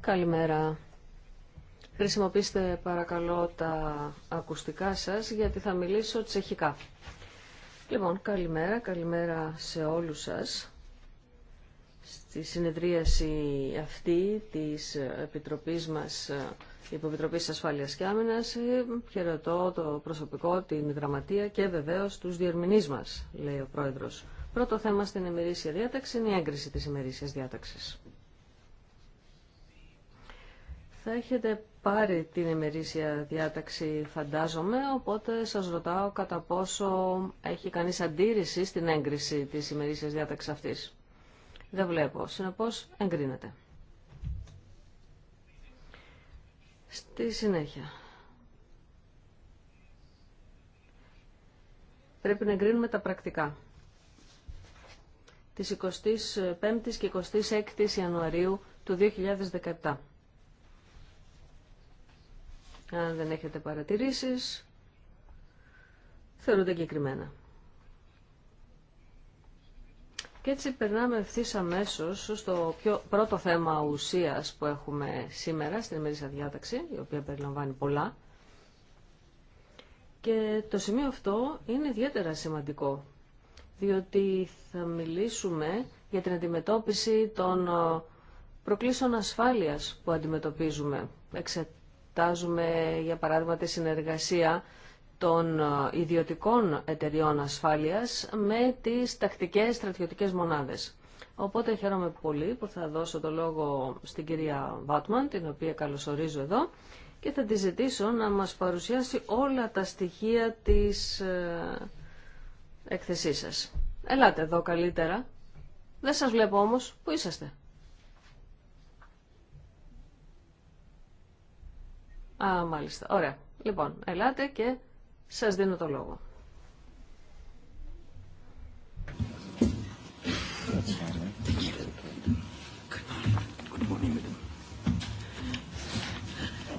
Καλημέρα. Χρησιμοποιήστε παρακαλώ τα ακουστικά σας γιατί θα μιλήσω τσεχικά. Λοιπόν, καλημέρα, καλημέρα σε όλους σας στη συνεδρίαση αυτή της Επιτροπής μας, ε, Υποπιτροπής Ασφάλειας και Άμυνας. Ε, χαιρετώ το προσωπικό, την γραμματεία και βεβαίως τους διερμηνείς μας, λέει ο Πρόεδρος. Πρώτο θέμα στην ημερήσια διάταξη είναι η έγκριση της ημερήσιας διάταξης. Θα έχετε πάρει την ημερήσια διάταξη φαντάζομαι, οπότε σας ρωτάω κατά πόσο έχει κανείς αντίρρηση στην έγκριση της ημερήσιας διάταξης αυτής. Δεν βλέπω. Συνεπώ, εγκρίνεται. Στη συνέχεια. Πρέπει να εγκρίνουμε τα πρακτικά. Της 25ης και 26ης Ιανουαρίου του 2017. Αν δεν έχετε παρατηρήσεις, θεωρούνται εγκεκριμένα. Και έτσι περνάμε ευθύ αμέσω στο πιο πρώτο θέμα ουσίας που έχουμε σήμερα στην ημερήσια διάταξη, η οποία περιλαμβάνει πολλά. Και το σημείο αυτό είναι ιδιαίτερα σημαντικό, διότι θα μιλήσουμε για την αντιμετώπιση των ε, προκλήσεων ασφάλειας που αντιμετωπίζουμε. Εξετάζουμε, για παράδειγμα, τη συνεργασία των ε, ιδιωτικών εταιριών ασφάλειας με τις τακτικές στρατιωτικές μονάδες. Οπότε χαίρομαι πολύ που θα δώσω το λόγο στην κυρία Βάτμαν, την οποία καλωσορίζω εδώ, και θα τη ζητήσω να μας παρουσιάσει όλα τα στοιχεία της ε, εκθεσής σας. Ελάτε εδώ καλύτερα. Δεν σας βλέπω όμως. Πού είσαστε. Α, μάλιστα. Ωραία. Λοιπόν, ελάτε και σας δίνω το λόγο.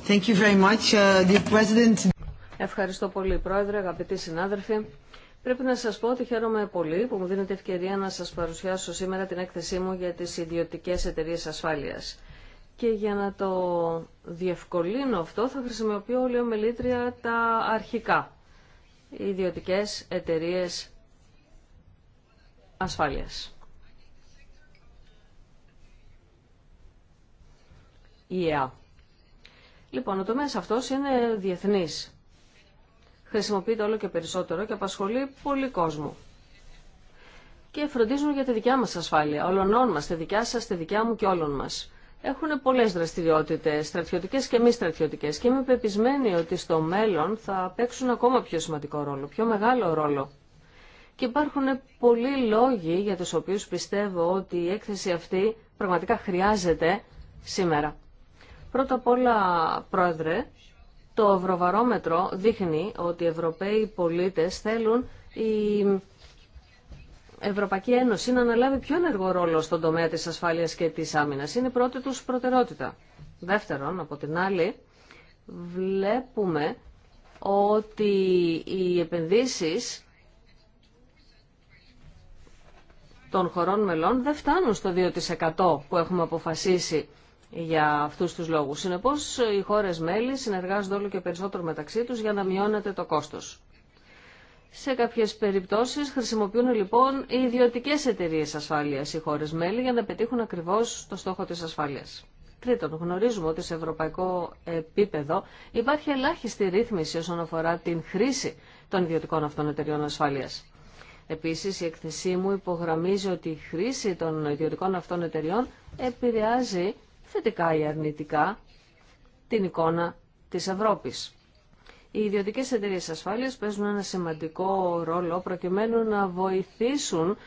Uh, Ευχαριστώ πολύ, Πρόεδρε, αγαπητοί συνάδελφοι. Πρέπει να σας πω ότι χαίρομαι πολύ που μου δίνετε ευκαιρία να σας παρουσιάσω σήμερα την έκθεσή μου για τις ιδιωτικές εταιρείες ασφάλειας. Και για να το διευκολύνω αυτό θα χρησιμοποιώ, λέω μελήτρια, τα αρχικά ιδιωτικές εταιρείες ασφάλειας. Yeah. Λοιπόν, ο τομέας αυτός είναι διεθνής. Χρησιμοποιείται όλο και περισσότερο και απασχολεί πολύ κόσμο. Και φροντίζουν για τη δικιά μας ασφάλεια, όλων μας, τη δικιά σας, τη δικιά μου και όλων μας έχουν πολλέ δραστηριότητες, στρατιωτικέ και μη στρατιωτικέ. και είμαι πεπισμένη ότι στο μέλλον θα παίξουν ακόμα πιο σημαντικό ρόλο, πιο μεγάλο ρόλο. Και υπάρχουν πολλοί λόγοι για τους οποίους πιστεύω ότι η έκθεση αυτή πραγματικά χρειάζεται σήμερα. Πρώτα απ' όλα, Πρόεδρε, το Ευρωβαρόμετρο δείχνει ότι οι Ευρωπαίοι πολίτες θέλουν η Ευρωπαϊκή Ένωση να αναλάβει πιο ενεργό ρόλο στον τομέα της ασφάλειας και της άμυνας. Είναι πρώτη τους προτερότητα. Δεύτερον, από την άλλη, βλέπουμε ότι οι επενδύσεις των χωρών μελών δεν φτάνουν στο 2% που έχουμε αποφασίσει για αυτούς τους λόγους. Συνεπώς, οι χώρες μέλη συνεργάζονται όλο και περισσότερο μεταξύ τους για να μειώνεται το κόστος. Σε κάποιε περιπτώσει χρησιμοποιούν λοιπόν οι ιδιωτικέ εταιρείε ασφαλεία οι χώρε μέλη για να πετύχουν ακριβώ το στόχο τη ασφάλεια. Τρίτον, γνωρίζουμε ότι σε ευρωπαϊκό επίπεδο υπάρχει ελάχιστη ρύθμιση όσον αφορά την χρήση των ιδιωτικών αυτών εταιρεών ασφαλεία. Επίση, η εκθεσή μου υπογραμμίζει ότι η χρήση των ιδιωτικών αυτών εταιρεών επηρεάζει θετικά ή αρνητικά την εικόνα της Ευρώπης. Οι ιδιωτικές εταιρείες ασφάλειας παίζουν ένα σημαντικό ρόλο προκειμένου να βοηθήσουν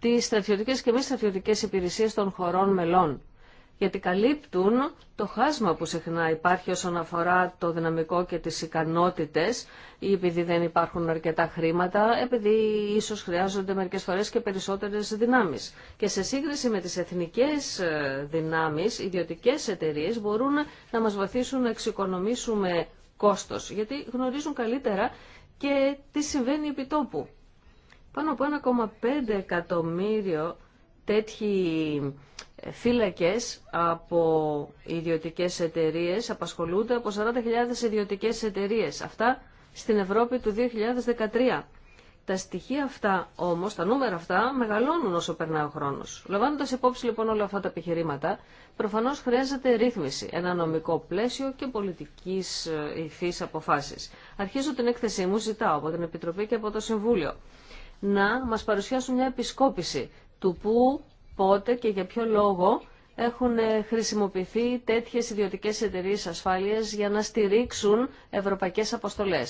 τις στρατιωτικές και μη στρατιωτικές υπηρεσίες των χωρών μελών γιατί καλύπτουν το χάσμα που συχνά υπάρχει όσον αφορά το δυναμικό και τις ικανότητες ή επειδή δεν υπάρχουν αρκετά χρήματα, επειδή ίσως χρειάζονται μερικές φορές και περισσότερες δυνάμεις. Και σε σύγκριση με τις εθνικές ε, δυνάμεις, ιδιωτικές εταιρείες μπορούν να μας βοηθήσουν να εξοικονομήσουμε κόστος, γιατί γνωρίζουν καλύτερα και τι συμβαίνει επί τόπου. Πάνω από 1,5 εκατομμύριο τέτοιοι ε, φύλακες από ιδιωτικές εταιρείες απασχολούνται από 40.000 ιδιωτικές εταιρείες. Αυτά στην Ευρώπη του 2013. Τα στοιχεία αυτά όμω, τα νούμερα αυτά, μεγαλώνουν όσο περνάει ο χρόνο, λαμβάνοντα υπόψη λοιπόν όλα αυτά τα επιχειρήματα, προφανώ χρειάζεται ρύθμιση, ένα νομικό πλαίσιο και πολιτική ε, υφή αποφάσει. Αρχίζω την έκθεσή μου, ζητάω από την Επιτροπή και από το Συμβούλιο να μα παρουσιάσουν μια επισκόπηση του πού, πότε και για ποιο λόγο έχουν χρησιμοποιηθεί τέτοιε ιδιωτικέ εταιρείε ασφάλεια για να στηρίξουν ευρωπαϊκέ αποστολέ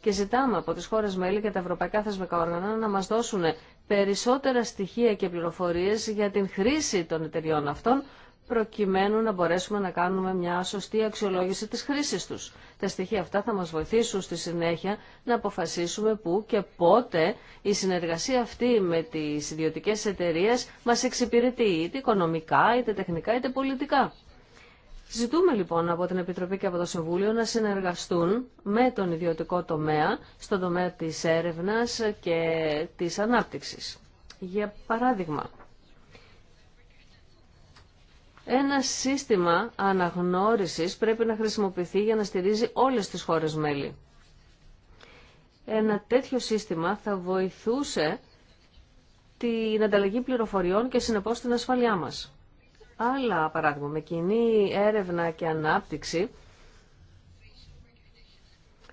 και ζητάμε από τις χώρες μέλη και τα ευρωπαϊκά θεσμικά όργανα να μας δώσουν περισσότερα στοιχεία και πληροφορίες για την χρήση των εταιριών αυτών προκειμένου να μπορέσουμε να κάνουμε μια σωστή αξιολόγηση της χρήσης τους. Τα στοιχεία αυτά θα μας βοηθήσουν στη συνέχεια να αποφασίσουμε πού και πότε η συνεργασία αυτή με τις ιδιωτικές εταιρείες μας εξυπηρετεί είτε οικονομικά, είτε τεχνικά, είτε πολιτικά. Ζητούμε λοιπόν από την Επιτροπή και από το Συμβούλιο να συνεργαστούν με τον ιδιωτικό τομέα στον τομέα της έρευνας και της ανάπτυξης. Για παράδειγμα, ένα σύστημα αναγνώρισης πρέπει να χρησιμοποιηθεί για να στηρίζει όλες τις χώρες μέλη. Ένα τέτοιο σύστημα θα βοηθούσε την ανταλλαγή πληροφοριών και συνεπώς την ασφαλειά μας άλλα παράδειγμα, με κοινή έρευνα και ανάπτυξη,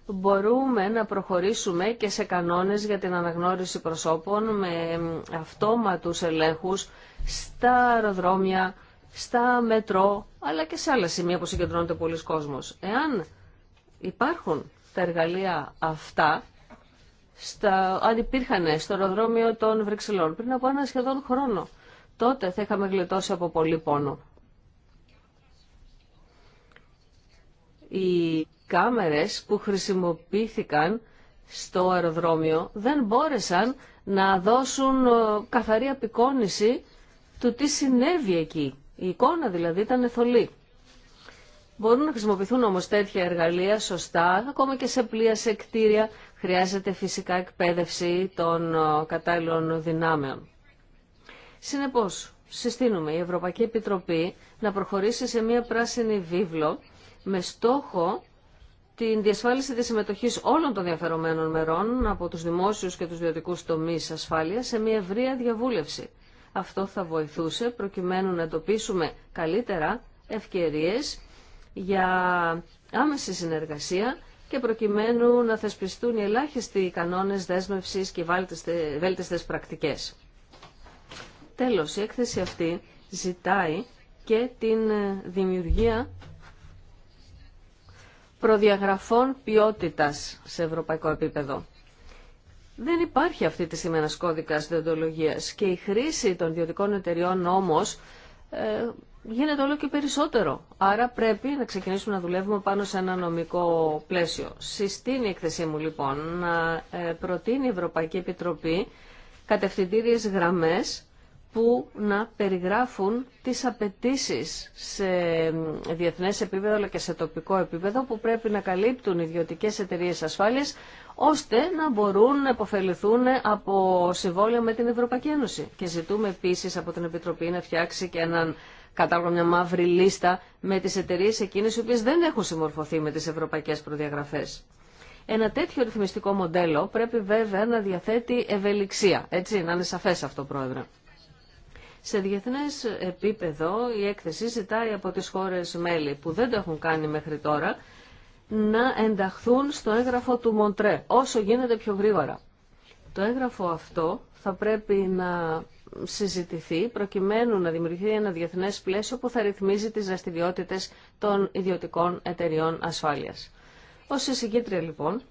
μπορούμε να προχωρήσουμε και σε κανόνες για την αναγνώριση προσώπων με αυτόματους ελέγχους στα αεροδρόμια, στα μετρό, αλλά και σε άλλα σημεία που συγκεντρώνεται πολλοί κόσμος. Εάν υπάρχουν τα εργαλεία αυτά, στα, αν υπήρχαν στο αεροδρόμιο των Βρυξελών πριν από ένα σχεδόν χρόνο, τότε θα είχαμε γλιτώσει από πολύ πόνο. Οι κάμερες που χρησιμοποιήθηκαν στο αεροδρόμιο δεν μπόρεσαν να δώσουν ε, καθαρή απεικόνηση του τι συνέβη εκεί. Η εικόνα δηλαδή ήταν εθολή. Μπορούν να χρησιμοποιηθούν όμως τέτοια εργαλεία σωστά, ακόμα και σε πλοία, σε κτίρια. Χρειάζεται φυσικά εκπαίδευση των ε, κατάλληλων δυνάμεων. Συνεπώς, συστήνουμε η Ευρωπαϊκή Επιτροπή να προχωρήσει σε μία πράσινη βίβλο με στόχο την διασφάλιση της συμμετοχής όλων των διαφερομένων μερών από τους δημόσιους και τους ιδιωτικούς τομείς ασφάλειας σε μια ευρεία διαβούλευση. Αυτό θα βοηθούσε προκειμένου να εντοπίσουμε καλύτερα ευκαιρίες για άμεση συνεργασία και προκειμένου να θεσπιστούν οι ελάχιστοι κανόνες δέσμευσης και βέλτιστες πρακτικές. Τέλος, η έκθεση αυτή ζητάει και την ε, δημιουργία προδιαγραφών ποιότητας σε ευρωπαϊκό επίπεδο. Δεν υπάρχει αυτή τη στιγμή κώδικα και η χρήση των ιδιωτικών εταιριών όμως ε, γίνεται όλο και περισσότερο. Άρα πρέπει να ξεκινήσουμε να δουλεύουμε πάνω σε ένα νομικό πλαίσιο. Συστήνει η εκθεσή μου λοιπόν να ε, προτείνει η Ευρωπαϊκή Επιτροπή κατευθυντήριες γραμμές που να περιγράφουν τις απαιτήσει σε διεθνές επίπεδο αλλά και σε τοπικό επίπεδο που πρέπει να καλύπτουν οι ιδιωτικές εταιρείες ασφάλειας ώστε να μπορούν να υποφεληθούν από συμβόλαιο με την Ευρωπαϊκή Ένωση. Και ζητούμε επίσης από την Επιτροπή να φτιάξει και έναν κατάλογο μια μαύρη λίστα με τις εταιρείε εκείνες οι οποίες δεν έχουν συμμορφωθεί με τις ευρωπαϊκές προδιαγραφές. Ένα τέτοιο ρυθμιστικό μοντέλο πρέπει βέβαια να διαθέτει ευελιξία. Έτσι, να είναι σαφές αυτό, Πρόεδρε. Σε διεθνές επίπεδο η έκθεση ζητάει από τις χώρες μέλη που δεν το έχουν κάνει μέχρι τώρα να ενταχθούν στο έγγραφο του Μοντρέ όσο γίνεται πιο γρήγορα. Το έγγραφο αυτό θα πρέπει να συζητηθεί προκειμένου να δημιουργηθεί ένα διεθνές πλαίσιο που θα ρυθμίζει τις δραστηριότητε των ιδιωτικών εταιριών ασφάλειας. Ως εισηγήτρια λοιπόν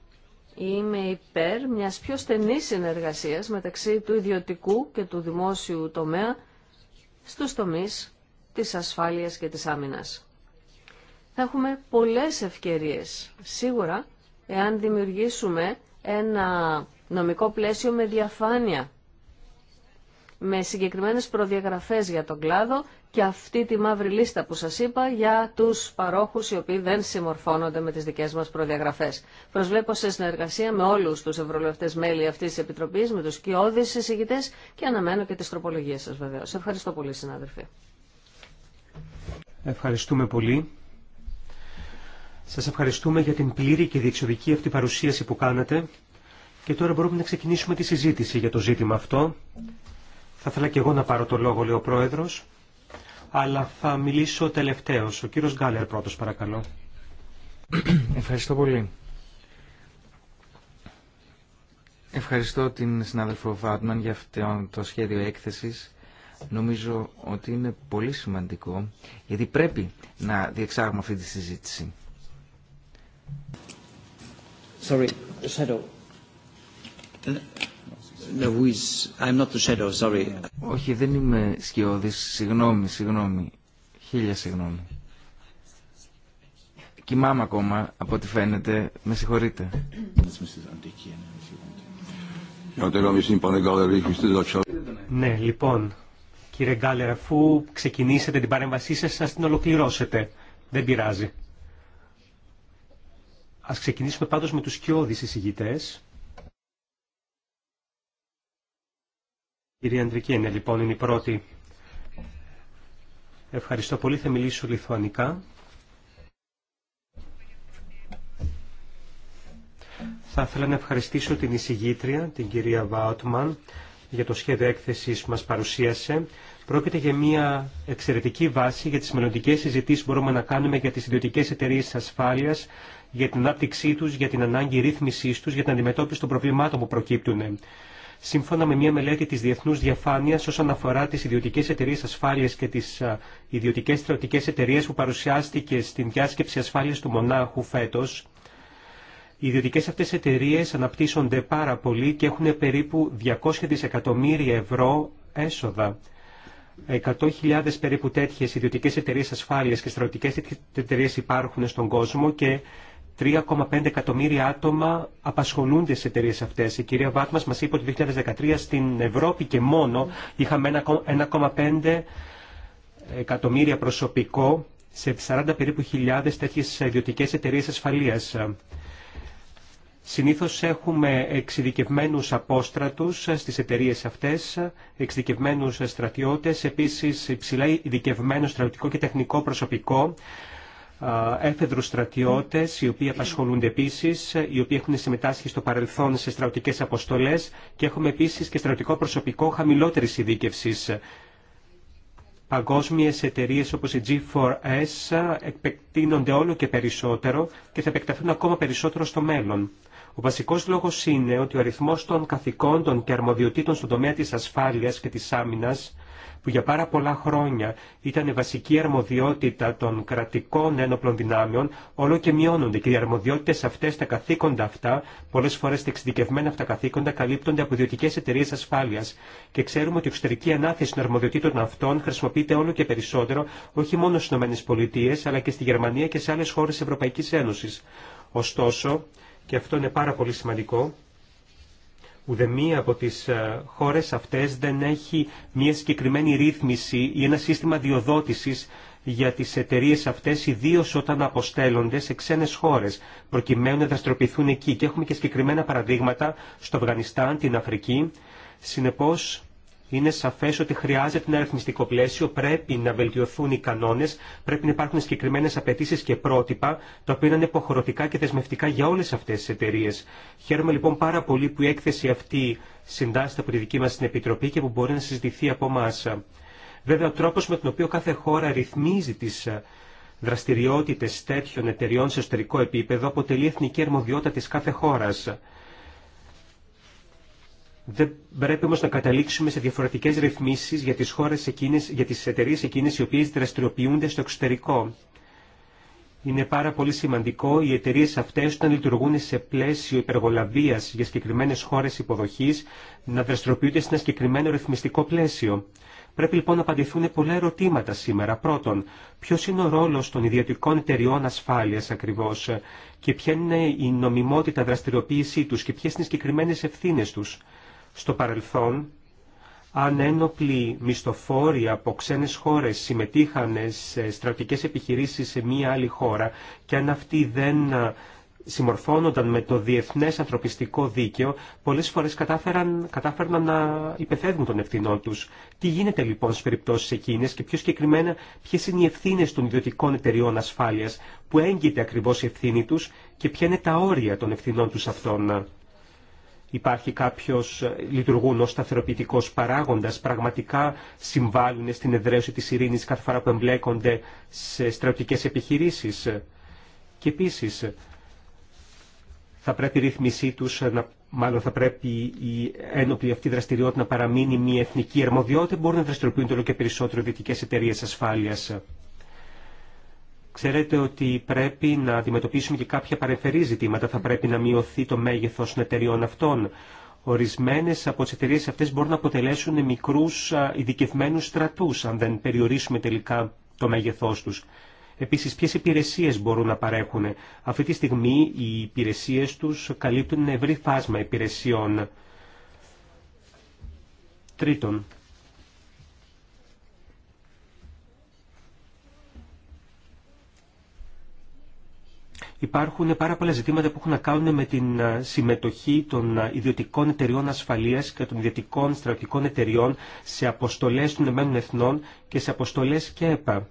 είμαι υπέρ μιας πιο στενή συνεργασίας μεταξύ του ιδιωτικού και του δημόσιου τομέα στους τομείς της ασφάλειας και της άμυνας. Θα έχουμε πολλές ευκαιρίες, σίγουρα, εάν δημιουργήσουμε ένα νομικό πλαίσιο με διαφάνεια με συγκεκριμένες προδιαγραφές για τον κλάδο και αυτή τη μαύρη λίστα που σας είπα για τους παρόχους οι οποίοι δεν συμμορφώνονται με τις δικές μας προδιαγραφές. Προσβλέπω σε συνεργασία με όλους τους ευρωλευτές μέλη αυτής της Επιτροπής, με τους κοιόδης συζητητές και αναμένω και τις τροπολογίες σας βεβαίως. Ευχαριστώ πολύ συνάδελφοι. Ευχαριστούμε πολύ. Σας ευχαριστούμε για την πλήρη και διεξοδική αυτή παρουσίαση που κάνατε. Και τώρα μπορούμε να ξεκινήσουμε τη συζήτηση για το ζήτημα αυτό. Θα ήθελα και εγώ να πάρω το λόγο, λέει ο Πρόεδρος, αλλά θα μιλήσω τελευταίος. Ο κύριος Γκάλερ πρώτος, παρακαλώ. Ευχαριστώ πολύ. Ευχαριστώ την συνάδελφο Βάτμαν για αυτό το σχέδιο έκθεσης. Νομίζω ότι είναι πολύ σημαντικό, γιατί πρέπει να διεξάγουμε αυτή τη συζήτηση. Sorry, shadow. Όχι, δεν είμαι σκιώδης. Συγγνώμη, συγγνώμη. Χίλια συγγνώμη. Κοιμάμαι ακόμα, από ό,τι φαίνεται. Με συγχωρείτε. Ναι, λοιπόν, κύριε Γκάλερ, αφού ξεκινήσετε την παρέμβασή σας, να την ολοκληρώσετε. Δεν πειράζει. Ας ξεκινήσουμε πάντως με τους σκιώδεις εισηγητές. Κυρία είναι λοιπόν, είναι η πρώτη. Ευχαριστώ πολύ. Θα μιλήσω λιθουανικά. Θα ήθελα να ευχαριστήσω την εισηγήτρια, την κυρία Βάουτμαν, για το σχέδιο έκθεσης που μας παρουσίασε. Πρόκειται για μια εξαιρετική βάση για τις μελλοντικέ συζητήσεις που μπορούμε να κάνουμε για τις ιδιωτικέ εταιρείε ασφάλειας, για την ανάπτυξή τους, για την ανάγκη ρύθμισής τους, για την αντιμετώπιση των προβλημάτων που προκύπτουν σύμφωνα με μια μελέτη της Διεθνούς Διαφάνειας όσον αφορά τις ιδιωτικές εταιρείες ασφάλειας και τις ιδιωτικές στρατιωτικές εταιρείες που παρουσιάστηκε στην διάσκεψη ασφάλειας του Μονάχου φέτος, οι ιδιωτικές αυτές εταιρείε αναπτύσσονται πάρα πολύ και έχουν περίπου 200 δισεκατομμύρια ευρώ έσοδα. 100.000 περίπου τέτοιες ιδιωτικές εταιρείες ασφάλειας και στρατιωτικές εταιρείες υπάρχουν στον κόσμο και 3,5 εκατομμύρια άτομα απασχολούνται σε εταιρείε αυτέ. Η κυρία Βάτμα μα είπε ότι το 2013 στην Ευρώπη και μόνο είχαμε 1,5 εκατομμύρια προσωπικό σε 40 περίπου χιλιάδες τέτοιες ιδιωτικέ εταιρείες ασφαλείας. Συνήθως έχουμε εξειδικευμένου απόστρατου στι εταιρείε αυτέ, εξειδικευμένου στρατιώτε, επίσης υψηλά ειδικευμένο στρατιωτικό και τεχνικό προσωπικό, έφεδρους στρατιώτες, οι οποίοι απασχολούνται επίσης, οι οποίοι έχουν συμμετάσχει στο παρελθόν σε στρατιωτικές αποστολές και έχουμε επίσης και στρατιωτικό προσωπικό χαμηλότερης ειδίκευσης. Παγκόσμιες εταιρείες όπως η G4S επεκτείνονται όλο και περισσότερο και θα επεκταθούν ακόμα περισσότερο στο μέλλον. Ο βασικός λόγος είναι ότι ο αριθμός των καθηκόντων και αρμοδιοτήτων στον τομέα της ασφάλειας και της άμυνας που για πάρα πολλά χρόνια ήταν βασική αρμοδιότητα των κρατικών ένοπλων δυνάμεων, όλο και μειώνονται. Και οι αρμοδιότητε αυτέ, τα καθήκοντα αυτά, πολλέ φορέ τα εξειδικευμένα αυτά καθήκοντα, καλύπτονται από ιδιωτικέ εταιρείε ασφάλεια. Και ξέρουμε ότι η εξωτερική ανάθεση των αρμοδιοτήτων αυτών χρησιμοποιείται όλο και περισσότερο, όχι μόνο στι ΗΠΑ, αλλά και στη Γερμανία και σε άλλε χώρε Ευρωπαϊκή Ένωση. Ωστόσο, και αυτό είναι πάρα πολύ σημαντικό, μία από τις ε, χώρες αυτές δεν έχει μια συγκεκριμένη ρύθμιση ή ένα σύστημα διοδότησης για τις εταιρείε αυτές, ιδίω όταν αποστέλλονται σε ξένες χώρες, προκειμένου να δραστηριοποιηθούν εκεί. Και έχουμε και συγκεκριμένα παραδείγματα στο Αφγανιστάν, την Αφρική. Συνεπώς, είναι σαφέ ότι χρειάζεται ένα αριθμιστικό πλαίσιο, πρέπει να βελτιωθούν οι κανόνε, πρέπει να υπάρχουν συγκεκριμένε απαιτήσει και πρότυπα, τα οποία είναι υποχρεωτικά και δεσμευτικά για όλε αυτέ τι εταιρείε. Χαίρομαι λοιπόν πάρα πολύ που η έκθεση αυτή συντάσσεται από τη δική μα την Επιτροπή και που μπορεί να συζητηθεί από εμά. Βέβαια, ο τρόπο με τον οποίο κάθε χώρα ρυθμίζει τι δραστηριότητε τέτοιων εταιριών σε εσωτερικό επίπεδο αποτελεί εθνική αρμοδιότητα τη κάθε χώρα. Δεν πρέπει όμω να καταλήξουμε σε διαφορετικέ ρυθμίσει για τι χώρε εκείνε, για τι εταιρείε εκείνε οι οποίε δραστηριοποιούνται στο εξωτερικό. Είναι πάρα πολύ σημαντικό οι εταιρείε αυτέ όταν λειτουργούν σε πλαίσιο υπεργολαβία για συγκεκριμένε χώρε υποδοχή, να δραστηριοποιούνται σε ένα συγκεκριμένο ρυθμιστικό πλαίσιο. Πρέπει λοιπόν να απαντηθούν πολλά ερωτήματα σήμερα. Πρώτον, ποιο είναι ο ρόλο των ιδιωτικών εταιριών ασφάλεια ακριβώ και ποια είναι η νομιμότητα δραστηριοποίησή του και ποιε είναι οι συγκεκριμένε ευθύνε του. Στο παρελθόν, αν ένοπλοι μισθοφόροι από ξένες χώρες συμμετείχαν σε στρατικές επιχειρήσεις σε μία άλλη χώρα και αν αυτοί δεν ε, συμμορφώνονταν με το διεθνές ανθρωπιστικό δίκαιο, πολλές φορές κατάφεραν, κατάφεραν να υπεφεύγουν των ευθυνών τους. Τι γίνεται λοιπόν στις περιπτώσεις εκείνες και πιο συγκεκριμένα ποιες είναι οι ευθύνες των ιδιωτικών εταιριών ασφάλειας που έγκυται ακριβώς η ευθύνη τους και ποια είναι τα όρια των ευθυνών τους αυτών υπάρχει κάποιος, ε, λειτουργούν ως σταθεροποιητικός παράγοντας, πραγματικά συμβάλλουν στην εδραίωση της ειρήνης κάθε φορά που εμπλέκονται σε στρατιωτικές επιχειρήσεις. Και επίσης, θα πρέπει η ρύθμισή τους μάλλον θα πρέπει η ένοπλη αυτή δραστηριότητα να παραμείνει μια εθνική αρμοδιότητα, μπορούν να δραστηριοποιούνται όλο και περισσότερο δυτικέ εταιρείε ασφάλεια. Ξέρετε ότι πρέπει να αντιμετωπίσουμε και κάποια παρεμφερή ζητήματα. Θα πρέπει να μειωθεί το μέγεθος των εταιριών αυτών. Ορισμένες από τις εταιρείε αυτές μπορούν να αποτελέσουν μικρούς ειδικευμένους στρατούς, αν δεν περιορίσουμε τελικά το μέγεθός τους. Επίσης, ποιες υπηρεσίες μπορούν να παρέχουν. Αυτή τη στιγμή οι υπηρεσίες τους καλύπτουν ευρύ φάσμα υπηρεσιών. Τρίτον, Υπάρχουν πάρα πολλά ζητήματα που έχουν να κάνουν με την ε, συμμετοχή των ε, ιδιωτικών εταιριών ασφαλείας και των ιδιωτικών στρατιωτικών εταιριών σε αποστολές των Ηνωμένων Εθνών και σε αποστολές και ΕΠΑ.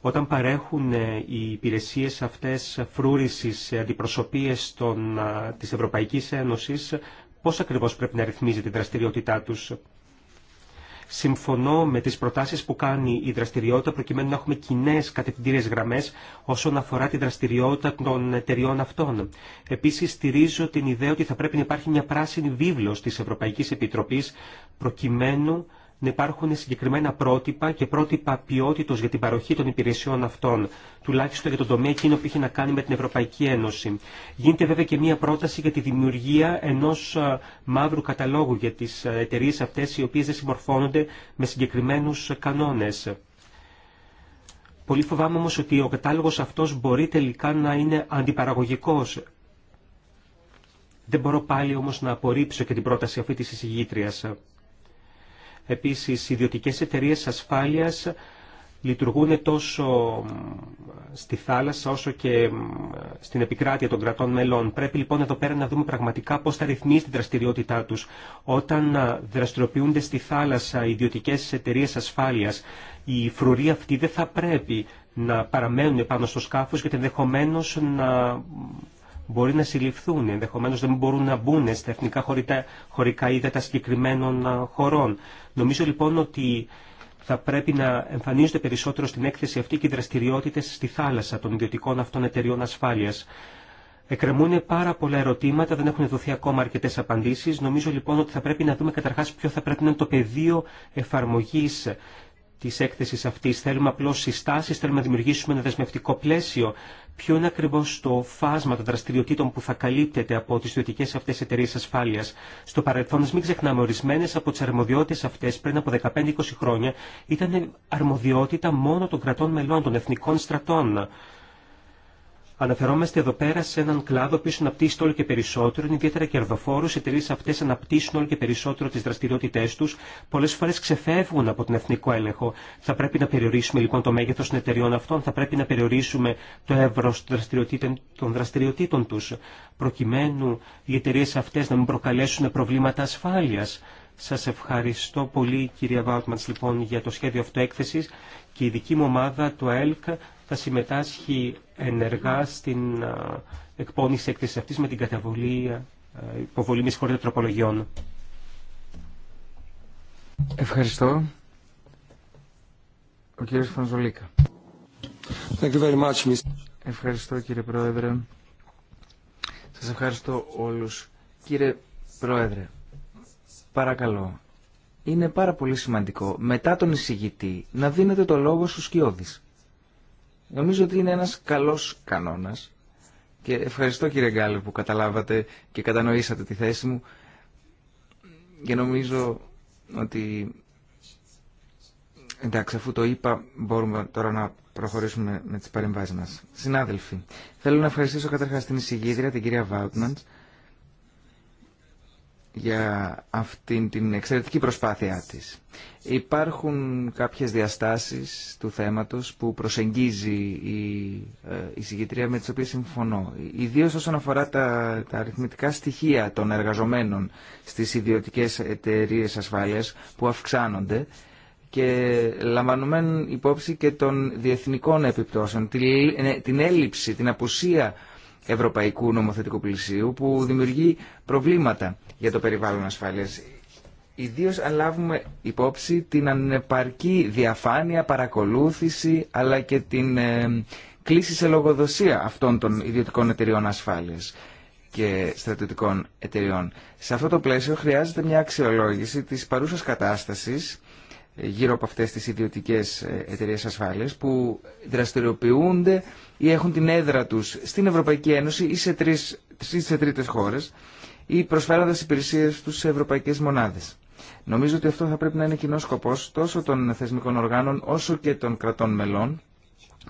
Όταν παρέχουν ε, οι υπηρεσίες αυτές φρούρησης σε αντιπροσωπείες των, της Ευρωπαϊκής Ένωσης, πώς ακριβώς πρέπει να ρυθμίζεται η δραστηριότητά τους. Συμφωνώ με τις προτάσεις που κάνει η δραστηριότητα προκειμένου να έχουμε κοινέ κατευθυντήριες γραμμές όσον αφορά τη δραστηριότητα των εταιριών αυτών. Επίσης στηρίζω την ιδέα ότι θα πρέπει να υπάρχει μια πράσινη βίβλο τη Ευρωπαϊκή Επιτροπή προκειμένου να υπάρχουν συγκεκριμένα πρότυπα και πρότυπα ποιότητο για την παροχή των υπηρεσιών αυτών, τουλάχιστον για τον τομέα εκείνο που είχε να κάνει με την Ευρωπαϊκή Ένωση. Γίνεται βέβαια και μία πρόταση για τη δημιουργία ενό ε, μαύρου καταλόγου για τι ε, εταιρείε αυτέ, οι οποίε δεν συμμορφώνονται με συγκεκριμένου κανόνε. Πολύ φοβάμαι όμω ότι ο κατάλογο αυτό μπορεί τελικά να είναι αντιπαραγωγικό. Δεν μπορώ πάλι όμως να απορρίψω και την πρόταση αυτή της εισηγήτριας. Επίσης, ιδιωτικές εταιρείες ασφάλειας λειτουργούν τόσο στη θάλασσα όσο και στην επικράτεια των κρατών μελών. Πρέπει λοιπόν εδώ πέρα να δούμε πραγματικά πώς θα ρυθμίσει τη δραστηριότητά τους. Όταν δραστηριοποιούνται στη θάλασσα οι ιδιωτικές εταιρείες ασφάλειας, οι φρουροί αυτοί δεν θα πρέπει να παραμένουν πάνω στο σκάφος γιατί ενδεχομένω να μπορεί να συλληφθούν, ενδεχομένως δεν μπορούν να μπουν στα εθνικά χωρικά, χωρικά ύδατα συγκεκριμένων χωρών. Νομίζω λοιπόν ότι θα πρέπει να εμφανίζονται περισσότερο στην έκθεση αυτή και οι δραστηριότητε στη θάλασσα των ιδιωτικών αυτών εταιριών ασφάλεια. Εκκρεμούν πάρα πολλά ερωτήματα, δεν έχουν δοθεί ακόμα αρκετέ απαντήσει. Νομίζω λοιπόν ότι θα πρέπει να δούμε καταρχά ποιο θα πρέπει να είναι το πεδίο εφαρμογή τη έκθεση αυτή. Θέλουμε απλώ συστάσει, θέλουμε να δημιουργήσουμε ένα δεσμευτικό πλαίσιο. Ποιο είναι ακριβώ το φάσμα των δραστηριοτήτων που θα καλύπτεται από τι ιδιωτικέ αυτέ εταιρείε ασφάλεια. Στο παρελθόν, μην ξεχνάμε, ορισμένε από τι αρμοδιότητε αυτέ πριν από 15-20 χρόνια ήταν αρμοδιότητα μόνο των κρατών μελών, των εθνικών στρατών. Αναφερόμαστε εδώ πέρα σε έναν κλάδο που αναπτύσσεται όλο και περισσότερο, είναι ιδιαίτερα κερδοφόρου. Οι εταιρείε αυτέ αναπτύσσουν όλο και περισσότερο τι δραστηριότητέ του. Πολλέ φορέ ξεφεύγουν από τον εθνικό έλεγχο. Θα πρέπει να περιορίσουμε λοιπόν το μέγεθο των εταιρεών αυτών, θα πρέπει να περιορίσουμε το εύρο των δραστηριοτήτων του, προκειμένου οι εταιρείε αυτέ να μην προκαλέσουν προβλήματα ασφάλεια. Σα ευχαριστώ πολύ κυρία Βάουτμαντ, λοιπόν για το σχέδιο αυτοέκθεση και η δική μου ομάδα, το ΕΛΚ, θα συμμετάσχει ενεργά στην εκπόνηση έκθεση αυτή με την καταβολή, υποβολή με συγχωρείτε τροπολογιών. Ευχαριστώ. Ο κύριος Φανζολίκα. Ευχαριστώ κύριε Πρόεδρε. Σας ευχαριστώ όλους. Κύριε Πρόεδρε, παρακαλώ, είναι πάρα πολύ σημαντικό μετά τον εισηγητή να δίνετε το λόγο στους κοιόδης Νομίζω ότι είναι ένας καλός κανόνας και ευχαριστώ κύριε Γκάλε που καταλάβατε και κατανοήσατε τη θέση μου και νομίζω ότι εντάξει αφού το είπα μπορούμε τώρα να προχωρήσουμε με τις παρεμβάσεις μας. Συνάδελφοι, θέλω να ευχαριστήσω καταρχάς την εισηγήτρια, την κυρία Βάουτμαντς για αυτήν την εξαιρετική προσπάθειά της. Υπάρχουν κάποιες διαστάσεις του θέματος που προσεγγίζει η ε, συγκεκριά με τις οποίες συμφωνώ. Ιδίως όσον αφορά τα, αριθμητικά στοιχεία των εργαζομένων στις ιδιωτικές εταιρείες ασφάλειας που αυξάνονται και λαμβανούμε υπόψη και των διεθνικών επιπτώσεων, την ε, έλλειψη, την απουσία ευρωπαϊκού νομοθετικού πλησίου που δημιουργεί προβλήματα για το περιβάλλον ασφάλειας. Ιδίω αν λάβουμε υπόψη την ανεπαρκή διαφάνεια, παρακολούθηση αλλά και την ε, κλίση σε λογοδοσία αυτών των ιδιωτικών εταιριών ασφάλειας και στρατιωτικών εταιριών. Σε αυτό το πλαίσιο χρειάζεται μια αξιολόγηση της παρούσας κατάστασης γύρω από αυτές τις ιδιωτικές ε, εταιρείες ασφάλειας που δραστηριοποιούνται ή έχουν την έδρα τους στην Ευρωπαϊκή Ένωση ή σε, τρεις, σε τρίτες χώρες ή προσφέροντας υπηρεσίες τους σε ευρωπαϊκές μονάδες. Νομίζω ότι αυτό θα πρέπει να είναι κοινό σκοπός τόσο των θεσμικών οργάνων όσο και των κρατών μελών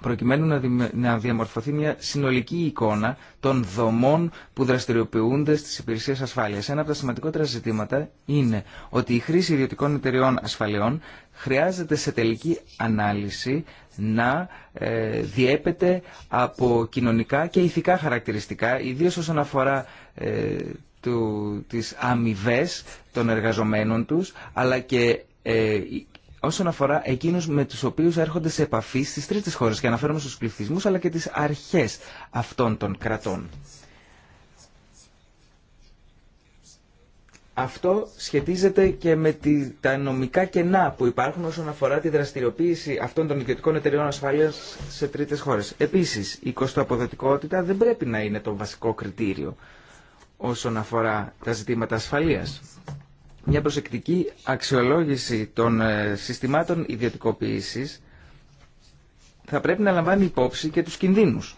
προκειμένου να διαμορφωθεί μια συνολική εικόνα των δομών που δραστηριοποιούνται στις υπηρεσίες ασφάλειας. Ένα από τα σημαντικότερα ζητήματα είναι ότι η χρήση ιδιωτικών εταιριών ασφαλειών χρειάζεται σε τελική ανάλυση να ε, διέπεται από κοινωνικά και ηθικά χαρακτηριστικά, ιδίως όσον αφορά ε, του, τις αμοιβέ των εργαζομένων τους, αλλά και ε, όσον αφορά εκείνους με τους οποίους έρχονται σε επαφή στι τρίτες χώρες και αναφέρομαι στου πληθυσμού, αλλά και τις αρχές αυτών των κρατών. Αυτό σχετίζεται και με τη, τα νομικά κενά που υπάρχουν όσον αφορά τη δραστηριοποίηση αυτών των ιδιωτικών εταιριών ασφαλεία σε τρίτε χώρε. Επίση, η κοστοαποδοτικότητα δεν πρέπει να είναι το βασικό κριτήριο όσον αφορά τα ζητήματα ασφαλείας μια προσεκτική αξιολόγηση των ε, συστημάτων ιδιωτικοποίησης θα πρέπει να λαμβάνει υπόψη και τους κινδύνους.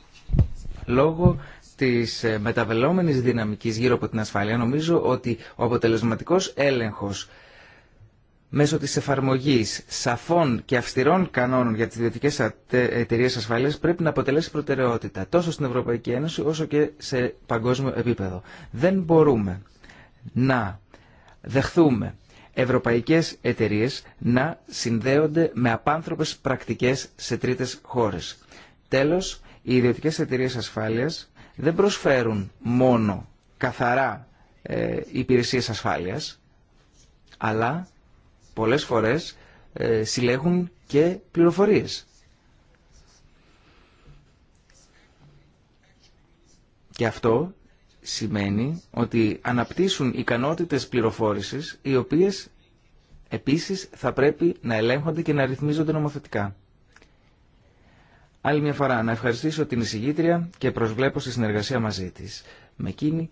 Λόγω της ε, μεταβελόμενης δυναμικής γύρω από την ασφάλεια νομίζω ότι ο αποτελεσματικός έλεγχος μέσω της εφαρμογής σαφών και αυστηρών κανόνων για τις ιδιωτικές εταιρείες ασφαλείας πρέπει να αποτελέσει προτεραιότητα τόσο στην Ευρωπαϊκή Ένωση όσο και σε παγκόσμιο επίπεδο. Δεν μπορούμε να δεχθούμε ευρωπαϊκές εταιρείες να συνδέονται με απάνθρωπες πρακτικές σε τρίτες χώρες. Τέλος, οι ιδιωτικές εταιρείες ασφάλειας δεν προσφέρουν μόνο καθαρά ε, υπηρεσίες ασφάλειας, αλλά πολλές φορές ε, συλλέγουν και πληροφορίες. Και αυτό σημαίνει ότι αναπτύσσουν ικανότητες πληροφόρησης οι οποίες επίσης θα πρέπει να ελέγχονται και να ρυθμίζονται νομοθετικά. Άλλη μια φορά να ευχαριστήσω την εισηγήτρια και προσβλέπω στη συνεργασία μαζί της, με εκείνη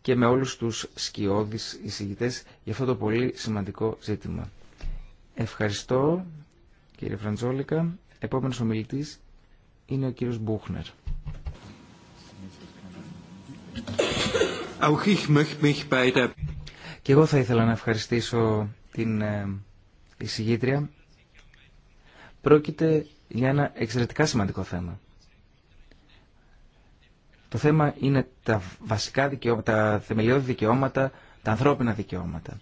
και με όλους τους σκιώδεις εισηγητές για αυτό το πολύ σημαντικό ζήτημα. Ευχαριστώ κύριε Φραντζόλικα. Επόμενος ομιλητής είναι ο κύριος Μπούχνερ. Και εγώ θα ήθελα να ευχαριστήσω την ε, εισηγήτρια. Πρόκειται για ένα εξαιρετικά σημαντικό θέμα. Το θέμα είναι τα βασικά δικαιώματα, τα θεμελιώδη δικαιώματα, τα ανθρώπινα δικαιώματα.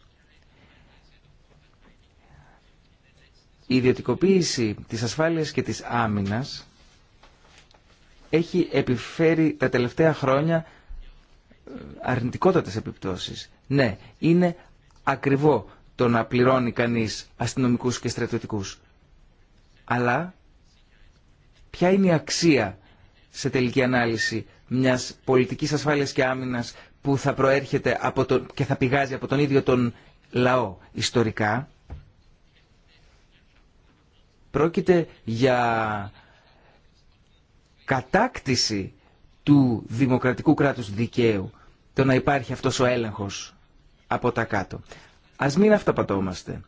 Η ιδιωτικοποίηση της ασφάλειας και της άμυνας έχει επιφέρει τα τελευταία χρόνια αρνητικότατες επιπτώσεις. Ναι, είναι ακριβό το να πληρώνει κανείς αστυνομικούς και στρατιωτικούς. Αλλά ποια είναι η αξία σε τελική ανάλυση μιας πολιτικής ασφάλειας και άμυνας που θα προέρχεται από και θα πηγάζει από τον ίδιο τον λαό ιστορικά. Πρόκειται για κατάκτηση του δημοκρατικού κράτους δικαίου το να υπάρχει αυτός ο έλεγχος από τα κάτω. Ας μην αυταπατώμαστε.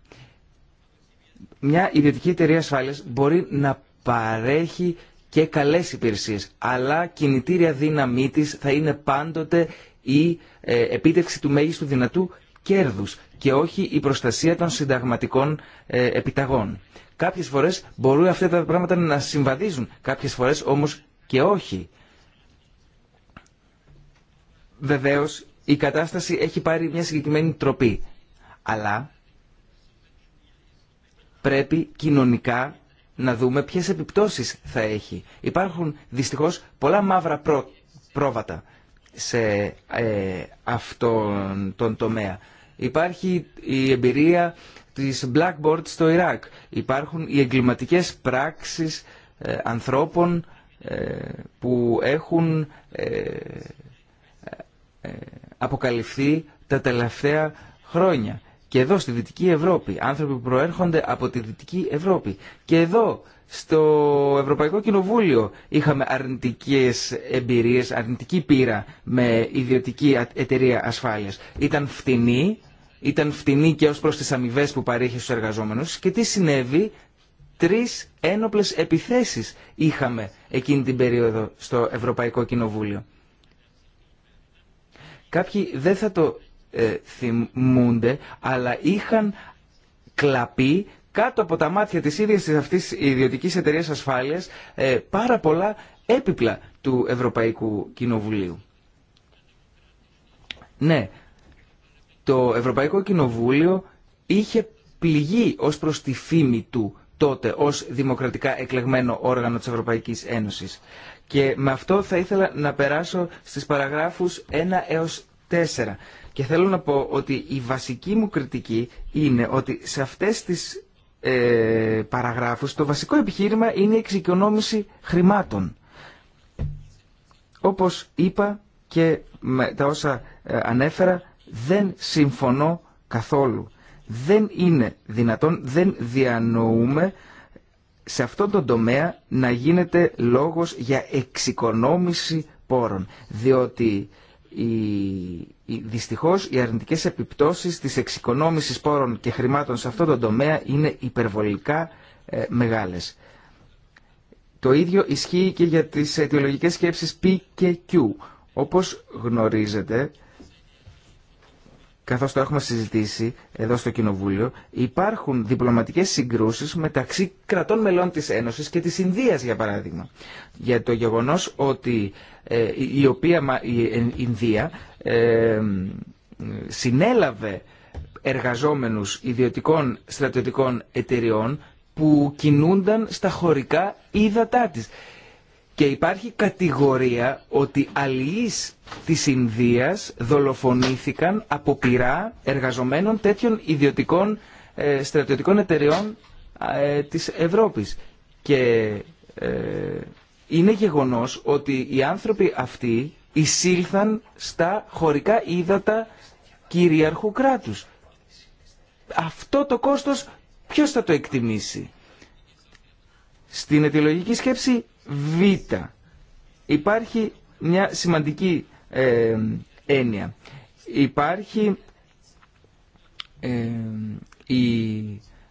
Μια ιδιωτική εταιρεία ασφάλειας μπορεί να παρέχει και καλές υπηρεσίες, αλλά κινητήρια δύναμή της θα είναι πάντοτε η ε, επίτευξη του μέγιστου δυνατού κέρδους και όχι η προστασία των συνταγματικών ε, επιταγών. Κάποιες φορές μπορούν αυτά τα πράγματα να συμβαδίζουν, κάποιες φορές όμως και όχι. Βεβαίω η κατάσταση έχει πάρει μια συγκεκριμένη τροπή. Αλλά πρέπει κοινωνικά να δούμε ποιε επιπτώσεις θα έχει. Υπάρχουν δυστυχώς πολλά μαύρα πρόβατα σε ε, αυτόν τον τομέα. Υπάρχει η εμπειρία της Blackboard στο Ιράκ. Υπάρχουν οι εγκληματικές πράξεις ε, ανθρώπων ε, που έχουν ε, αποκαλυφθεί τα τελευταία χρόνια. Και εδώ στη Δυτική Ευρώπη, άνθρωποι που προέρχονται από τη Δυτική Ευρώπη. Και εδώ στο Ευρωπαϊκό Κοινοβούλιο είχαμε αρνητικές εμπειρίες, αρνητική πείρα με ιδιωτική εταιρεία ασφάλειας. Ήταν φτηνή, ήταν φτηνή και ως προς τις αμοιβέ που παρέχει στους εργαζόμενους και τι συνέβη, τρεις ένοπλες επιθέσεις είχαμε εκείνη την περίοδο στο Ευρωπαϊκό Κοινοβούλιο. Κάποιοι δεν θα το ε, θυμούνται, αλλά είχαν κλαπεί κάτω από τα μάτια της ίδιας της αυτής ιδιωτικής εταιρείας ασφάλειας ε, πάρα πολλά έπιπλα του Ευρωπαϊκού Κοινοβουλίου. Ναι, το Ευρωπαϊκό Κοινοβούλιο είχε πληγεί ως προς τη φήμη του τότε ως δημοκρατικά εκλεγμένο όργανο της Ευρωπαϊκής Ένωσης. Και με αυτό θα ήθελα να περάσω στις παραγράφους 1 έως 4. Και θέλω να πω ότι η βασική μου κριτική είναι ότι σε αυτές τις ε, παραγράφους το βασικό επιχείρημα είναι η εξοικονόμηση χρημάτων. Όπως είπα και με τα όσα ε, ανέφερα δεν συμφωνώ καθόλου. Δεν είναι δυνατόν, δεν διανοούμε σε αυτόν τον τομέα να γίνεται λόγος για εξοικονόμηση πόρων, διότι η, δυστυχώς οι αρνητικές επιπτώσεις της εξοικονόμησης πόρων και χρημάτων σε αυτόν τον τομέα είναι υπερβολικά ε, μεγάλες. Το ίδιο ισχύει και για τις αιτιολογικές σκέψεις P και Q. Όπως γνωρίζετε, καθώς το έχουμε συζητήσει εδώ στο Κοινοβούλιο, υπάρχουν διπλωματικές συγκρούσεις μεταξύ κρατών μελών της Ένωσης και της Ινδίας, για παράδειγμα. Για το γεγονός ότι ε, η, οποία, η ε, Ινδία ε, συνέλαβε εργαζόμενους ιδιωτικών στρατιωτικών εταιριών που κινούνταν στα χωρικά ύδατά της και υπάρχει κατηγορία ότι αλληλείς της Ινδίας δολοφονήθηκαν από πειρά εργαζομένων τέτοιων ιδιωτικών ε, στρατιωτικών εταιρεών ε, της Ευρώπης. Και ε, είναι γεγονός ότι οι άνθρωποι αυτοί εισήλθαν στα χωρικά ύδατα κυριαρχού κράτους. Αυτό το κόστος ποιος θα το εκτιμήσει. Στην αιτιολογική σκέψη Β. Υπάρχει μια σημαντική ε, έννοια. Υπάρχει ε, η,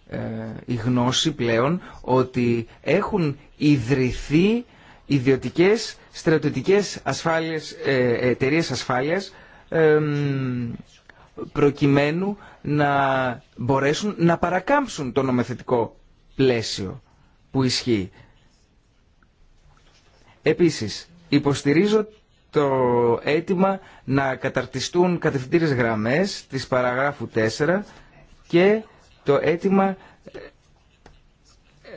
ε, η γνώση πλέον ότι έχουν ιδρυθεί ιδιωτικές στρατιωτικές ασφάλειες, εταιρείες ασφάλειας προκειμένου να μπορέσουν να παρακάμψουν το νομοθετικό πλαίσιο που ισχύει. Επίσης, υποστηρίζω το αίτημα να καταρτιστούν κατευθυντήρες γραμμές της παραγράφου 4 και το αίτημα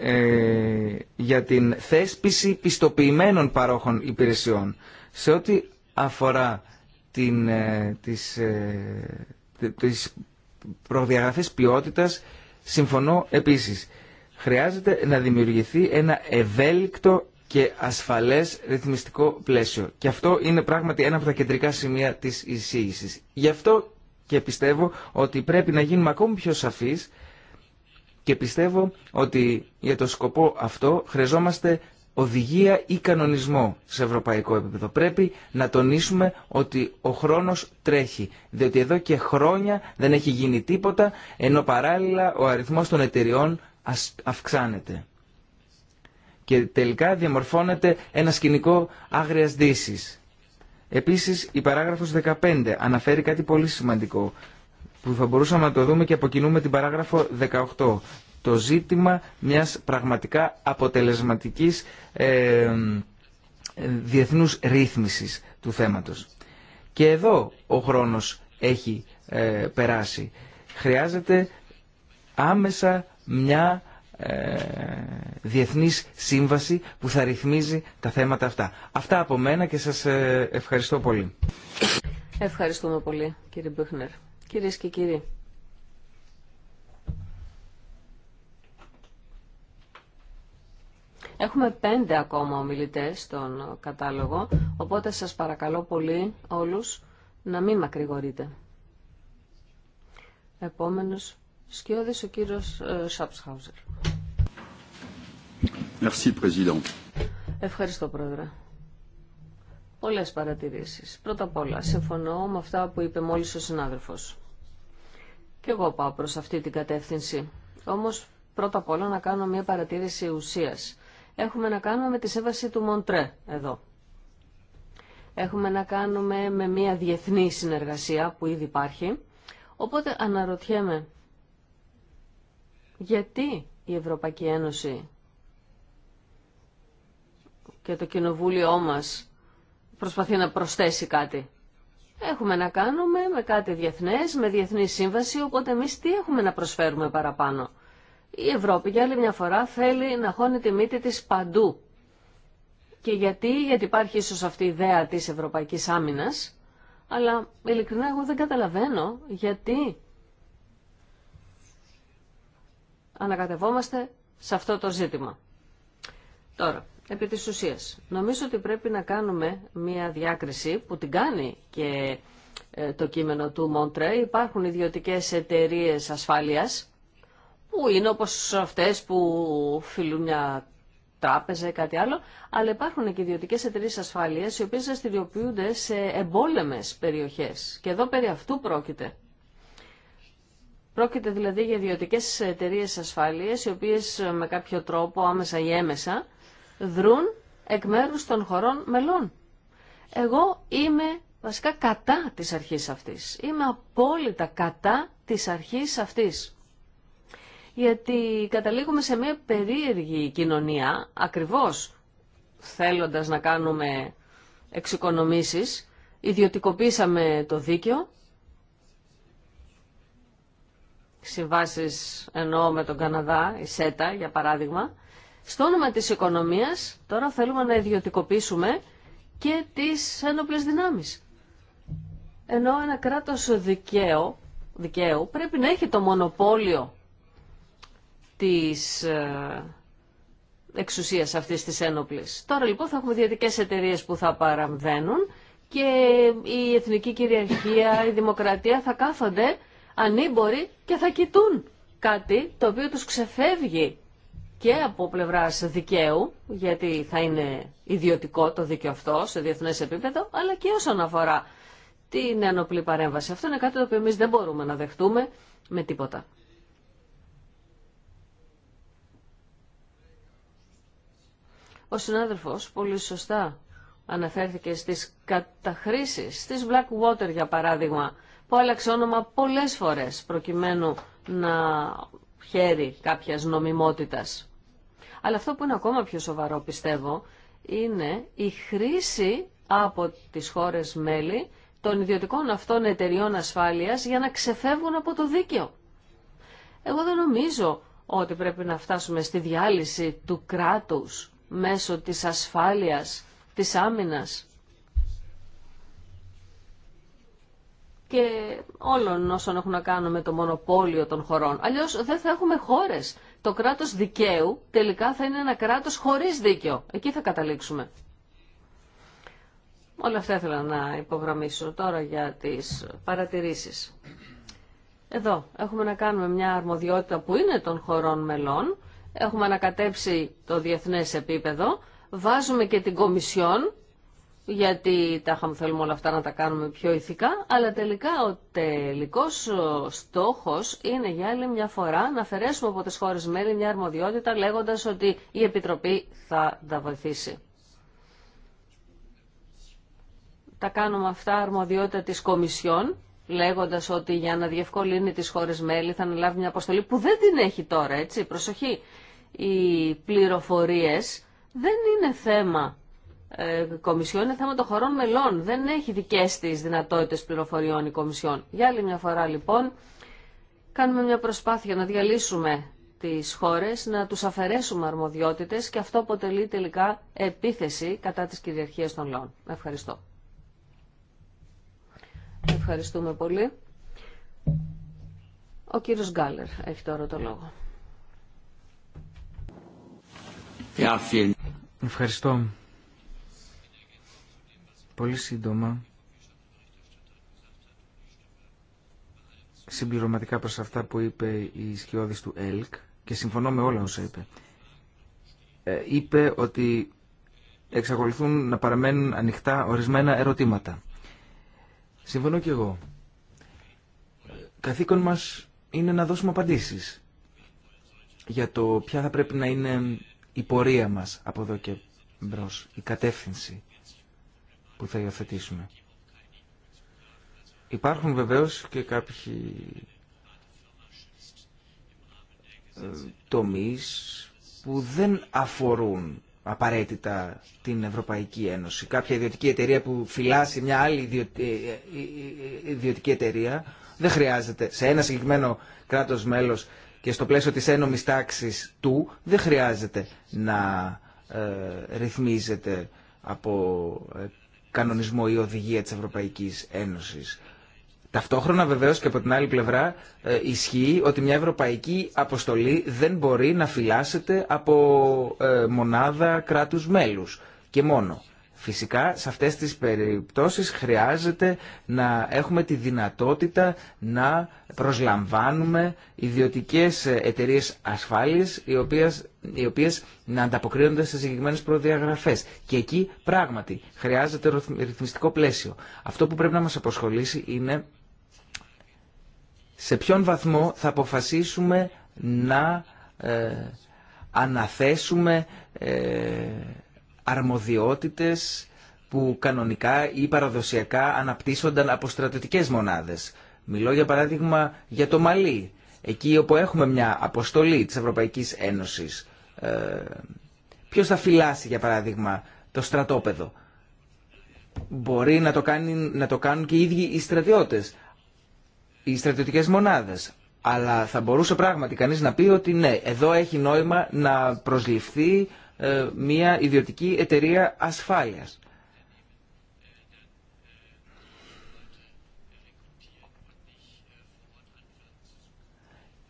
ε, για την θέσπιση πιστοποιημένων παρόχων υπηρεσιών. Σε ό,τι αφορά την, ε, τις, ε, προδιαγραφές ποιότητας, συμφωνώ επίσης. Χρειάζεται να δημιουργηθεί ένα ευέλικτο και ασφαλές ρυθμιστικό πλαίσιο. Και αυτό είναι πράγματι ένα από τα κεντρικά σημεία της εισήγηση. Γι' αυτό και πιστεύω ότι πρέπει να γίνουμε ακόμη πιο σαφεί και πιστεύω ότι για το σκοπό αυτό χρειαζόμαστε οδηγία ή κανονισμό σε ευρωπαϊκό επίπεδο. Πρέπει να τονίσουμε ότι ο χρόνος τρέχει, διότι εδώ και χρόνια δεν έχει γίνει τίποτα, ενώ παράλληλα ο αριθμός των εταιριών αυξάνεται και τελικά διαμορφώνεται ένα σκηνικό άγριας δύσης. Επίσης η παράγραφος 15 αναφέρει κάτι πολύ σημαντικό που θα μπορούσαμε να το δούμε και αποκοινούμε την παράγραφο 18. Το ζήτημα μιας πραγματικά αποτελεσματικής ε, διεθνούς ρύθμισης του θέματος. Και εδώ ο χρόνος έχει ε, περάσει. Χρειάζεται άμεσα μια ε, διεθνής σύμβαση που θα ρυθμίζει τα θέματα αυτά. Αυτά από μένα και σας ε, ευχαριστώ πολύ. Ευχαριστούμε πολύ κύριε Μπίχνερ. Κυρίες και κύριοι. Έχουμε πέντε ακόμα ομιλητές στον κατάλογο, οπότε σας παρακαλώ πολύ όλους να μην μακρηγορείτε. Επόμενος Σκιώδης ο κύριος ε, Σάπσχάουζερ. Ευχαριστώ, Πρόεδρε. Πολλές παρατηρήσεις. Πρώτα απ' όλα, συμφωνώ με αυτά που είπε μόλις ο συνάδελφος. Και εγώ πάω προς αυτή την κατεύθυνση. Όμως, πρώτα απ' όλα να κάνω μια παρατήρηση ουσίας. Έχουμε να κάνουμε με τη σέβαση του Μοντρέ εδώ. Έχουμε να κάνουμε με μια διεθνή συνεργασία που ήδη υπάρχει. Οπότε αναρωτιέμαι γιατί η Ευρωπαϊκή Ένωση και το κοινοβούλιο μας προσπαθεί να προσθέσει κάτι. Έχουμε να κάνουμε με κάτι διεθνές, με διεθνή σύμβαση, οπότε εμείς τι έχουμε να προσφέρουμε παραπάνω. Η Ευρώπη για άλλη μια φορά θέλει να χώνει τη μύτη της παντού. Και γιατί, γιατί υπάρχει ίσως αυτή η ιδέα της Ευρωπαϊκής Άμυνας, αλλά ειλικρινά εγώ δεν καταλαβαίνω γιατί ανακατευόμαστε σε αυτό το ζήτημα. Τώρα, επί της ουσίας, νομίζω ότι πρέπει να κάνουμε μια διάκριση που την κάνει και ε, το κείμενο του Μοντρέ. Υπάρχουν ιδιωτικέ εταιρείε ασφάλειας που είναι όπως αυτές που φιλούν μια τράπεζα ή κάτι άλλο, αλλά υπάρχουν και ιδιωτικέ εταιρείε ασφαλεία οι οποίε δραστηριοποιούνται σε εμπόλεμε περιοχέ. Και εδώ περί αυτού πρόκειται. Πρόκειται δηλαδή για ιδιωτικέ εταιρείε ασφάλεια, οι οποίε ε, με κάποιο τρόπο, άμεσα ή έμεσα, δρούν εκ μέρου των χωρών μελών. Εγώ είμαι βασικά κατά τη αρχή αυτή. Είμαι απόλυτα κατά τη αρχή αυτή. Γιατί καταλήγουμε σε μια περίεργη κοινωνία, ακριβώς θέλοντας να κάνουμε εξοικονομήσεις, ιδιωτικοποίησαμε το δίκαιο συμβάσεις εννοώ με τον Καναδά, η ΣΕΤΑ για παράδειγμα, στο όνομα της οικονομίας τώρα θέλουμε να ιδιωτικοποιήσουμε και τις ένοπλες δυνάμεις. Ενώ ένα κράτος δικαίου, δικαίου πρέπει να έχει το μονοπόλιο της ε, εξουσίας αυτής της ένοπλης. Τώρα λοιπόν θα έχουμε ιδιωτικέ εταιρείε που θα παραμβαίνουν και η εθνική κυριαρχία, η δημοκρατία θα κάθονται ανήμποροι και θα κοιτούν κάτι το οποίο τους ξεφεύγει και από πλευράς δικαίου, γιατί θα είναι ιδιωτικό το δίκαιο αυτό σε διεθνές επίπεδο, αλλά και όσον αφορά την ενοπλή παρέμβαση. Αυτό είναι κάτι το οποίο εμείς δεν μπορούμε να δεχτούμε με τίποτα. Ο συνάδελφος πολύ σωστά αναφέρθηκε στις καταχρήσεις, στις Blackwater για παράδειγμα, που άλλαξε όνομα πολλές φορές προκειμένου να χαίρει κάποιας νομιμότητας. Αλλά αυτό που είναι ακόμα πιο σοβαρό πιστεύω είναι η χρήση από τις χώρες μέλη των ιδιωτικών αυτών εταιριών ασφάλειας για να ξεφεύγουν από το δίκαιο. Εγώ δεν νομίζω ότι πρέπει να φτάσουμε στη διάλυση του κράτους μέσω της ασφάλειας, της άμυνας. και όλων όσων έχουν να κάνουν με το μονοπόλιο των χωρών. Αλλιώ δεν θα έχουμε χώρε. Το κράτο δικαίου τελικά θα είναι ένα κράτος χωρί δίκαιο. Εκεί θα καταλήξουμε. Όλα αυτά ήθελα να υπογραμμίσω τώρα για τι παρατηρήσεις. Εδώ έχουμε να κάνουμε μια αρμοδιότητα που είναι των χωρών μελών. Έχουμε ανακατέψει το διεθνές επίπεδο. Βάζουμε και την Κομισιόν γιατί τα θέλουμε όλα αυτά να τα κάνουμε πιο ηθικά, αλλά τελικά ο τελικός στόχος είναι για άλλη μια φορά να αφαιρέσουμε από τις χώρες μέλη μια αρμοδιότητα λέγοντας ότι η Επιτροπή θα τα βοηθήσει. Τα κάνουμε αυτά αρμοδιότητα της Κομισιόν, λέγοντας ότι για να διευκολύνει τις χώρες μέλη θα αναλάβει μια αποστολή που δεν την έχει τώρα, έτσι, προσοχή. Οι πληροφορίες δεν είναι θέμα ε, κομισιόν είναι θέμα των χωρών μελών. Δεν έχει δικέ της δυνατότητε πληροφοριών η Κομισιόν. Για άλλη μια φορά λοιπόν κάνουμε μια προσπάθεια να διαλύσουμε τις χώρες, να τους αφαιρέσουμε αρμοδιότητες και αυτό αποτελεί τελικά επίθεση κατά της κυριαρχίας των λαών. Ευχαριστώ. Ευχαριστούμε πολύ. Ο κύριος Γκάλερ έχει τώρα το λόγο. Ευχαριστώ Πολύ σύντομα, συμπληρωματικά προς αυτά που είπε η σκιώδης του ΕΛΚ και συμφωνώ με όλα όσα είπε. Ε, είπε ότι εξακολουθούν να παραμένουν ανοιχτά ορισμένα ερωτήματα. Συμφωνώ και εγώ. Καθήκον μας είναι να δώσουμε απαντήσεις για το ποια θα πρέπει να είναι η πορεία μας από εδώ και μπρος, η κατεύθυνση που θα υιοθετήσουμε. Υπάρχουν βεβαίως και κάποιοι ε, τομείς που δεν αφορούν απαραίτητα την Ευρωπαϊκή Ένωση. Κάποια ιδιωτική εταιρεία που φυλάσει μια άλλη ε, ε, ιδιωτική εταιρεία δεν χρειάζεται σε ένα συγκεκριμένο κράτος μέλος και στο πλαίσιο της ένομης τάξης του δεν χρειάζεται να ε, ρυθμίζεται από κανονισμό ή οδηγία της Ευρωπαϊκής Ένωσης. Ταυτόχρονα βεβαίως και από την άλλη πλευρά ε, ισχύει ότι μια ευρωπαϊκή αποστολή δεν μπορεί να φυλάσσεται από ε, μονάδα κράτους μέλους και μόνο. Φυσικά σε αυτές τις περιπτώσεις χρειάζεται να έχουμε τη δυνατότητα να προσλαμβάνουμε ιδιωτικές εταιρείες ασφάλειας οι οποίες, οι οποίες να ανταποκρίνονται σε συγκεκριμένες προδιαγραφές. Και εκεί πράγματι χρειάζεται ρυθμιστικό πλαίσιο. Αυτό που πρέπει να μας αποσχολήσει είναι σε ποιον βαθμό θα αποφασίσουμε να ε, αναθέσουμε... Ε, αρμοδιότητες που κανονικά ή παραδοσιακά αναπτύσσονταν από στρατιωτικές μονάδες. Μιλώ για παράδειγμα για το Μαλή. εκεί όπου έχουμε μια αποστολή της Ευρωπαϊκής Ένωσης. Ε, ποιος θα φυλάσει για παράδειγμα το στρατόπεδο. Μπορεί να το, κάνει, να το κάνουν και οι ίδιοι οι στρατιώτες, οι στρατιωτικές μονάδες. Αλλά θα μπορούσε πράγματι κανείς να πει ότι ναι, εδώ έχει νόημα να προσληφθεί ε, μια ιδιωτική εταιρεία ασφάλειας.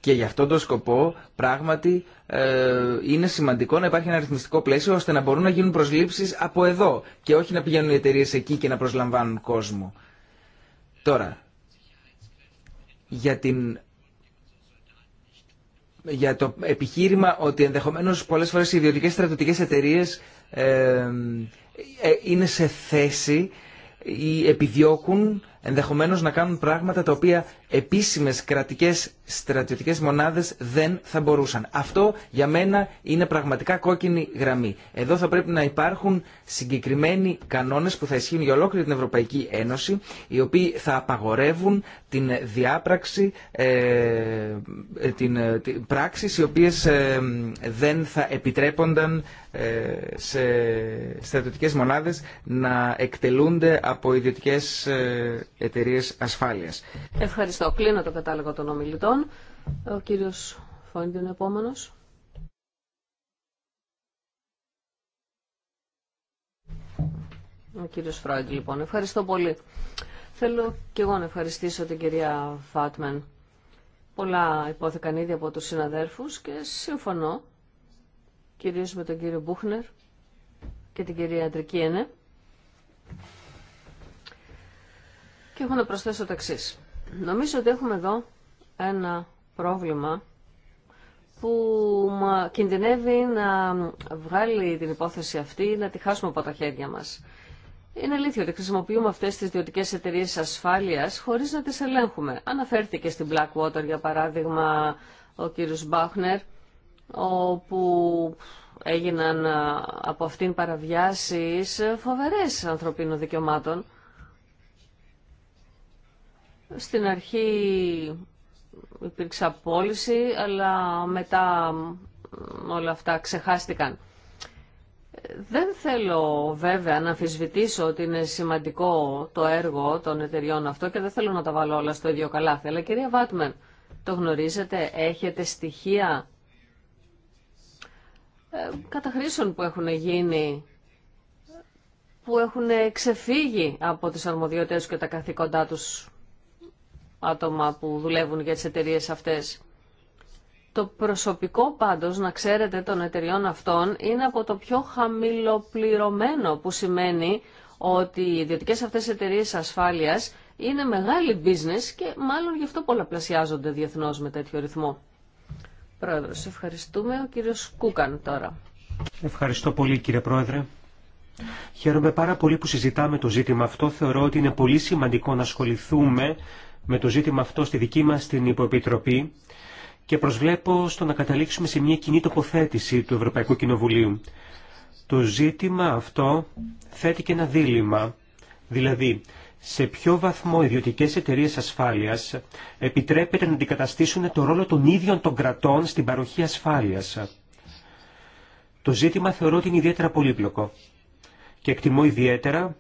Και γι' αυτόν τον σκοπό πράγματι ε, είναι σημαντικό να υπάρχει ένα ρυθμιστικό πλαίσιο ώστε να μπορούν να γίνουν προσλήψεις από εδώ και όχι να πηγαίνουν οι εταιρείε εκεί και να προσλαμβάνουν κόσμο. Τώρα, για την για το επιχείρημα ότι ενδεχομένως πολλές φορές οι ιδιωτικές στρατιωτικές εταιρείες ε, είναι σε θέση ή επιδιώκουν ενδεχομένως να κάνουν πράγματα τα οποία επίσημες κρατικές στρατιωτικές μονάδες δεν θα μπορούσαν. Αυτό για μένα είναι πραγματικά κόκκινη γραμμή. Εδώ θα πρέπει να υπάρχουν συγκεκριμένοι κανόνες που θα ισχύουν για ολόκληρη την Ευρωπαϊκή Ένωση, οι οποίοι θα απαγορεύουν την διάπραξη, ε, την, ε, οι οποίες ε, δεν θα επιτρέπονταν ε, σε στρατιωτικές μονάδες να εκτελούνται από ιδιωτικές εταιρείες ασφάλειας. Ευχαριστώ. Κλείνω το κατάλογο των ομιλητών. Ο κύριος Φρόιντ είναι επόμενος. Ο κύριος Φρόιντ, λοιπόν. Ευχαριστώ πολύ. Θέλω και εγώ να ευχαριστήσω την κυρία Φάτμεν. Πολλά υπόθηκαν ήδη από τους συναδέρφους και συμφωνώ, κυρίως με τον κύριο Μπούχνερ και την κυρία Τρικίενε. Και έχω να προσθέσω το Νομίζω ότι έχουμε εδώ ένα πρόβλημα που κινδυνεύει να βγάλει την υπόθεση αυτή, να τη χάσουμε από τα χέρια μας. Είναι αλήθεια ότι χρησιμοποιούμε αυτές τις ιδιωτικέ εταιρείε ασφάλειας χωρίς να τις ελέγχουμε. Αναφέρθηκε στην Blackwater, για παράδειγμα, ο κύριος Μπάχνερ, όπου έγιναν ε, από αυτήν παραβιάσεις φοβερές ανθρωπίνων δικαιωμάτων. Στην αρχή υπήρξε απόλυση, αλλά μετά όλα αυτά ξεχάστηκαν. Δεν θέλω βέβαια να αμφισβητήσω ότι είναι σημαντικό το έργο των εταιριών αυτό και δεν θέλω να τα βάλω όλα στο ίδιο καλά. Αλλά κυρία Βάτμεν, το γνωρίζετε, έχετε στοιχεία ε, καταχρήσεων που έχουν γίνει, που έχουν ξεφύγει από τις αρμοδιότητες και τα καθήκοντά τους άτομα που δουλεύουν για τις εταιρείες αυτές. Το προσωπικό πάντως, να ξέρετε, των εταιριών αυτών είναι από το πιο χαμηλοπληρωμένο που σημαίνει ότι οι ιδιωτικέ αυτές εταιρείες ασφάλειας είναι μεγάλη business και μάλλον γι' αυτό πολλαπλασιάζονται διεθνώς με τέτοιο ρυθμό. Πρόεδρος, ευχαριστούμε. Ο κύριος Κούκαν τώρα. Ευχαριστώ πολύ κύριε Πρόεδρε. Χαίρομαι πάρα πολύ που συζητάμε το ζήτημα αυτό. Θεωρώ ότι είναι πολύ σημαντικό να ασχοληθούμε με το ζήτημα αυτό στη δική μας την υποεπιτροπή και προσβλέπω στο να καταλήξουμε σε μια κοινή τοποθέτηση του Ευρωπαϊκού Κοινοβουλίου. Το ζήτημα αυτό θέτει και ένα δίλημα, δηλαδή σε ποιο βαθμό ιδιωτικές εταιρείες ασφάλειας επιτρέπεται να αντικαταστήσουν το ρόλο των ίδιων των κρατών στην παροχή ασφάλειας. Το ζήτημα θεωρώ ότι είναι ιδιαίτερα πολύπλοκο και εκτιμώ ιδιαίτερα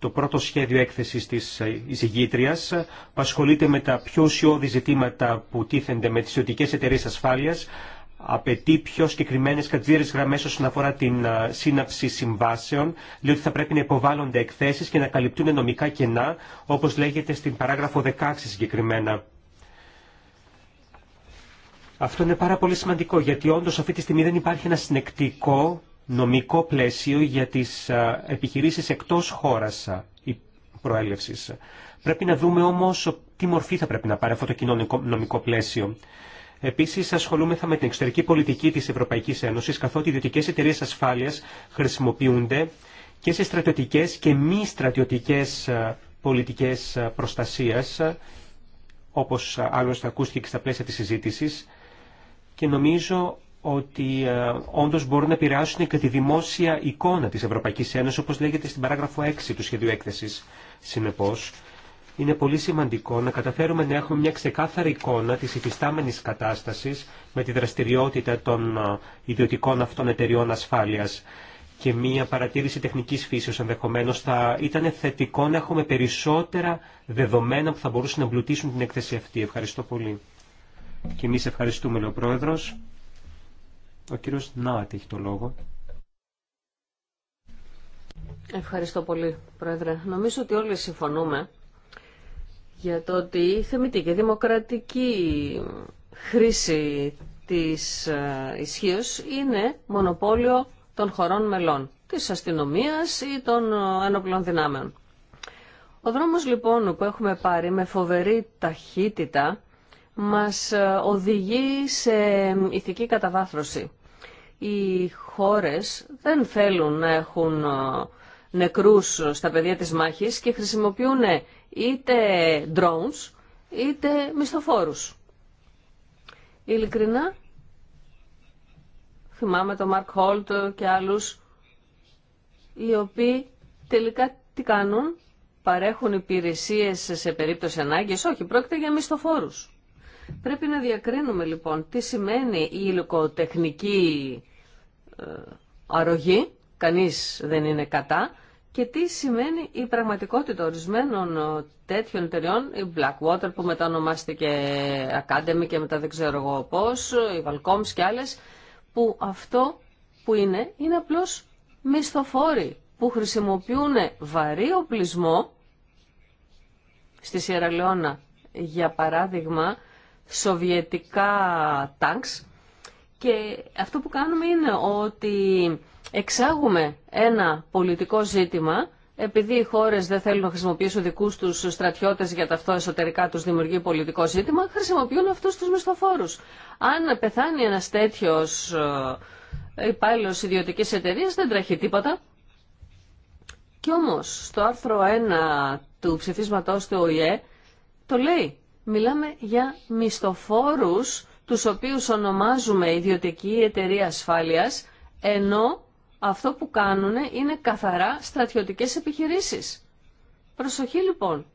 το πρώτο σχέδιο έκθεσης της εισηγήτριας που ασχολείται με τα πιο ουσιώδη ζητήματα που τίθενται με τις ιδιωτικέ εταιρείε ασφάλειας απαιτεί πιο συγκεκριμένε κατζήρε γραμμέ όσον αφορά την σύναψη συμβάσεων. Λέει θα πρέπει να υποβάλλονται εκθέσει και να καλυπτούν νομικά κενά, όπω λέγεται στην παράγραφο 16 συγκεκριμένα. Αυτό είναι πάρα πολύ σημαντικό, γιατί όντω αυτή τη στιγμή δεν υπάρχει ένα συνεκτικό νομικό πλαίσιο για τις επιχειρήσεις εκτός χώρας προέλευσης. Πρέπει να δούμε όμως τι μορφή θα πρέπει να πάρει αυτό το κοινό νομικό πλαίσιο. Επίση, ασχολούμεθα με την εξωτερική πολιτική της Ευρωπαϊκής Ένωσης καθότι οι ιδιωτικέ εταιρείε ασφάλειας χρησιμοποιούνται και σε στρατιωτικέ και μη στρατιωτικέ πολιτικέ προστασία, όπω άλλωστε ακούστηκε και στα πλαίσια της συζήτησης Και νομίζω ότι ε, όντω μπορούν να επηρεάσουν και τη δημόσια εικόνα τη Ευρωπαϊκή Ένωση, όπω λέγεται στην παράγραφο 6 του σχεδίου έκθεση. Συνεπώ, είναι πολύ σημαντικό να καταφέρουμε να έχουμε μια ξεκάθαρη εικόνα τη υφιστάμενη κατάσταση με τη δραστηριότητα των ε, ιδιωτικών αυτών εταιριών ασφάλεια. Και μια παρατήρηση τεχνική φύση ενδεχομένω θα ήταν θετικό να έχουμε περισσότερα δεδομένα που θα μπορούσαν να εμπλουτίσουν την έκθεση αυτή. Ευχαριστώ πολύ. Και εμεί ευχαριστούμε, λέει ο Πρόεδρος. Ο κύριος Νάατ έχει το λόγο. Ευχαριστώ πολύ, Πρόεδρε. Νομίζω ότι όλοι συμφωνούμε για το ότι η θεμητή και δημοκρατική χρήση της ε, ισχύω είναι μονοπόλιο των χωρών μελών, της αστυνομίας ή των ενοπλών δυνάμεων. Ο δρόμος λοιπόν που έχουμε πάρει με φοβερή ταχύτητα μας ε, οδηγεί σε ε, ηθική καταβάθρωση οι χώρες δεν θέλουν να έχουν ε, νεκρούς στα πεδία της μάχης και χρησιμοποιούν είτε drones είτε μισθοφόρους. Ειλικρινά, θυμάμαι τον Μαρκ Χόλτ και άλλους, οι οποίοι τελικά τι κάνουν, παρέχουν υπηρεσίες σε περίπτωση ανάγκης, όχι, πρόκειται για μισθοφόρους. Πρέπει να διακρίνουμε λοιπόν τι σημαίνει η υλικοτεχνική ε, αρρωγή, κανείς δεν είναι κατά, και τι σημαίνει η πραγματικότητα ορισμένων ε, τέτοιων εταιριών, η Blackwater που μετά ονομάστηκε Academy και μετά δεν ξέρω εγώ πώς, ε, η Valcoms και άλλες, που αυτό που είναι, είναι απλώς μισθοφόροι που χρησιμοποιούν βαρύ οπλισμό στη Σιεραλεώνα, για παράδειγμα, σοβιετικά τάγκς και αυτό που κάνουμε είναι ότι εξάγουμε ένα πολιτικό ζήτημα, επειδή οι χώρε δεν θέλουν να χρησιμοποιήσουν δικούς τους στρατιώτες για τα αυτό εσωτερικά τους δημιουργεί πολιτικό ζήτημα, χρησιμοποιούν αυτού του μισθοφόρους. Αν πεθάνει ένα τέτοιο ε, υπάλληλο ιδιωτική εταιρεία δεν τρέχει τίποτα. Κι όμω στο άρθρο 1 του ψηφίσματο του ΟΗΕ, το λέει, μιλάμε για μισθοφόρους τους οποίους ονομάζουμε ιδιωτική εταιρεία ασφάλειας, ενώ αυτό που κάνουν είναι καθαρά στρατιωτικές επιχειρήσεις. Προσοχή λοιπόν.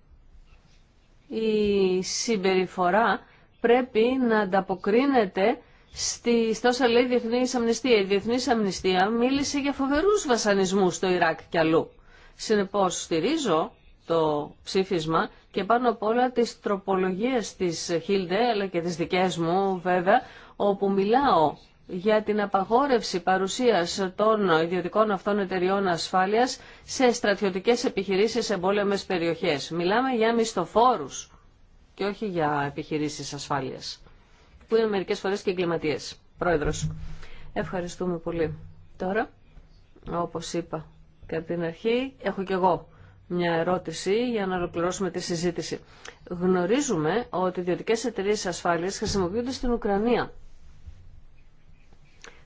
Η συμπεριφορά πρέπει να ανταποκρίνεται στη τόσα λέει Διεθνής Αμνηστία. Η Διεθνής Αμνηστία μίλησε για φοβερούς βασανισμούς στο Ιράκ και αλλού. Συνεπώς στηρίζω το ψήφισμα και πάνω απ' όλα τις τροπολογίες της Χίλντε, αλλά και τις δικές μου βέβαια, όπου μιλάω για την απαγόρευση παρουσίας των ιδιωτικών αυτών εταιριών ασφάλειας σε στρατιωτικές επιχειρήσεις σε εμπόλεμες περιοχές. Μιλάμε για μισθοφόρους και όχι για επιχειρήσεις ασφάλειας, που είναι μερικές φορές και εγκληματίες. Πρόεδρος, ευχαριστούμε πολύ. Τώρα, όπως είπα και την αρχή, έχω και εγώ μια ερώτηση για να ολοκληρώσουμε τη συζήτηση. Γνωρίζουμε ότι ιδιωτικές εταιρείες ασφάλειας χρησιμοποιούνται στην Ουκρανία.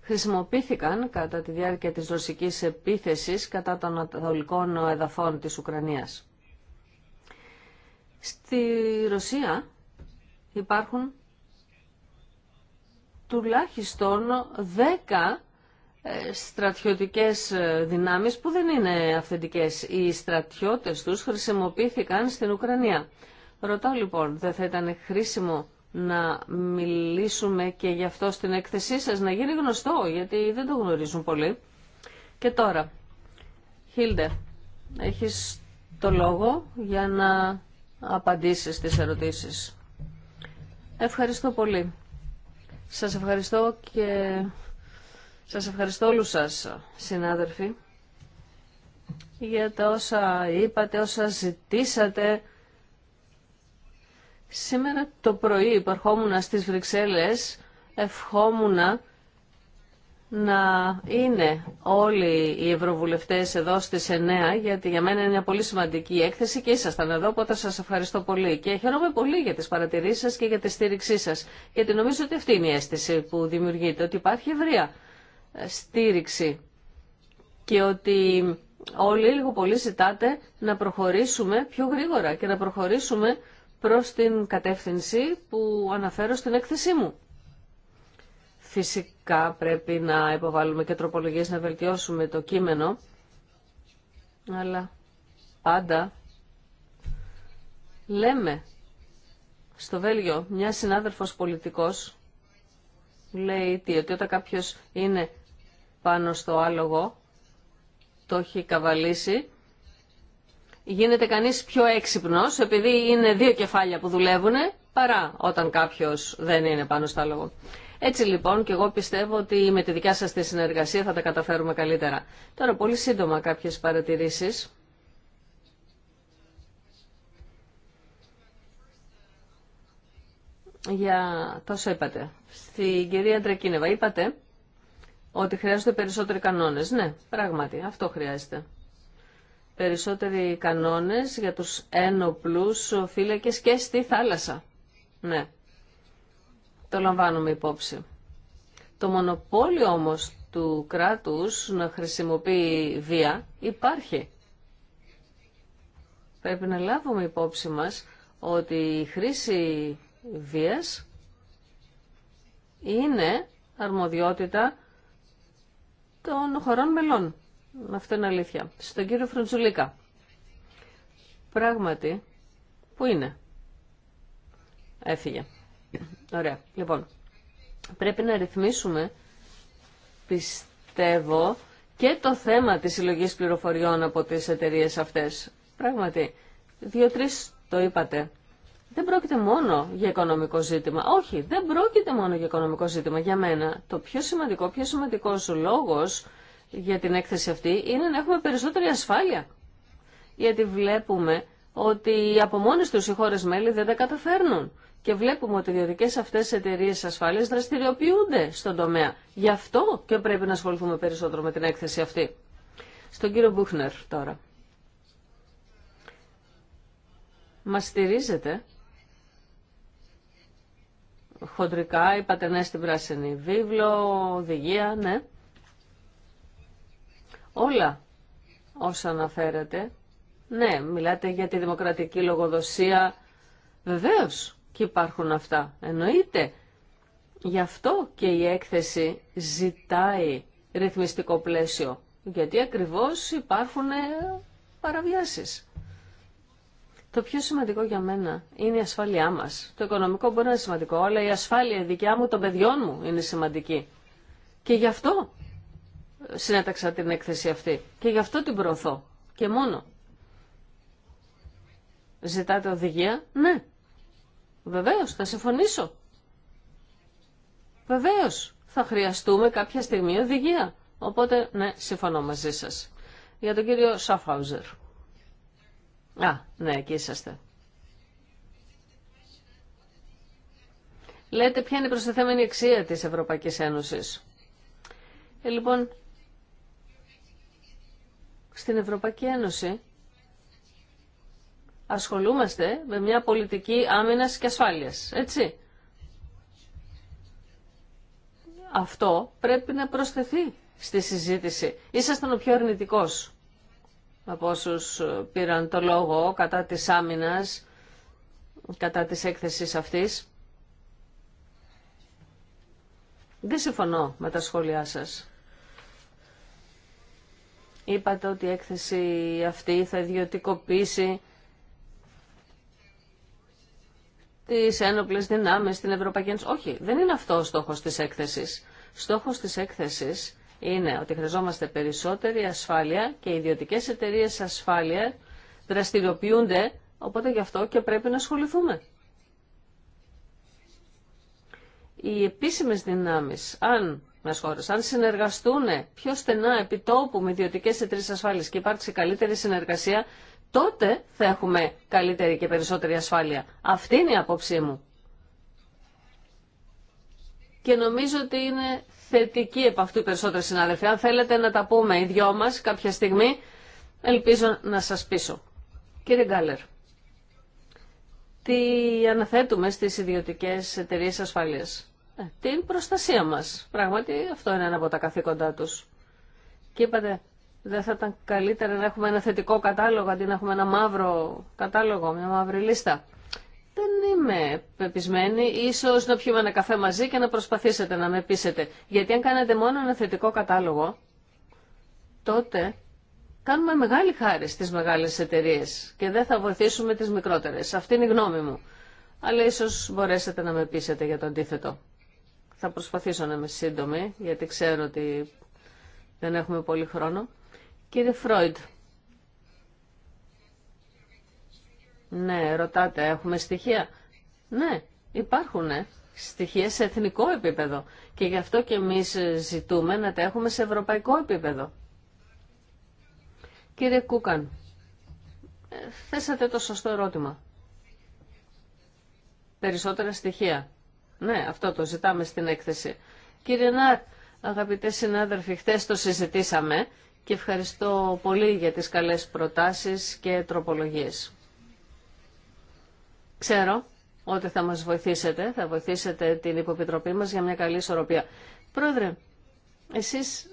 Χρησιμοποιήθηκαν κατά τη διάρκεια της ρωσικής επίθεσης κατά των ανατολικών εδαφών της Ουκρανίας. Στη Ρωσία υπάρχουν τουλάχιστον 10 ε, στρατιωτικές ε, δυνάμεις που δεν είναι αυθεντικές. Οι στρατιώτες τους χρησιμοποιήθηκαν στην Ουκρανία. Ρωτάω λοιπόν, δεν θα ήταν χρήσιμο να μιλήσουμε και γι' αυτό στην έκθεσή σας, να γίνει γνωστό, γιατί δεν το γνωρίζουν πολύ. Και τώρα, Χίλντε, έχεις το λόγο για να απαντήσεις στις ερωτήσεις. Ευχαριστώ πολύ. Σας ευχαριστώ και σας ευχαριστώ όλους σας, συνάδελφοι, για τα όσα είπατε, όσα ζητήσατε. Σήμερα το πρωί ερχόμουν στις Βρυξέλλες, ευχόμουν να είναι όλοι οι ευρωβουλευτές εδώ στις 9 γιατί για μένα είναι μια πολύ σημαντική έκθεση και ήσασταν εδώ οπότε σας ευχαριστώ πολύ και χαίρομαι πολύ για τις παρατηρήσεις σας και για τη στήριξή σας γιατί νομίζω ότι αυτή είναι η αίσθηση που δημιουργείται ότι υπάρχει ευρεία στήριξη και ότι όλοι λίγο πολύ ζητάτε να προχωρήσουμε πιο γρήγορα και να προχωρήσουμε προς την κατεύθυνση που αναφέρω στην έκθεσή μου. Φυσικά πρέπει να υποβάλουμε και τροπολογίες να βελτιώσουμε το κείμενο, αλλά πάντα λέμε στο Βέλγιο μια συνάδελφος πολιτικός λέει τι, ότι όταν κάποιος είναι πάνω στο άλογο, το έχει καβαλήσει. Γίνεται κανείς πιο έξυπνος, επειδή είναι δύο κεφάλια που δουλεύουν, παρά όταν κάποιος δεν είναι πάνω στο άλογο. Έτσι λοιπόν και εγώ πιστεύω ότι με τη δικιά σας τη συνεργασία θα τα καταφέρουμε καλύτερα. Τώρα πολύ σύντομα κάποιες παρατηρήσεις. Για τόσο είπατε. Στην κυρία είπατε ότι χρειάζονται περισσότεροι κανόνες. Ναι, πράγματι, αυτό χρειάζεται. Περισσότεροι κανόνες για τους ένοπλους φύλακε και στη θάλασσα. Ναι, το λαμβάνουμε υπόψη. Το μονοπόλιο όμως του κράτους να χρησιμοποιεί βία υπάρχει. Πρέπει να λάβουμε υπόψη μας ότι η χρήση βίας είναι αρμοδιότητα των χωρών μελών. Αυτό είναι αλήθεια. Στον κύριο Φρουντζουλίκα. Πράγματι, πού είναι. Έφυγε. Ωραία. Λοιπόν, πρέπει να ρυθμίσουμε, πιστεύω, και το θέμα της συλλογή πληροφοριών από τις εταιρείε αυτές. Πράγματι, δύο-τρεις το είπατε. Δεν πρόκειται μόνο για οικονομικό ζήτημα. Όχι, δεν πρόκειται μόνο για οικονομικό ζήτημα. Για μένα το πιο σημαντικό, πιο σημαντικός λόγος για την έκθεση αυτή είναι να έχουμε περισσότερη ασφάλεια. Γιατί βλέπουμε ότι από μόνε του οι χώρε μέλη δεν τα καταφέρνουν. Και βλέπουμε ότι οι ιδιωτικέ αυτέ εταιρείε ασφάλεια δραστηριοποιούνται στον τομέα. Γι' αυτό και πρέπει να ασχοληθούμε περισσότερο με την έκθεση αυτή. Στον κύριο Μπούχνερ τώρα. Μα στηρίζετε χοντρικά, είπατε ναι στην πράσινη βίβλο, οδηγία, ναι. Όλα όσα αναφέρατε, ναι, μιλάτε για τη δημοκρατική λογοδοσία, βεβαίως και υπάρχουν αυτά, εννοείται. Γι' αυτό και η έκθεση ζητάει ρυθμιστικό πλαίσιο, γιατί ακριβώς υπάρχουν παραβιάσεις. Το πιο σημαντικό για μένα είναι η ασφάλειά μας. Το οικονομικό μπορεί να είναι σημαντικό, αλλά η ασφάλεια δικιά μου των παιδιών μου είναι σημαντική. Και γι' αυτό συνέταξα την έκθεση αυτή. Και γι' αυτό την προωθώ. Και μόνο. Ζητάτε οδηγία. Ναι. Βεβαίω θα συμφωνήσω. Βεβαίω θα χρειαστούμε κάποια στιγμή οδηγία. Οπότε, ναι, συμφωνώ μαζί σα. Για τον κύριο Σαφάουζερ. Α, ναι, εκεί είσαστε. Λέτε ποια είναι η προσθεθέμενη αξία της Ευρωπαϊκής Ένωσης. Ε, λοιπόν, στην Ευρωπαϊκή Ένωση ασχολούμαστε με μια πολιτική άμυνας και ασφάλειας, έτσι. Αυτό πρέπει να προσθεθεί στη συζήτηση. Ήσασταν ο πιο αρνητικός από όσου πήραν το λόγο κατά της άμυνας, κατά της έκθεσης αυτής. Δεν συμφωνώ με τα σχόλιά σας. Είπατε ότι η έκθεση αυτή θα ιδιωτικοποιήσει τις ένοπλες δυνάμεις στην Ευρωπαϊκή Ένωση. Όχι, δεν είναι αυτό ο στόχος της έκθεσης. Στόχος της έκθεσης είναι ότι χρειαζόμαστε περισσότερη ασφάλεια και οι ιδιωτικές εταιρείες ασφάλεια δραστηριοποιούνται, οπότε γι' αυτό και πρέπει να ασχοληθούμε. Οι επίσημες δυνάμεις, αν μας αν συνεργαστούν πιο στενά επιτόπου με ιδιωτικέ εταιρείε ασφάλεια και υπάρξει καλύτερη συνεργασία, τότε θα έχουμε καλύτερη και περισσότερη ασφάλεια. Αυτή είναι η άποψή μου. Και νομίζω ότι είναι Θετική επ' αυτού οι περισσότεροι συνάδελφοι. Αν θέλετε να τα πούμε οι δυο μας κάποια στιγμή, ελπίζω να σας πείσω. Κύριε Γκάλερ, τι αναθέτουμε στις ιδιωτικές εταιρείες ασφαλείας. Ε, την προστασία μας. Πράγματι αυτό είναι ένα από τα καθήκοντά τους. Και είπατε, δεν θα ήταν καλύτερα να έχουμε ένα θετικό κατάλογο αντί να έχουμε ένα μαύρο κατάλογο, μια μαύρη λίστα δεν είμαι πεπισμένη. Ίσως να πιούμε ένα καφέ μαζί και να προσπαθήσετε να με πείσετε. Γιατί αν κάνετε μόνο ένα θετικό κατάλογο, τότε κάνουμε μεγάλη χάρη στις μεγάλες εταιρείε και δεν θα βοηθήσουμε τις μικρότερες. Αυτή είναι η γνώμη μου. Αλλά ίσως μπορέσετε να με πείσετε για το αντίθετο. Θα προσπαθήσω να είμαι σύντομη, γιατί ξέρω ότι δεν έχουμε πολύ χρόνο. Κύριε Φρόιντ, Ναι, ρωτάτε, έχουμε στοιχεία. Ναι, υπάρχουν ε, στοιχεία σε εθνικό επίπεδο και γι' αυτό και εμείς ζητούμε να τα έχουμε σε ευρωπαϊκό επίπεδο. Κύριε Κούκαν, ε, θέσατε το σωστό ερώτημα. Περισσότερα στοιχεία. Ναι, αυτό το ζητάμε στην έκθεση. Κύριε Νάρ, αγαπητέ συνάδελφοι, χθε το συζητήσαμε και ευχαριστώ πολύ για τις καλές προτάσεις και τροπολογίες. Ξέρω ότι θα μας βοηθήσετε, θα βοηθήσετε την υποπιτροπή μας για μια καλή ισορροπία. Πρόεδρε, εσείς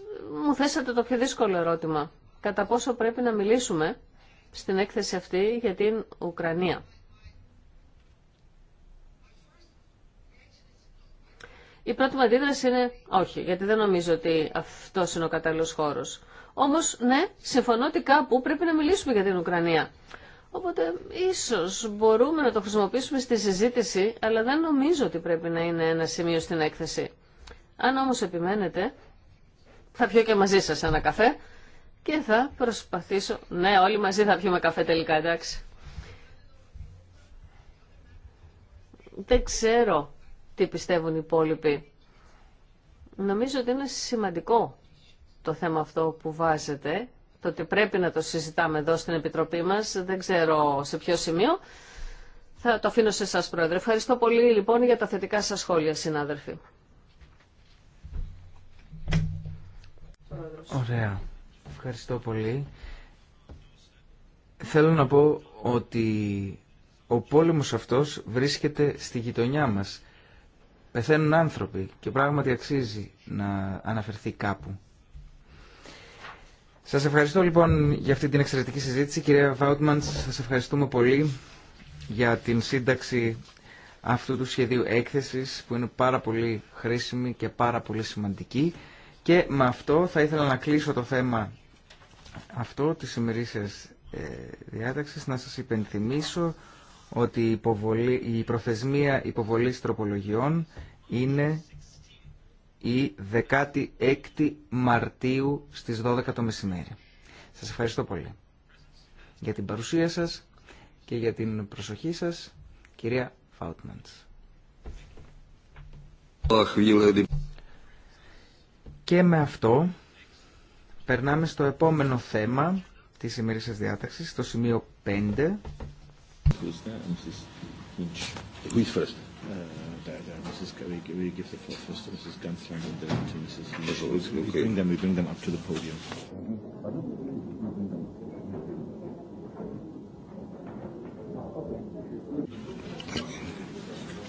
μου θέσατε το πιο δύσκολο ερώτημα. Κατά πόσο πρέπει να μιλήσουμε στην έκθεση αυτή για την Ουκρανία. Η πρώτη μου αντίδραση είναι όχι, γιατί δεν νομίζω ότι αυτό είναι ο κατάλληλο χώρο. Όμω, ναι, συμφωνώ ότι κάπου πρέπει να μιλήσουμε για την Ουκρανία. Οπότε ίσως μπορούμε να το χρησιμοποιήσουμε στη συζήτηση, αλλά δεν νομίζω ότι πρέπει να είναι ένα σημείο στην έκθεση. Αν όμως επιμένετε, θα πιω και μαζί σας ένα καφέ και θα προσπαθήσω... Ναι, όλοι μαζί θα πιούμε καφέ τελικά, εντάξει. Δεν ξέρω τι πιστεύουν οι υπόλοιποι. Νομίζω ότι είναι σημαντικό το θέμα αυτό που βάζετε το ότι πρέπει να το συζητάμε εδώ στην Επιτροπή μας, δεν ξέρω σε ποιο σημείο. Θα το αφήνω σε εσά, Πρόεδρε. Ευχαριστώ πολύ λοιπόν για τα θετικά σας σχόλια, συνάδελφοι. Ωραία. Ευχαριστώ πολύ. Θέλω να πω ότι ο πόλεμος αυτός βρίσκεται στη γειτονιά μας. Πεθαίνουν άνθρωποι και πράγματι αξίζει να αναφερθεί κάπου. Σας ευχαριστώ λοιπόν για αυτή την εξαιρετική συζήτηση. Κυρία Βάουτμαντ, σας ευχαριστούμε πολύ για την σύνταξη αυτού του σχεδίου έκθεσης που είναι πάρα πολύ χρήσιμη και πάρα πολύ σημαντική. Και με αυτό θα ήθελα να κλείσω το θέμα αυτό της ημερήσιας ε, διάταξης. Να σας υπενθυμίσω ότι η, υποβολή, η προθεσμία υποβολής τροπολογιών είναι η 16η Μαρτίου στις 12 το μεσημέρι. Σας ευχαριστώ πολύ για την παρουσία σας και για την προσοχή σας, κυρία Φάουτμαντς. Και με αυτό περνάμε στο επόμενο θέμα της ημερήσιας διάταξης, στο σημείο 5 there, there, Mrs. We, we give the floor first to Mrs. Gunslinger and then to Mrs. We bring them, we bring them up to the podium.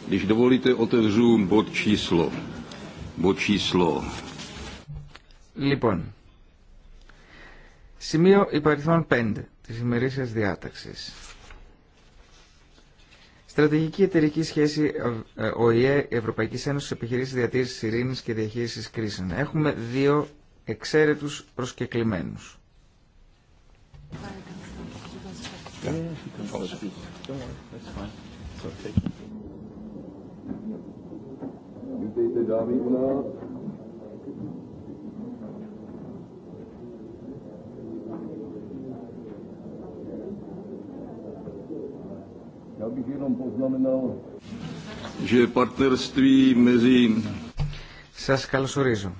Když dovolíte, otevřu bod číslo. Bod číslo. Λοιπόν, σημείο υπαριθμών 5 της ημερήσιας διάταξης. Στρατηγική εταιρική σχέση ε, ε, ΟΗΕ Ευρωπαϊκής Ένωσης Επιχειρήσεις διατήρηση Ειρήνης και Διαχείρισης Κρίσεων. Έχουμε δύο εξαίρετου προσκεκλημένους. Já bych Σας καλωσορίζω.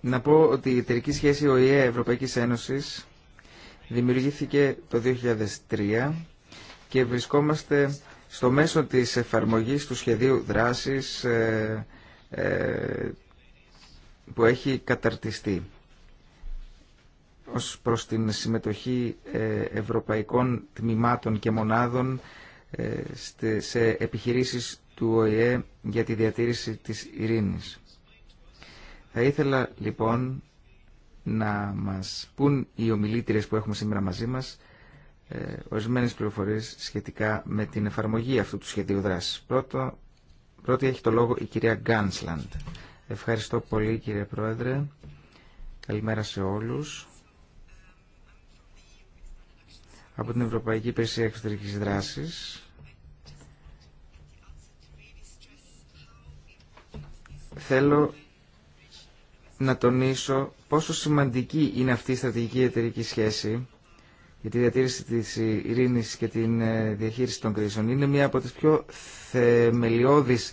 Να πω ότι η εταιρική σχέση ΟΗΕ Ευρωπαϊκής Ένωσης δημιουργήθηκε το 2003 και βρισκόμαστε στο μέσο της εφαρμογής του σχεδίου δράσης ε, ε, που έχει καταρτιστεί ως προς την συμμετοχή ε, ευρωπαϊκών τμήματων και μονάδων ε, σε επιχειρήσεις του ΟΗΕ για τη διατήρηση της ειρήνης. Θα ήθελα λοιπόν να μας πούν οι ομιλήτριες που έχουμε σήμερα μαζί μας ε, ορισμένες πληροφορίες σχετικά με την εφαρμογή αυτού του σχεδίου δράσης. Πρώτο, πρώτη έχει το λόγο η κυρία Γκάνσλαντ. Ευχαριστώ πολύ κύριε Πρόεδρε. Καλημέρα σε όλους από την Ευρωπαϊκή Υπηρεσία Εξωτερικής Δράσης θέλω να τονίσω πόσο σημαντική είναι αυτή η στρατηγική εταιρική σχέση για τη διατήρηση της ειρήνης και την ε, διαχείριση των κρίσεων. Είναι μία από τις πιο θεμελιώδεις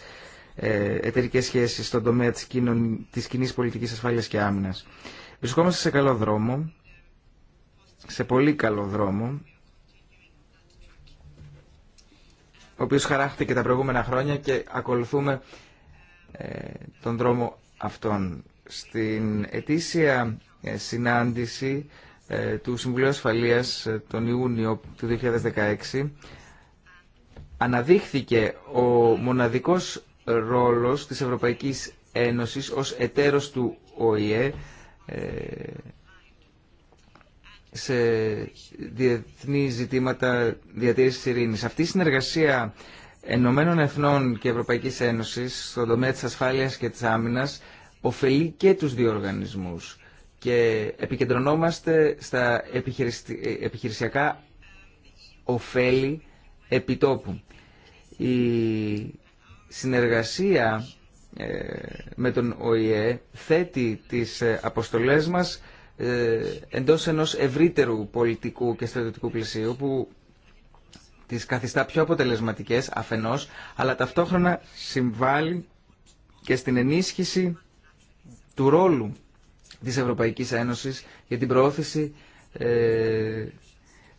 ε, εταιρικέ σχέσεις στον τομέα της, κοινων... της κοινή πολιτικής ασφάλειας και άμυνας. Βρισκόμαστε σε καλό δρόμο, σε πολύ καλό δρόμο ο οποίο χαράχτηκε τα προηγούμενα χρόνια και ακολουθούμε ε, τον δρόμο αυτόν. Στην ετήσια ε, συνάντηση ε, του Συμβουλίου Ασφαλείας τον Ιούνιο του 2016 αναδείχθηκε ο μοναδικός ρόλος της Ευρωπαϊκής Ένωσης ως εταίρος του ΟΗΕ σε διεθνή ζητήματα διατήρησης ειρήνης. Αυτή η συνεργασία Ενωμένων Εθνών και Ευρωπαϊκής Ένωση, στον τομέα της ασφάλειας και της άμυνας ωφελεί και τους δύο οργανισμούς και επικεντρωνόμαστε στα επιχειρησιακά ωφέλη επιτόπου. Η συνεργασία ε, με τον ΟΗΕ θέτει τις ε, αποστολές μας ε, εντός ενός ευρύτερου πολιτικού και στρατιωτικού πλαισίου που τις καθιστά πιο αποτελεσματικές αφενός, αλλά ταυτόχρονα συμβάλλει και στην ενίσχυση του ρόλου της Ευρωπαϊκής Ένωσης για την προώθηση ε,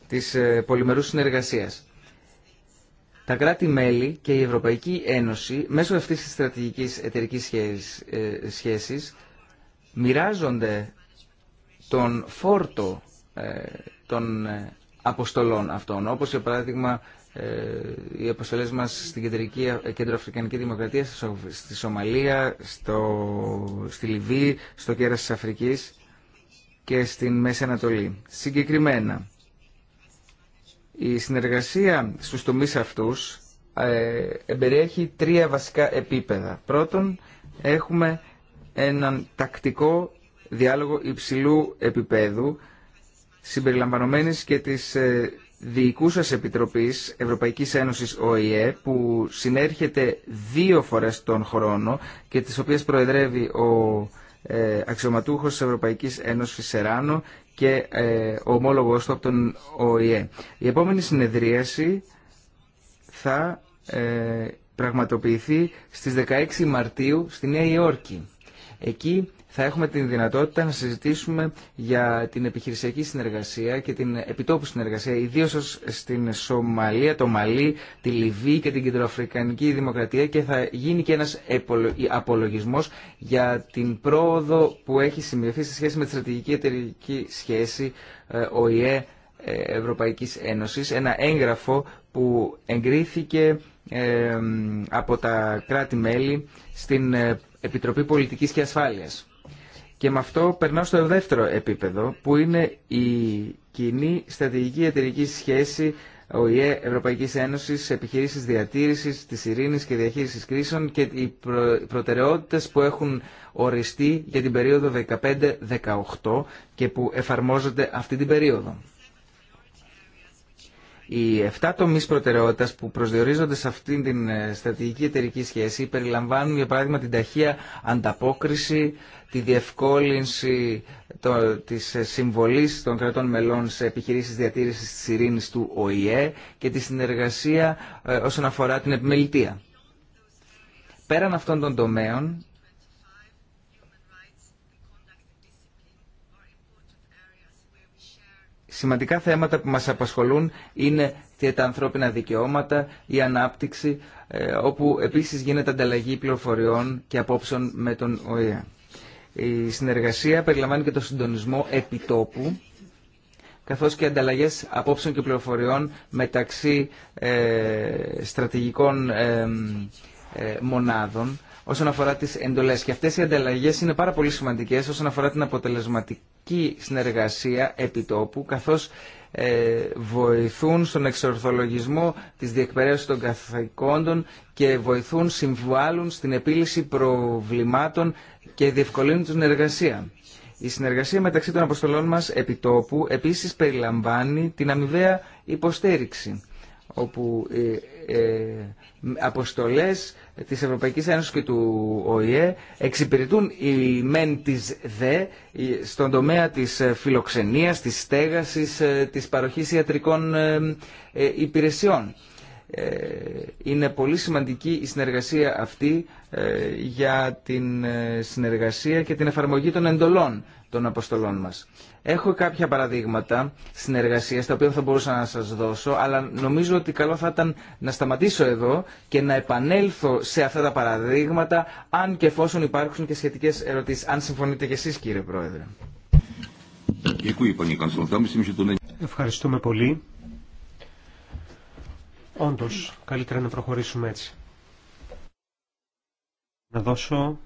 της ε, πολυμερούς συνεργασίας. Τα κράτη-μέλη και η Ευρωπαϊκή Ένωση μέσω αυτής της στρατηγικής εταιρικής σχέσης ε, μοιράζονται τον φόρτο ε, των ε, αποστολών αυτών, όπως για παράδειγμα ε, οι αποστολές μας στην Κεντρική, Κεντροαφρικανική Δημοκρατία, στη Σομαλία, στο, στη Λιβύη, στο κέρας της Αφρικής και στην Μέση Ανατολή. Συγκεκριμένα, η συνεργασία στους τομείς αυτούς εμπεριέχει τρία βασικά επίπεδα. Πρώτον, έχουμε έναν τακτικό διάλογο υψηλού επίπεδου συμπεριλαμβανομένης και της ε, Διοικούσας Επιτροπής Ευρωπαϊκής Ένωσης ΟΗΕ που συνέρχεται δύο φορές τον χρόνο και τις οποίες προεδρεύει ο ε, αξιωματούχος της Ευρωπαϊκής Ένωσης Σεράνο και ε, ο ομόλογος του από τον ΟΗΕ. Η επόμενη συνεδρίαση θα ε, πραγματοποιηθεί στις 16 Μαρτίου στη Νέα Υόρκη. Εκεί θα έχουμε την δυνατότητα να συζητήσουμε για την επιχειρησιακή συνεργασία και την επιτόπου συνεργασία, ιδίως στην Σομαλία, το Μαλί, τη Λιβύη και την Κεντροαφρικανική Δημοκρατία και θα γίνει και ένας απολογισμός για την πρόοδο που έχει σημειωθεί σε σχέση με τη στρατηγική εταιρική σχέση ε, ΟΗΕ ε, Ευρωπαϊκής Ένωσης, ένα έγγραφο που εγκρίθηκε ε, από τα κράτη-μέλη στην Επιτροπή Πολιτικής και Ασφάλειας. Και με αυτό περνάω στο δεύτερο επίπεδο, που είναι η κοινή στρατηγική εταιρική σχέση ΟΗΕ Ευρωπαϊκής Ένωσης, επιχειρήσεις διατήρησης της ειρήνης και διαχείρισης κρίσεων και οι προτεραιότητε που έχουν οριστεί για την περίοδο 15-18 και που εφαρμόζονται αυτή την περίοδο. Οι 7 τομεί προτεραιότητα που προσδιορίζονται σε αυτήν την ε, στρατηγική εταιρική σχέση περιλαμβάνουν, για παράδειγμα, την ταχεία ανταπόκριση, τη διευκόλυνση τη της ε, των κρατών μελών σε επιχειρήσεις διατήρησης τη ειρήνης του ΟΗΕ και τη συνεργασία ε, όσον αφορά την επιμελητία. Πέραν αυτών των τομέων, Σημαντικά θέματα που μας απασχολούν είναι τα ανθρώπινα δικαιώματα, η ανάπτυξη, ε, όπου επίσης γίνεται ανταλλαγή πληροφοριών και απόψεων με τον ΟΗΕ. Η συνεργασία περιλαμβάνει και το συντονισμό επιτόπου, καθώς και ανταλλαγές απόψεων και πληροφοριών μεταξύ ε, στρατηγικών ε, μονάδων όσον αφορά τι εντολές. Και αυτές οι ανταλλαγέ είναι πάρα πολύ σημαντικές όσον αφορά την αποτελεσματική συνεργασία επιτόπου, καθώς ε, βοηθούν στον εξορθολογισμό της διεκπαιρέωσης των καθηκόντων και βοηθούν, συμβάλλουν στην επίλυση προβλημάτων και διευκολύνουν την συνεργασία Η συνεργασία μεταξύ των αποστολών μας επιτόπου επίσης περιλαμβάνει την αμοιβαία υποστήριξη, όπου ε, ε αποστολές της Ευρωπαϊκής Ένωσης και του ΟΗΕ εξυπηρετούν οι μεν της δε ε, στον τομέα της ε, φιλοξενίας, της στέγασης, ε, της παροχής ιατρικών υπηρεσιών. Είναι πολύ σημαντική η συνεργασία αυτή για την συνεργασία και την εφαρμογή των εντολών των αποστολών μας. Έχω κάποια παραδείγματα συνεργασία τα οποία θα μπορούσα να σα δώσω, αλλά νομίζω ότι καλό θα ήταν να σταματήσω εδώ και να επανέλθω σε αυτά τα παραδείγματα, αν και εφόσον υπάρχουν και σχετικέ ερωτήσει. Αν συμφωνείτε κι εσεί, κύριε Πρόεδρε. Ευχαριστούμε πολύ. Όντω, καλύτερα να προχωρήσουμε έτσι. Να δώσω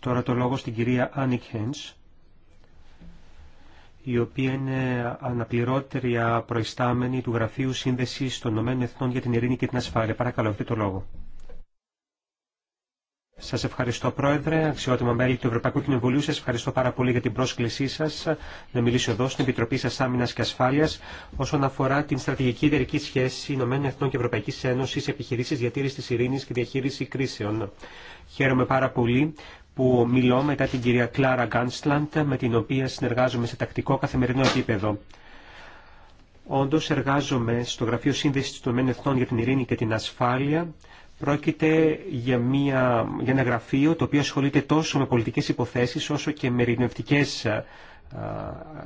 τώρα το λόγο στην κυρία Άννη Χέντς η οποία είναι αναπληρώτρια προϊστάμενη του Γραφείου Σύνδεσης των Ηνωμένων Εθνών για την Ειρήνη και την Ασφάλεια. Παρακαλώ, έχετε το λόγο. Σας ευχαριστώ Πρόεδρε, αξιότιμα μέλη του Ευρωπαϊκού Κοινοβουλίου. Σας ευχαριστώ πάρα πολύ για την πρόσκλησή σας να μιλήσω εδώ στην Επιτροπή σας Άμυνας και Ασφάλειας όσον αφορά την στρατηγική ιδερική σχέση Ηνωμένων Εθνών και Ευρωπαϊκή Ένωση, επιχειρήσεις διατήρησης της ειρήνης και διαχείριση κρίσεων. Χαίρομαι πάρα πολύ που μιλώ μετά την κυρία Κλάρα Γκάνσλαντ, με την οποία συνεργάζομαι σε τακτικό καθημερινό επίπεδο. Όντω εργάζομαι στο Γραφείο Σύνδεση των Εθνών για την Ειρήνη και την Ασφάλεια. Πρόκειται για, μια, ένα γραφείο το οποίο ασχολείται τόσο με πολιτικές υποθέσεις όσο και με ειρηνευτικές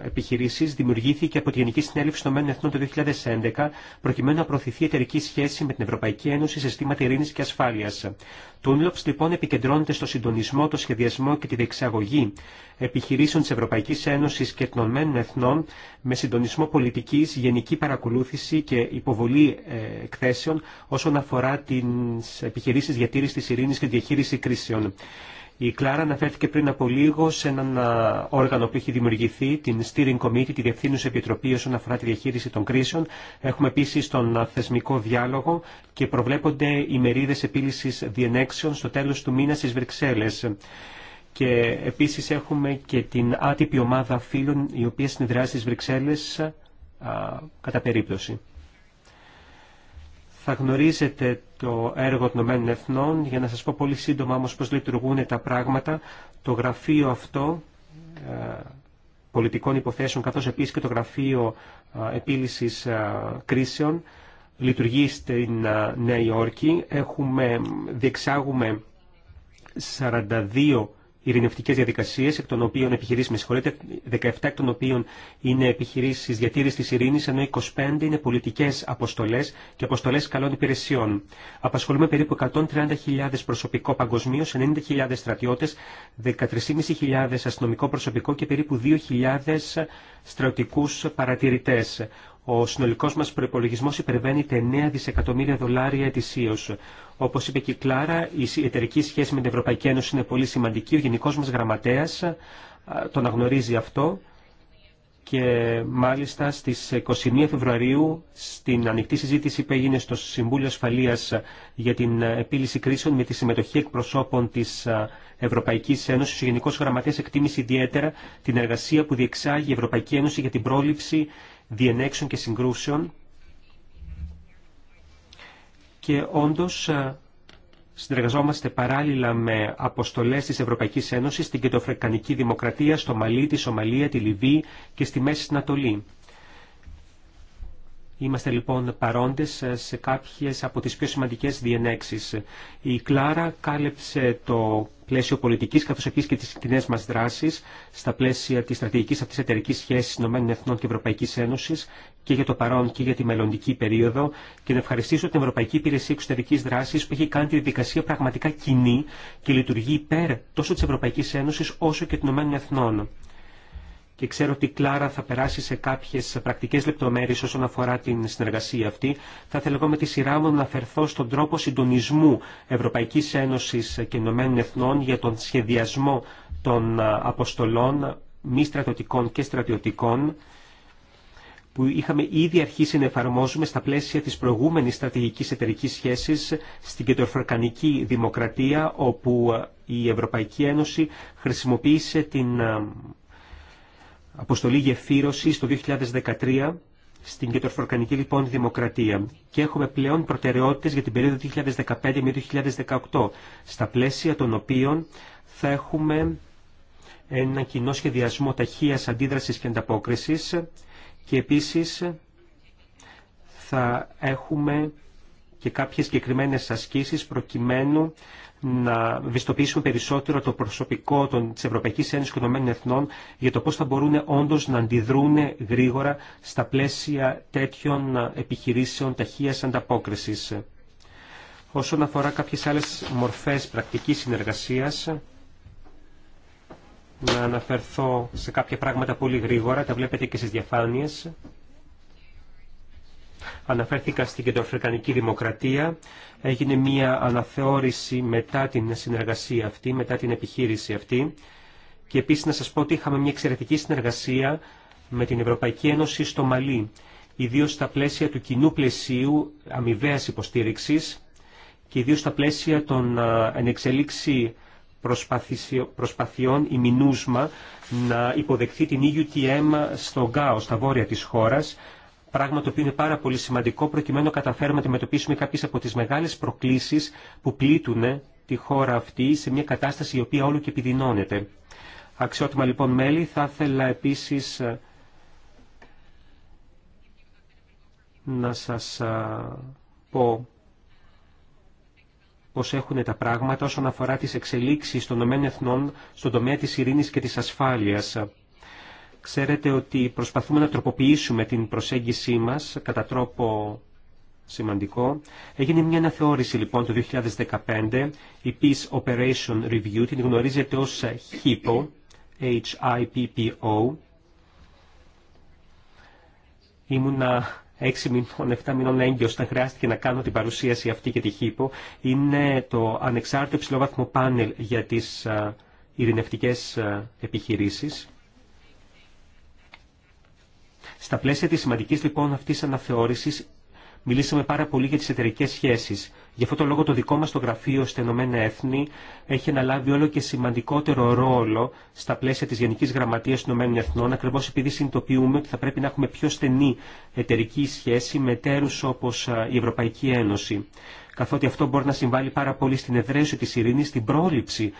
επιχειρήσει δημιουργήθηκε από τη Γενική Συνέλευση των Εθνών το 2011 προκειμένου να προωθηθεί εταιρική σχέση με την Ευρωπαϊκή Ένωση σε στήματα ειρήνη και ασφάλεια. Το UNLOPS λοιπόν επικεντρώνεται στο συντονισμό, το σχεδιασμό και τη διεξαγωγή επιχειρήσεων τη Ευρωπαϊκή Ένωση και των εθνών με συντονισμό πολιτική, γενική παρακολούθηση και υποβολή ε, εκθέσεων όσον αφορά τι επιχειρήσει διατήρηση τη Ειρηνή και διαχείριση κρίσεων. Η Κλάρα αναφέρθηκε πριν από λίγο σε έναν όργανο που έχει δημιουργηθεί, την Steering Committee, τη Διευθύνουσα Επιτροπή όσον αφορά τη διαχείριση των κρίσεων. Έχουμε επίση τον θεσμικό διάλογο και προβλέπονται οι μερίδε επίλυση διενέξεων στο τέλο του μήνα στι Βρυξέλλε. Και επίση έχουμε και την άτυπη ομάδα φίλων, η οποία συνεδριάζει στι Βρυξέλλε κατά περίπτωση. Θα γνωρίζετε το έργο των ΗΕ, Εθνών. Για να σας πω πολύ σύντομα όμως πώς λειτουργούν τα πράγματα. Το γραφείο αυτό ε, πολιτικών υποθέσεων καθώς επίσης και το γραφείο ε, επίλυσης ε, κρίσεων λειτουργεί στην Νέα Υόρκη. Έχουμε, διεξάγουμε 42 ειρηνευτικέ διαδικασίε, εκ των οποίων επιχειρήσει με συγχωρείτε, 17 εκ των οποίων είναι επιχειρήσει διατήρηση τη Ειρηνή, ενώ 25 είναι πολιτικέ αποστολέ και αποστολέ καλών υπηρεσιών. Απασχολούμε περίπου 130.000 προσωπικό παγκοσμίω, 90.000 στρατιώτε, 13.500 αστυνομικό προσωπικό και περίπου 2.000 στρατιωτικού παρατηρητέ ο συνολικό μα προπολογισμό υπερβαίνει τα 9 δισεκατομμύρια δολάρια ετησίω. Όπω είπε και η Κλάρα, η εταιρική σχέση με την Ευρωπαϊκή Ένωση είναι πολύ σημαντική. Ο γενικό μα Γραμματέα τον αγνωρίζει αυτό και μάλιστα στι 21 Φεβρουαρίου στην ανοιχτή συζήτηση που έγινε στο Συμβούλιο ασφαλεία για την επίλυση κρίσεων με τη συμμετοχή εκπροσώπων τη Ευρωπαϊκή Ένωση, ο Γενικό Γραμματέας εκτίμησε ιδιαίτερα την εργασία που διεξάγει η Ευρωπαϊκή Ένωση για την πρόληψη διενέξεων και συγκρούσεων και όντως ε, συνεργαζόμαστε παράλληλα με αποστολές της Ευρωπαϊκής Ένωσης στην Κεντροφρεκανική Δημοκρατία, στο Μαλί, τη Σομαλία, τη Λιβύη και στη Μέση Ανατολή. Είμαστε λοιπόν παρόντες ε, σε κάποιες από τις πιο σημαντικές διενέξεις. Η Κλάρα κάλεψε το πλαίσιο πολιτικής καθώς επίσης και τις κοινέ μας δράσεις στα πλαίσια της στρατηγικής αυτής εταιρικής σχέσης ΗΕ και Ευρωπαϊκής Ένωσης και για το παρόν και για τη μελλοντική περίοδο και να ευχαριστήσω την Ευρωπαϊκή Υπηρεσία Εξωτερική Δράση που έχει κάνει τη δικασία πραγματικά κοινή και λειτουργεί υπέρ τόσο τη Ευρωπαϊκή Ένωση όσο και των ΗΕ και ξέρω ότι η Κλάρα θα περάσει σε κάποιες πρακτικές λεπτομέρειες όσον αφορά την συνεργασία αυτή. Θα ήθελα εγώ με τη σειρά μου να αναφερθώ στον τρόπο συντονισμού Ευρωπαϊκής Ένωσης και Ηνωμένων Εθνών για τον σχεδιασμό των αποστολών μη στρατιωτικών και στρατιωτικών που είχαμε ήδη αρχίσει να εφαρμόζουμε στα πλαίσια της προηγούμενης στρατηγικής εταιρικής σχέσης στην κεντροφρακανική δημοκρατία, όπου η Ευρωπαϊκή Ένωση χρησιμοποίησε την αποστολή γεφύρωσης το 2013 στην κεντροφροκανική λοιπόν δημοκρατία και έχουμε πλέον προτεραιότητες για την περίοδο 2015 με 2018 στα πλαίσια των οποίων θα έχουμε ένα κοινό σχεδιασμό ταχείας αντίδρασης και ανταπόκρισης και επίσης θα έχουμε και κάποιες συγκεκριμένε ασκήσεις προκειμένου να βιστοποιήσουμε περισσότερο το προσωπικό των, της Ευρωπαϊκής Ένωσης και Εθνών για το πώς θα μπορούν όντως να αντιδρούν γρήγορα στα πλαίσια τέτοιων ε, επιχειρήσεων ταχείας ανταπόκρισης. Όσον αφορά κάποιες άλλες μορφές πρακτικής συνεργασίας, να αναφερθώ σε κάποια πράγματα πολύ γρήγορα, τα βλέπετε και στις διαφάνειες. Αναφέρθηκα στην Κεντροαφρικανική Δημοκρατία. Έγινε μία αναθεώρηση μετά την συνεργασία αυτή, μετά την επιχείρηση αυτή. Και επίσης να σας πω ότι είχαμε μια εξαιρετική συνεργασία με την Ευρωπαϊκή Ένωση στο Μαλί, ιδίω στα πλαίσια του κοινού πλαισίου αμοιβαίας υποστήριξης και ιδίω στα πλαίσια των ενεξελίξη προσπαθειών η Μινούσμα να υποδεχθεί την EUTM στο Γκάο, στα βόρεια της χώρας, Πράγμα το οποίο είναι πάρα πολύ σημαντικό προκειμένου να καταφέρουμε να αντιμετωπίσουμε κάποιες από τις μεγάλες προκλήσεις που πλήττουν ε, τη χώρα αυτή σε μια κατάσταση η οποία όλο και επιδεινώνεται. Αξιότιμα λοιπόν μέλη, θα ήθελα επίσης ε, να σας ε, πω πώς έχουν τα πράγματα όσον αφορά τις εξελίξεις των ΟΕΕ στον τομέα της ειρήνης και της ασφάλειας. Ξέρετε ότι προσπαθούμε να τροποποιήσουμε την προσέγγιση μας κατά τρόπο σημαντικό. Έγινε μια αναθεώρηση λοιπόν το 2015, η Peace Operation Review, την γνωρίζετε ως HIPPO, H-I-P-P-O. Ήμουνα 6 μηνών, 7 μηνών έγκυος όταν χρειάστηκε να κάνω την παρουσίαση αυτή και τη HIPPO. Είναι το ανεξάρτητο βαθμό πάνελ για τις ειρηνευτικές επιχειρήσεις. Στα πλαίσια της σημαντικής λοιπόν αυτής αναθεώρησης Μιλήσαμε πάρα πολύ για τις εταιρικέ σχέσεις. Γι' αυτό το λόγο το δικό μας το γραφείο στα Έθνη έχει αναλάβει όλο και σημαντικότερο ρόλο στα πλαίσια της Γενικής Γραμματείας των Ηνωμένων Εθνών, ακριβώς επειδή συνειδητοποιούμε ότι θα πρέπει να έχουμε πιο στενή εταιρική σχέση με εταίρους όπως η Ευρωπαϊκή Ένωση καθότι αυτό μπορεί να συμβάλλει πάρα πολύ στην εδραίωση της ειρήνης, στην πρόληψη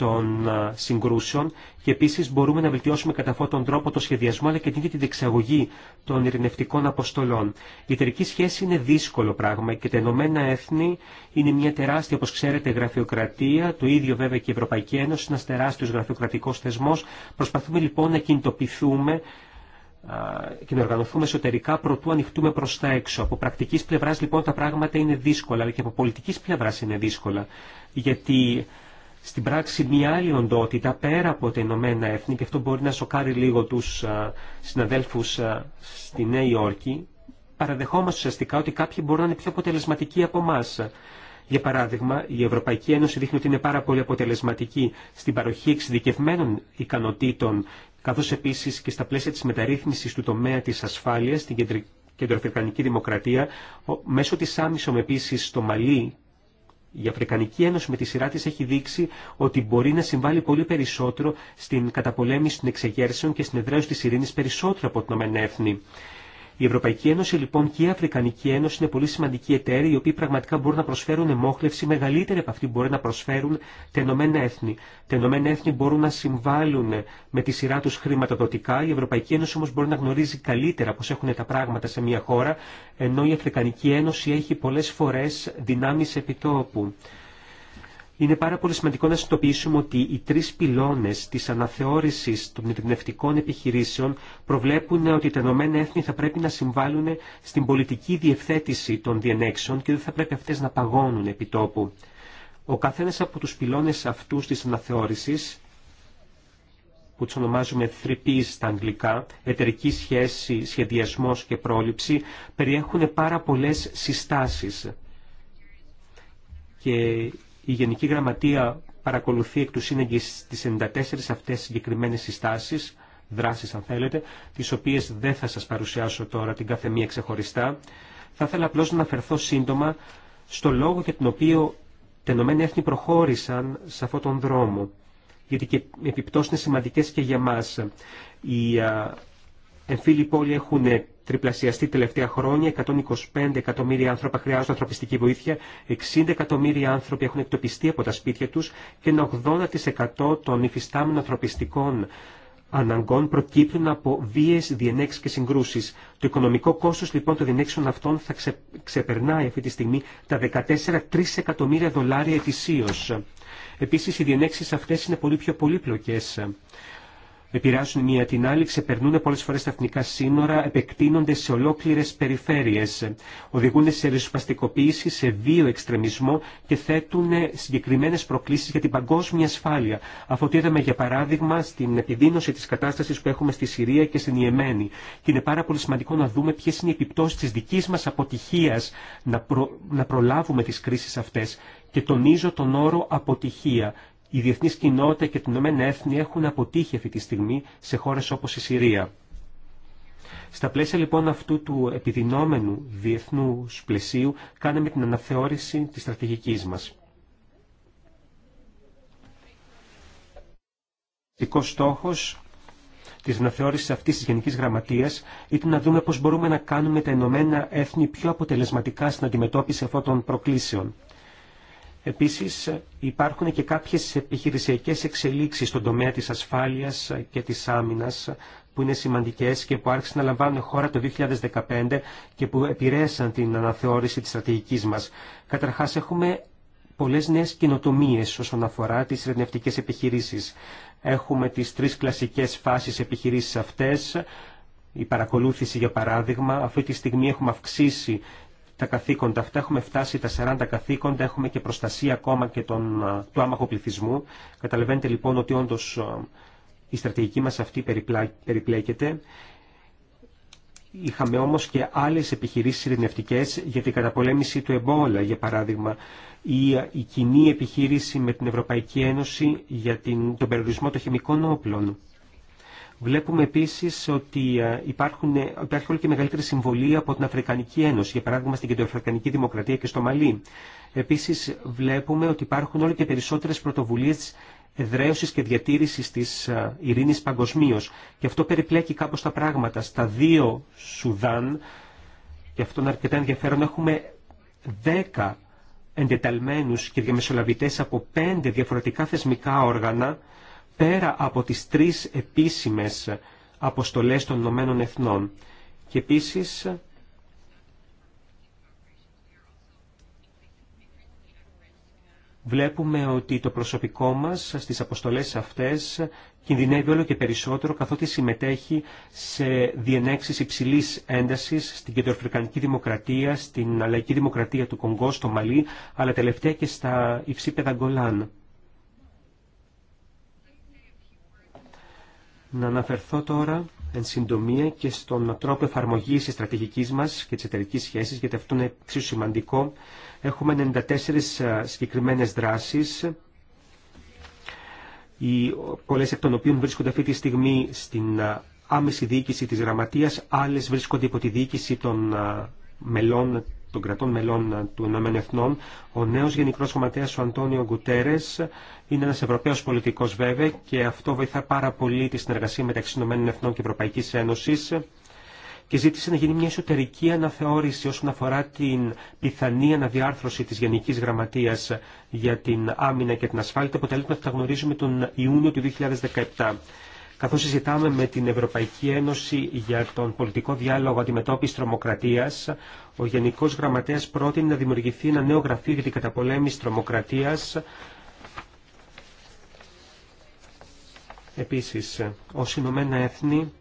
των συγκρούσεων και επίσης μπορούμε να βελτιώσουμε κατά αυτόν τον τρόπο το σχεδιασμό αλλά και την ίδια την εξαγωγή των ειρηνευτικών αποστολών. Η εταιρική σχέση είναι δύσκολο πράγμα και τα Ηνωμένα Έθνη είναι μια τεράστια, όπως ξέρετε, γραφειοκρατία, το ίδιο βέβαια και η Ευρωπαϊκή Ένωση, ένας τεράστιος γραφειοκρατικός θεσμός. Προσπαθούμε λοιπόν να κινητοποιηθούμε και να οργανωθούμε εσωτερικά προτού ανοιχτούμε προ τα έξω. Από πρακτική πλευρά λοιπόν τα πράγματα είναι δύσκολα, αλλά και από πολιτική πλευρά είναι δύσκολα. Γιατί στην πράξη μια άλλη οντότητα πέρα από τα Ηνωμένα Έθνη και αυτό μπορεί να σοκάρει λίγο τους συναδέλφους στη Νέα Υόρκη. Παραδεχόμαστε ουσιαστικά ότι κάποιοι μπορούν να είναι πιο αποτελεσματικοί από εμά. Για παράδειγμα, η Ευρωπαϊκή Ένωση δείχνει ότι είναι πάρα πολύ αποτελεσματική στην παροχή εξειδικευμένων ικανοτήτων, καθώς επίσης και στα πλαίσια της μεταρρύθμισης του τομέα της ασφάλειας στην Κεντροαφρικανική Δημοκρατία, μέσω της Άμισομ επίσης στο Μαλί η Αφρικανική Ένωση με τη σειρά της έχει δείξει ότι μπορεί να συμβάλλει πολύ περισσότερο στην καταπολέμηση των εξεγέρσεων και στην εδραίωση της ειρήνης περισσότερο από την ΟΕΕ. Η Ευρωπαϊκή Ένωση λοιπόν και η Αφρικανική Ένωση είναι πολύ σημαντικοί εταίροι οι οποίοι πραγματικά μπορούν να προσφέρουν εμόχλευση μεγαλύτερη από αυτή που μπορεί να προσφέρουν τα ενωμένα Έθνη. Τα ενωμένα Έθνη μπορούν να συμβάλλουν με τη σειρά του χρηματοδοτικά, η Ευρωπαϊκή Ένωση όμω μπορεί να γνωρίζει καλύτερα πώ έχουν τα πράγματα σε μια χώρα, ενώ η Αφρικανική Ένωση έχει πολλέ φορέ δυνάμει επιτόπου. Είναι πάρα πολύ σημαντικό να συνειδητοποιήσουμε ότι οι τρεις πυλώνες της αναθεώρησης των ειρηνευτικών επιχειρήσεων προβλέπουν ότι τα Ηνωμένα Έθνη θα πρέπει να συμβάλλουν στην πολιτική διευθέτηση των διενέξεων και δεν θα πρέπει αυτές να παγώνουν επί τόπου. Ο καθένας από τους πυλώνες αυτούς της αναθεώρησης που του ονομάζουμε 3P στα αγγλικά, εταιρική σχέση, σχεδιασμός και πρόληψη, περιέχουν πάρα πολλές συστάσεις. Και η Γενική Γραμματεία παρακολουθεί εκ του σύνεγγυς τις 94 αυτές συγκεκριμένες συστάσεις, δράσεις αν θέλετε, τις οποίες δεν θα σας παρουσιάσω τώρα την κάθε μία ξεχωριστά. Θα ήθελα απλώς να αναφερθώ σύντομα στο λόγο για τον οποίο τα Ηνωμένα προχώρησαν σε αυτόν τον δρόμο. Γιατί και οι επιπτώσεις είναι σημαντικές και για μας. Οι εμφύλοι πόλοι έχουν τριπλασιαστεί τελευταία χρόνια. 125 εκατομμύρια άνθρωποι χρειάζονται ανθρωπιστική βοήθεια. 60 εκατομμύρια άνθρωποι έχουν εκτοπιστεί από τα σπίτια τους και ένα 80% των υφιστάμενων ανθρωπιστικών αναγκών προκύπτουν από βίες, διενέξεις και συγκρούσεις. Το οικονομικό κόστος λοιπόν των διενέξεων αυτών θα ξεπερνάει αυτή τη στιγμή τα 14-3 εκατομμύρια δολάρια ετησίως. Επίσης οι διενέξεις αυτές είναι πολύ πιο πολύπλοκες επηρεάζουν μία την άλλη, ξεπερνούν πολλέ φορέ τα εθνικά σύνορα, επεκτείνονται σε ολόκληρε περιφέρειες, οδηγούν σε ριζοσπαστικοποίηση, σε βίο εξτρεμισμό και θέτουν συγκεκριμένε προκλήσει για την παγκόσμια ασφάλεια. Αυτό το είδαμε για παράδειγμα στην επιδείνωση τη κατάσταση που έχουμε στη Συρία και στην Ιεμένη. Και είναι πάρα πολύ σημαντικό να δούμε ποιε είναι οι επιπτώσει τη δική μα αποτυχία να, να προλάβουμε τι κρίσει αυτέ Και τονίζω τον όρο αποτυχία η διεθνής κοινότητα και την Ηνωμένα Έθνη έχουν αποτύχει αυτή τη στιγμή σε χώρες όπως η Συρία. Στα πλαίσια λοιπόν αυτού του επιδεινόμενου διεθνούς πλαισίου κάναμε την αναθεώρηση της στρατηγικής μας. Ο στόχος της αναθεώρησης αυτής της Γενικής Γραμματείας ήταν να δούμε πώς μπορούμε να κάνουμε τα Ηνωμένα Έθνη πιο αποτελεσματικά στην αντιμετώπιση αυτών των προκλήσεων. Επίσης υπάρχουν και κάποιες επιχειρησιακές εξελίξεις στον τομέα της ασφάλειας και της άμυνας που είναι σημαντικές και που άρχισαν να λαμβάνουν χώρα το 2015 και που επηρέασαν την αναθεώρηση της στρατηγικής μας. Καταρχάς έχουμε πολλές νέες καινοτομίες όσον αφορά τις ρενευτικές επιχειρήσεις. Έχουμε τις τρεις κλασικές φάσεις επιχειρήσεις αυτές, η παρακολούθηση για παράδειγμα, αυτή τη στιγμή έχουμε αυξήσει τα καθήκοντα αυτά. Έχουμε φτάσει τα 40 καθήκοντα, έχουμε και προστασία ακόμα και τον, του άμαχου πληθυσμού. Καταλαβαίνετε λοιπόν ότι όντω η στρατηγική μας αυτή περιπλέκεται. Είχαμε όμως και άλλες επιχειρήσεις ειρηνευτικές για την καταπολέμηση του εμπόλα, για παράδειγμα, ή η κοινή επιχείρηση με την Ευρωπαϊκή Ένωση για την, τον περιορισμό των χημικών όπλων. Βλέπουμε επίση ότι ε, υπάρχουν, υπάρχει όλο και μεγαλύτερη συμβολή από την Αφρικανική Ένωση, για παράδειγμα στην Κεντροαφρικανική Δημοκρατία και στο Μαλί. Επίση βλέπουμε ότι υπάρχουν όλο και περισσότερε πρωτοβουλίε εδραίωση και διατήρηση τη ε, ειρήνη παγκοσμίω. Και αυτό περιπλέκει κάπω τα πράγματα. Στα δύο Σουδάν, και αυτό είναι αρκετά ενδιαφέρον, έχουμε δέκα εντεταλμένου και διαμεσολαβητέ από πέντε διαφορετικά θεσμικά όργανα πέρα από τις τρεις επίσημες αποστολές των Ηνωμένων Εθνών. Και επίσης βλέπουμε ότι το προσωπικό μας στις αποστολές αυτές κινδυνεύει όλο και περισσότερο καθότι συμμετέχει σε διενέξεις υψηλής έντασης στην κεντροαφρικανική δημοκρατία, στην Αλλαϊκή δημοκρατία του Κονγκό, στο Μαλί, αλλά τελευταία και στα υψίπεδα Γκολάν. Να αναφερθώ τώρα εν συντομία και στον τρόπο εφαρμογή τη στρατηγική μα και τη εταιρική σχέση, γιατί αυτό είναι εξίσου σημαντικό. Έχουμε 94 συγκεκριμένε δράσει, πολλέ εκ των οποίων βρίσκονται αυτή τη στιγμή στην άμεση διοίκηση τη γραμματείας, άλλε βρίσκονται υπό τη διοίκηση των μελών των κρατών μελών του ΗΕ, ο νέο Γενικό Γραμματέα ο Αντώνιο Γκουτέρε είναι ένα ευρωπαϊο πολιτικό βέβαια και αυτό βοηθά πάρα πολύ τη συνεργασία μεταξύ ΗΕ και Ευρωπαϊκή Ένωση και ζήτησε να γίνει μια εσωτερική αναθεώρηση όσον αφορά την πιθανή αναδιάρθρωση της Γενική Γραμματεία για την άμυνα και την ασφάλεια. αποτελείται να τα γνωρίζουμε τον Ιούνιο του 2017 καθώς συζητάμε με την Ευρωπαϊκή Ένωση για τον πολιτικό διάλογο αντιμετώπιση τρομοκρατία, ο Γενικός Γραμματέας πρότεινε να δημιουργηθεί ένα νέο γραφείο για την καταπολέμηση τρομοκρατίας. Επίσης, ως Ηνωμένα Έθνη,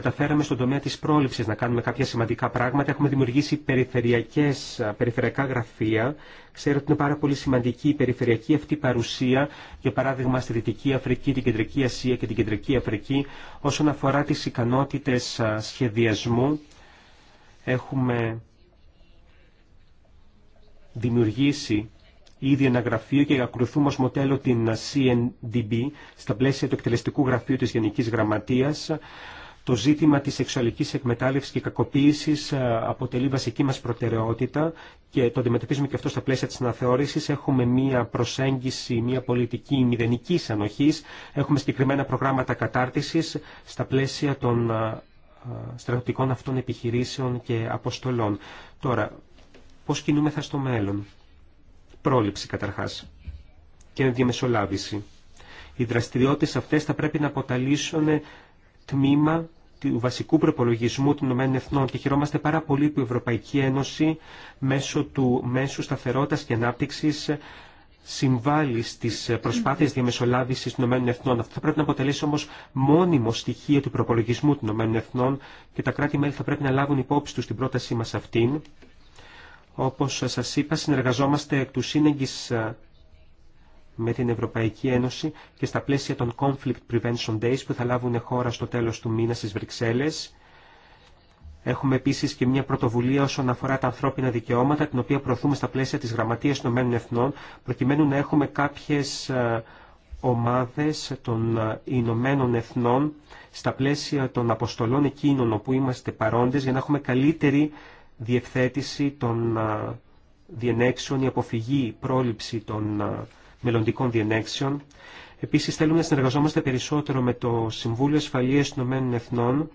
καταφέραμε στον τομέα της πρόληψης να κάνουμε κάποια σημαντικά πράγματα. Έχουμε δημιουργήσει περιφερειακές, περιφερειακά γραφεία. Ξέρω ότι είναι πάρα πολύ σημαντική η περιφερειακή αυτή παρουσία, για παράδειγμα στη Δυτική Αφρική, την Κεντρική Ασία και την Κεντρική Αφρική, όσον αφορά τις ικανότητες σχεδιασμού. Έχουμε δημιουργήσει ήδη ένα γραφείο και ακολουθούμε ως μοντέλο την CNDB στα πλαίσια του εκτελεστικού γραφείου της Γενικής Γραμματείας το ζήτημα της σεξουαλικής εκμετάλλευσης και κακοποίησης ε, αποτελεί βασική μας προτεραιότητα και το αντιμετωπίζουμε και αυτό στα πλαίσια της αναθεώρησης. Έχουμε μία προσέγγιση, μία πολιτική μηδενική ανοχής. Έχουμε συγκεκριμένα προγράμματα κατάρτισης στα πλαίσια των ε, ε, στρατιωτικών αυτών επιχειρήσεων και αποστολών. Τώρα, πώς κινούμεθα στο μέλλον. Πρόληψη καταρχάς και διαμεσολάβηση. Οι δραστηριότητες αυτές θα πρέπει να αποταλήσουν τμήμα του βασικού προπολογισμού των ΗΕ και χαιρόμαστε πάρα πολύ που η Ευρωπαϊκή Ένωση μέσω του μέσου σταθερότητας και ανάπτυξης συμβάλλει στι προσπάθειε διαμεσολάβηση των ΗΕ. Αυτό θα πρέπει να αποτελέσει όμω μόνιμο στοιχείο του προπολογισμού των ΗΕ και τα κράτη-μέλη θα πρέπει να λάβουν υπόψη του την πρότασή μα αυτήν. Όπω σα είπα, συνεργαζόμαστε εκ του σύνεγγυ με την Ευρωπαϊκή Ένωση και στα πλαίσια των Conflict Prevention Days που θα λάβουν χώρα στο τέλος του μήνα στις Βρυξέλλες. Έχουμε επίσης και μια πρωτοβουλία όσον αφορά τα ανθρώπινα δικαιώματα, την οποία προωθούμε στα πλαίσια της Γραμματείας των Ηνωμένων Εθνών, προκειμένου να έχουμε κάποιες ε, ομάδες των ε, Ηνωμένων Εθνών στα πλαίσια των αποστολών εκείνων όπου είμαστε παρόντες για να έχουμε καλύτερη διευθέτηση των ε, διενέξεων, η αποφυγή, η πρόληψη των μελλοντικών διενέξεων. Επίσης θέλουμε να συνεργαζόμαστε περισσότερο με το Συμβούλιο Ασφαλείας των Ηνωμένων Εθνών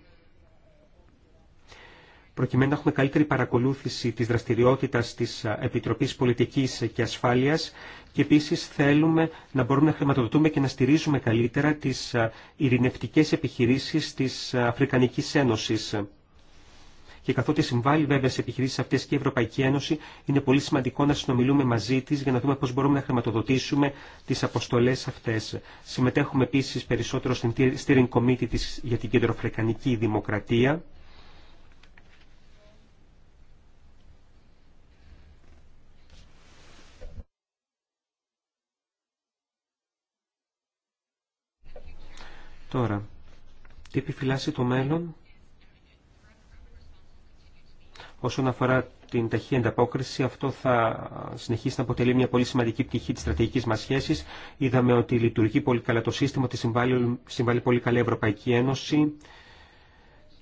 προκειμένου να έχουμε καλύτερη παρακολούθηση της δραστηριότητας της Επιτροπής Πολιτικής και Ασφάλειας και επίσης θέλουμε να μπορούμε να χρηματοδοτούμε και να στηρίζουμε καλύτερα τις ειρηνευτικές επιχειρήσεις της Αφρικανικής Ένωσης και καθότι συμβάλλει βέβαια σε επιχειρήσει αυτέ και η Ευρωπαϊκή Ένωση, είναι πολύ σημαντικό να συνομιλούμε μαζί τη για να δούμε πώ μπορούμε να χρηματοδοτήσουμε τι αποστολέ αυτέ. Συμμετέχουμε επίση περισσότερο στην Steering Committee της, για την Κεντροαφρικανική Δημοκρατία. Τώρα, τι επιφυλάσσει το μέλλον Όσον αφορά την ταχύη ανταπόκριση, αυτό θα συνεχίσει να αποτελεί μια πολύ σημαντική πτυχή της στρατηγικής μα σχέση. Είδαμε ότι λειτουργεί πολύ καλά το σύστημα, ότι συμβάλλει, συμβάλλει πολύ καλά η Ευρωπαϊκή Ένωση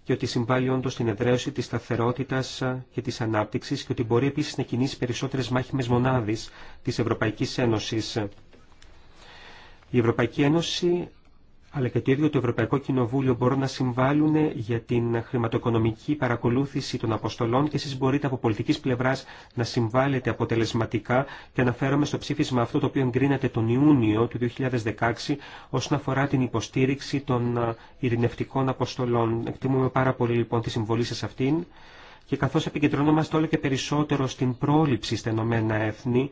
και ότι συμβάλλει όντω στην εδραίωση τη σταθερότητα και τη ανάπτυξη και ότι μπορεί επίση να κινήσει περισσότερε μάχημε μονάδε τη Ευρωπαϊκή Ένωση. Η Ευρωπαϊκή Ένωση αλλά και το ίδιο το Ευρωπαϊκό Κοινοβούλιο μπορούν να συμβάλλουν για την χρηματοοικονομική παρακολούθηση των αποστολών και εσείς μπορείτε από πολιτικής πλευράς να συμβάλλετε αποτελεσματικά και αναφέρομαι στο ψήφισμα αυτό το οποίο εγκρίνεται τον Ιούνιο του 2016 όσον αφορά την υποστήριξη των ειρηνευτικών αποστολών. Εκτιμούμε πάρα πολύ λοιπόν τη συμβολή σας αυτήν και καθώς επικεντρωνόμαστε όλο και περισσότερο στην πρόληψη στα Ηνωμένα Έθνη,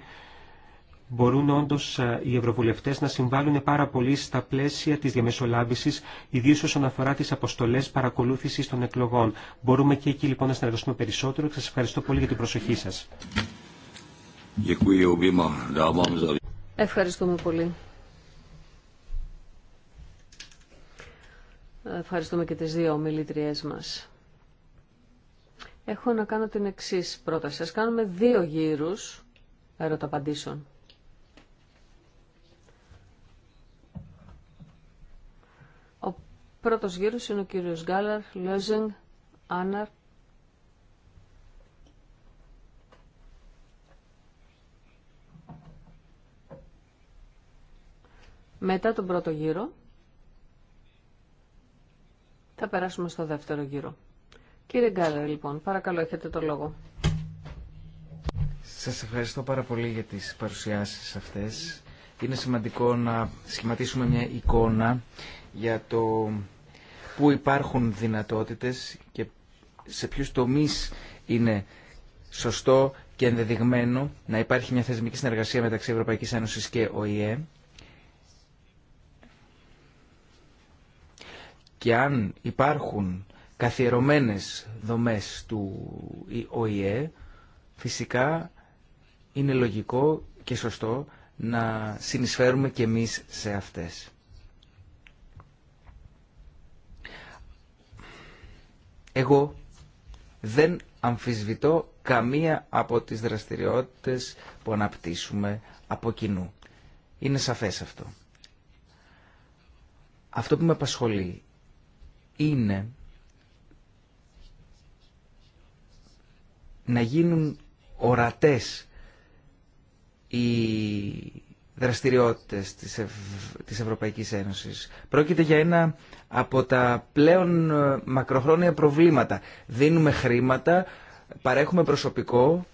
μπορούν όντως ε, οι ευρωβουλευτές να συμβάλλουν πάρα πολύ στα πλαίσια της διαμεσολάβησης, ιδίως όσον αφορά τις αποστολές παρακολούθησης των εκλογών. Μπορούμε και εκεί λοιπόν να συνεργαστούμε περισσότερο. Σας ευχαριστώ πολύ για την προσοχή σας. Ευχαριστούμε πολύ. Ευχαριστούμε και τις δύο ομιλήτριές μας. Έχω να κάνω την εξής πρόταση. Σας κάνουμε δύο γύρους ερωταπαντήσεων. Πρώτος γύρος είναι ο κύριος Γκάλαρ, Λέζινγκ, Άναρ. Μετά τον πρώτο γύρο θα περάσουμε στο δεύτερο γύρο. Κύριε Γκάλαρ, λοιπόν, παρακαλώ, έχετε το λόγο. Σας ευχαριστώ πάρα πολύ για τις παρουσιάσεις αυτές. Είναι σημαντικό να σχηματίσουμε μια εικόνα για το πού υπάρχουν δυνατότητες και σε ποιους τομείς είναι σωστό και ενδεδειγμένο να υπάρχει μια θεσμική συνεργασία μεταξύ Ευρωπαϊκής Ένωσης και ΟΗΕ. Και αν υπάρχουν καθιερωμένες δομές του ΟΗΕ, φυσικά είναι λογικό και σωστό να συνεισφέρουμε και εμείς σε αυτές. Εγώ δεν αμφισβητώ καμία από τις δραστηριότητες που αναπτύσσουμε από κοινού. Είναι σαφές αυτό. Αυτό που με απασχολεί είναι να γίνουν ορατές οι δραστηριότητες της, Ευ... της Ευρωπαϊκής Ένωσης. Πρόκειται για ένα από τα πλέον ε, μακροχρόνια προβλήματα. Δίνουμε χρήματα, παρέχουμε προσωπικό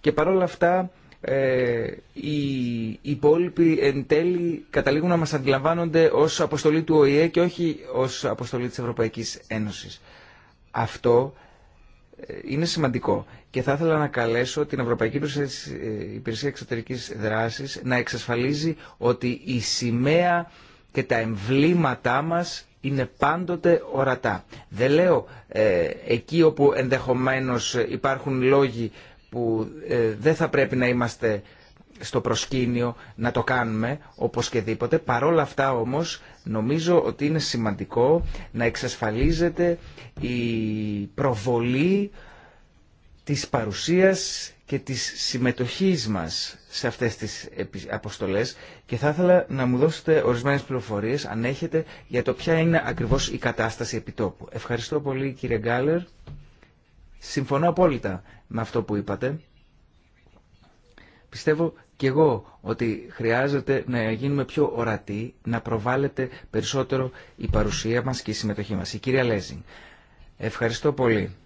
και παρόλα αυτά ε, οι υπόλοιποι εν τέλει καταλήγουν να μας αντιλαμβάνονται ως αποστολή του ΟΗΕ και όχι ως αποστολή της Ευρωπαϊκής Ένωσης. Αυτό είναι σημαντικό και θα ήθελα να καλέσω την Ευρωπαϊκή ε, Υπηρεσία Εξωτερικής Δράσης να εξασφαλίζει ότι η σημαία και τα εμβλήματά μας είναι πάντοτε ορατά. Δεν λέω ε, εκεί όπου ενδεχομένως υπάρχουν λόγοι που ε, δεν θα πρέπει να είμαστε στο προσκήνιο να το κάνουμε οπωσδήποτε. Παρόλα αυτά όμως νομίζω ότι είναι σημαντικό να εξασφαλίζεται η προβολή της παρουσίας και της συμμετοχής μας σε αυτές τις αποστολές και θα ήθελα να μου δώσετε ορισμένες πληροφορίες αν έχετε για το ποια είναι ακριβώς η κατάσταση επιτόπου. Ευχαριστώ πολύ κύριε Γκάλερ. Συμφωνώ απόλυτα με αυτό που είπατε. Πιστεύω και εγώ ότι χρειάζεται να γίνουμε πιο ορατοί, να προβάλλεται περισσότερο η παρουσία μας και η συμμετοχή μας. Η κυρία Λέζινγκ, ευχαριστώ πολύ.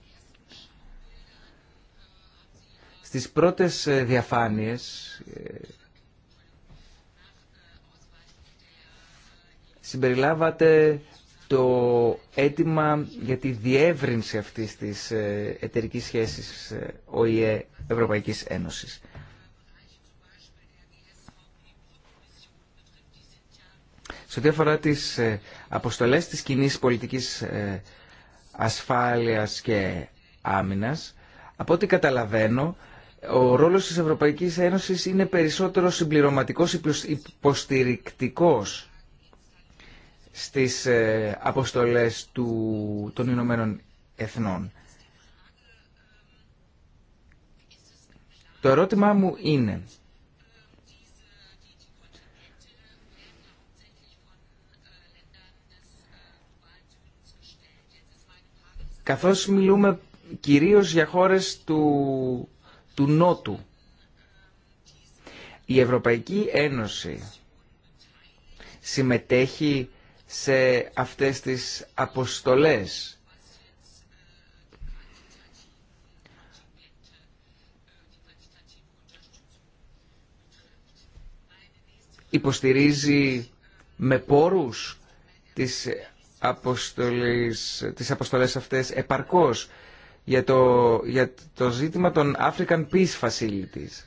Στις πρώτες ε, διαφάνειες ε, συμπεριλάβατε το αίτημα για τη διεύρυνση αυτής της ε, εταιρικής σχέσης ΟΗΕ Ευρωπαϊκής Ένωσης. Σε ό,τι αφορά τις ε, αποστολές της κοινή πολιτικής ε, ασφάλειας και άμυνας, από ό,τι καταλαβαίνω, ο ρόλος της Ευρωπαϊκής Ένωσης είναι περισσότερο συμπληρωματικός, υποστηρικτικός στις ε, αποστολές του, των Ηνωμένων Εθνών. Το ερώτημά μου είναι, καθώς μιλούμε κυρίως για χώρες του, του Νότου. Η Ευρωπαϊκή Ένωση συμμετέχει σε αυτές τις αποστολές. Υποστηρίζει με πόρους τις αποστολής, τις αποστολές αυτές επαρκώς για το, για το ζήτημα των African Peace Facilities.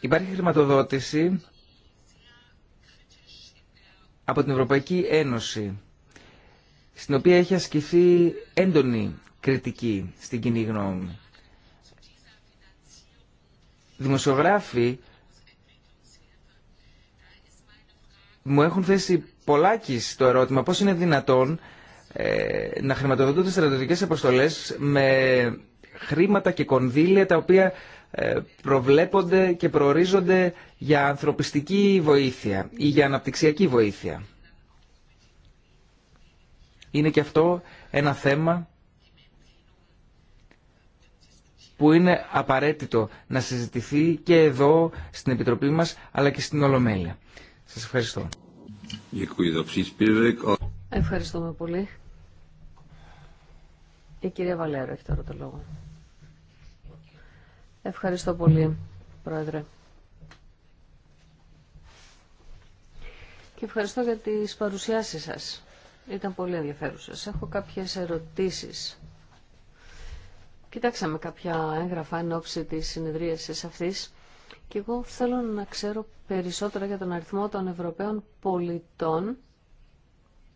Υπάρχει χρηματοδότηση από την Ευρωπαϊκή Ένωση, στην οποία έχει ασκηθεί έντονη κριτική στην κοινή γνώμη δημοσιογράφοι μου έχουν θέσει πολλάκις το ερώτημα πώς είναι δυνατόν ε, να χρηματοδοτούνται στρατιωτικές αποστολές με χρήματα και κονδύλια τα οποία ε, προβλέπονται και προορίζονται για ανθρωπιστική βοήθεια ή για αναπτυξιακή βοήθεια. Είναι και αυτό ένα θέμα που είναι απαραίτητο να συζητηθεί και εδώ στην Επιτροπή μας αλλά και στην Ολομέλεια. Σας ευχαριστώ. Ευχαριστούμε πολύ. Η κυρία Βαλέρο έχει τώρα το λόγο. Ευχαριστώ πολύ, Πρόεδρε. Και ευχαριστώ για τις παρουσιάσεις σας. Ήταν πολύ ενδιαφέρουσες. Έχω κάποιες ερωτήσεις Κοιτάξαμε κάποια έγγραφα εν ώψη της συνεδρίασης αυτής και εγώ θέλω να ξέρω περισσότερα για τον αριθμό των Ευρωπαίων πολιτών,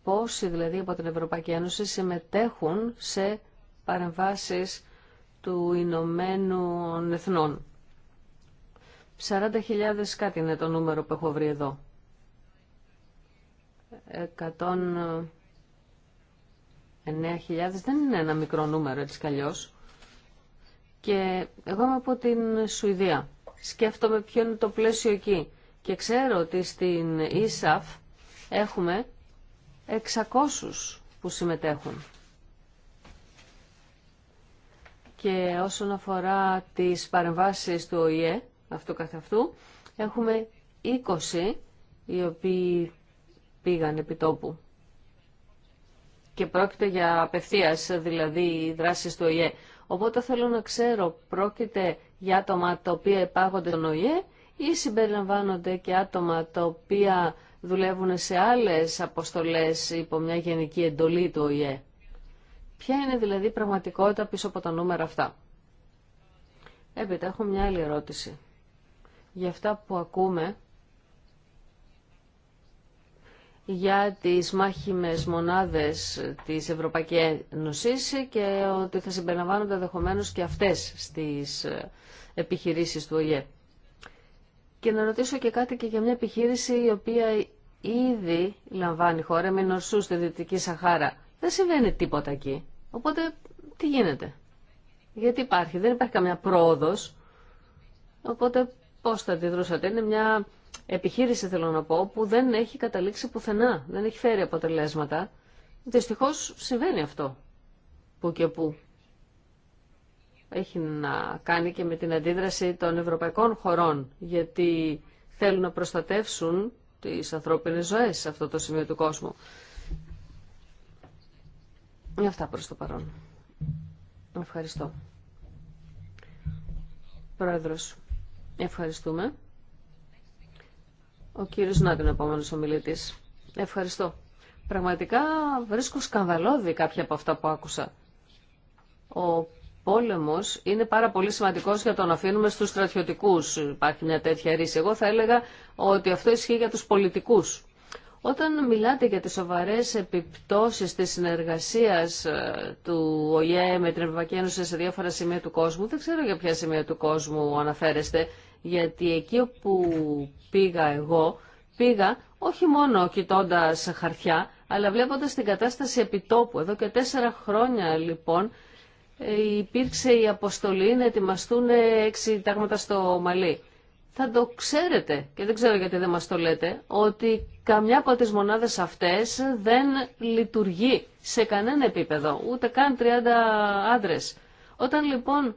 πόσοι δηλαδή από την Ευρωπαϊκή Ένωση συμμετέχουν σε παρεμβάσεις του Ηνωμένου Εθνών. 40.000 κάτι είναι το νούμερο που έχω βρει εδώ. 9.000 δεν είναι ένα μικρό νούμερο έτσι καλλιώς. Και εγώ είμαι από την Σουηδία. Σκέφτομαι ποιο είναι το πλαίσιο εκεί. Και ξέρω ότι στην ΙΣΑΦ έχουμε 600 που συμμετέχουν. Και όσον αφορά τις παρεμβάσεις του ΟΗΕ, αυτού καθ' αυτού, έχουμε 20 οι οποίοι πήγαν επί τόπου. Και πρόκειται για απευθείας δηλαδή δράσεις του ΟΗΕ. Οπότε θέλω να ξέρω, πρόκειται για άτομα τα οποία υπάγονται στον ΟΗΕ ή συμπεριλαμβάνονται και άτομα τα οποία δουλεύουν σε άλλες αποστολές υπό μια γενική εντολή του ΟΗΕ. Ποια είναι δηλαδή η πραγματικότητα πίσω από τα νούμερα αυτά. Έπειτα έχω μια άλλη ερώτηση. Για αυτά που ακούμε για τις μάχημες μονάδες της Ευρωπαϊκής Ένωσης και ότι θα συμπεριλαμβάνονται δεχομένως και αυτές στις ε, επιχειρήσεις του ΟΙΕ. Και να ρωτήσω και κάτι και για μια επιχείρηση η οποία ήδη λαμβάνει χώρα με νοσού στη Δυτική Σαχάρα. Δεν συμβαίνει τίποτα εκεί. Οπότε τι γίνεται. Γιατί υπάρχει. Δεν υπάρχει καμιά πρόοδος. Οπότε Πώς θα αντιδρούσατε. Είναι μια επιχείρηση, θέλω να πω, που δεν έχει καταλήξει πουθενά. Δεν έχει φέρει αποτελέσματα. Δυστυχώ συμβαίνει αυτό. Που και που. Έχει να κάνει και με την αντίδραση των ευρωπαϊκών χωρών. Γιατί θέλουν να προστατεύσουν τις ανθρώπινες ζωές σε αυτό το σημείο του κόσμου. Αυτά προς το παρόν. Ευχαριστώ. Πρόεδρος, Ευχαριστούμε. Ο κύριος ο επόμενος ομιλητής. Ευχαριστώ. Πραγματικά βρίσκω σκανδαλώδη κάποια από αυτά που άκουσα. Ο πόλεμος είναι πάρα πολύ σημαντικός για το να αφήνουμε στους στρατιωτικούς. Υπάρχει μια τέτοια ρίση. Εγώ θα έλεγα ότι αυτό ισχύει για τους πολιτικούς. Όταν μιλάτε για τις σοβαρές επιπτώσεις της συνεργασίας ε, του ΟΙΕ με την Ευρωπαϊκή Ένωση σε διάφορα σημεία του κόσμου, δεν ξέρω για ποια σημεία του κόσμου αναφέρεστε γιατί εκεί που πήγα εγώ, πήγα όχι μόνο κοιτώντα χαρτιά, αλλά βλέποντα την κατάσταση επιτόπου. Εδώ και τέσσερα χρόνια λοιπόν υπήρξε η αποστολή να ετοιμαστούν έξι τάγματα στο Μαλί. Θα το ξέρετε, και δεν ξέρω γιατί δεν μας το λέτε, ότι καμιά από τις μονάδες αυτές δεν λειτουργεί σε κανένα επίπεδο, ούτε καν 30 άντρες. Όταν λοιπόν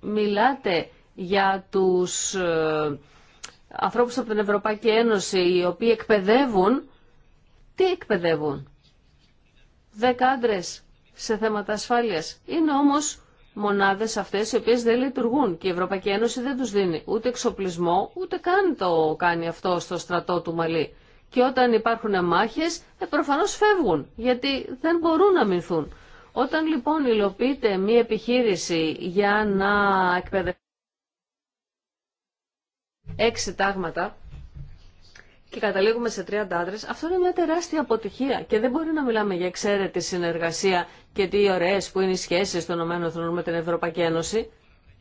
μιλάτε για τους ε, ανθρώπους από την Ευρωπαϊκή Ένωση οι οποίοι εκπαιδεύουν, τι εκπαιδεύουν. Δέκα άντρε σε θέματα ασφάλειας. Είναι όμως μονάδες αυτές οι οποίες δεν λειτουργούν και η Ευρωπαϊκή Ένωση δεν τους δίνει ούτε εξοπλισμό, ούτε καν το κάνει αυτό στο στρατό του Μαλή. Και όταν υπάρχουν μάχες, ε, φεύγουν, γιατί δεν μπορούν να μηνθούν. Όταν λοιπόν υλοποιείται μία επιχείρηση για να εκπαιδευτεί έξι τάγματα και καταλήγουμε σε 30 άντρε, αυτό είναι μια τεράστια αποτυχία. Και δεν μπορεί να μιλάμε για εξαίρετη συνεργασία και τι ωραίε που είναι οι σχέσει των ΗΠΑ με την Ευρωπαϊκή Ένωση.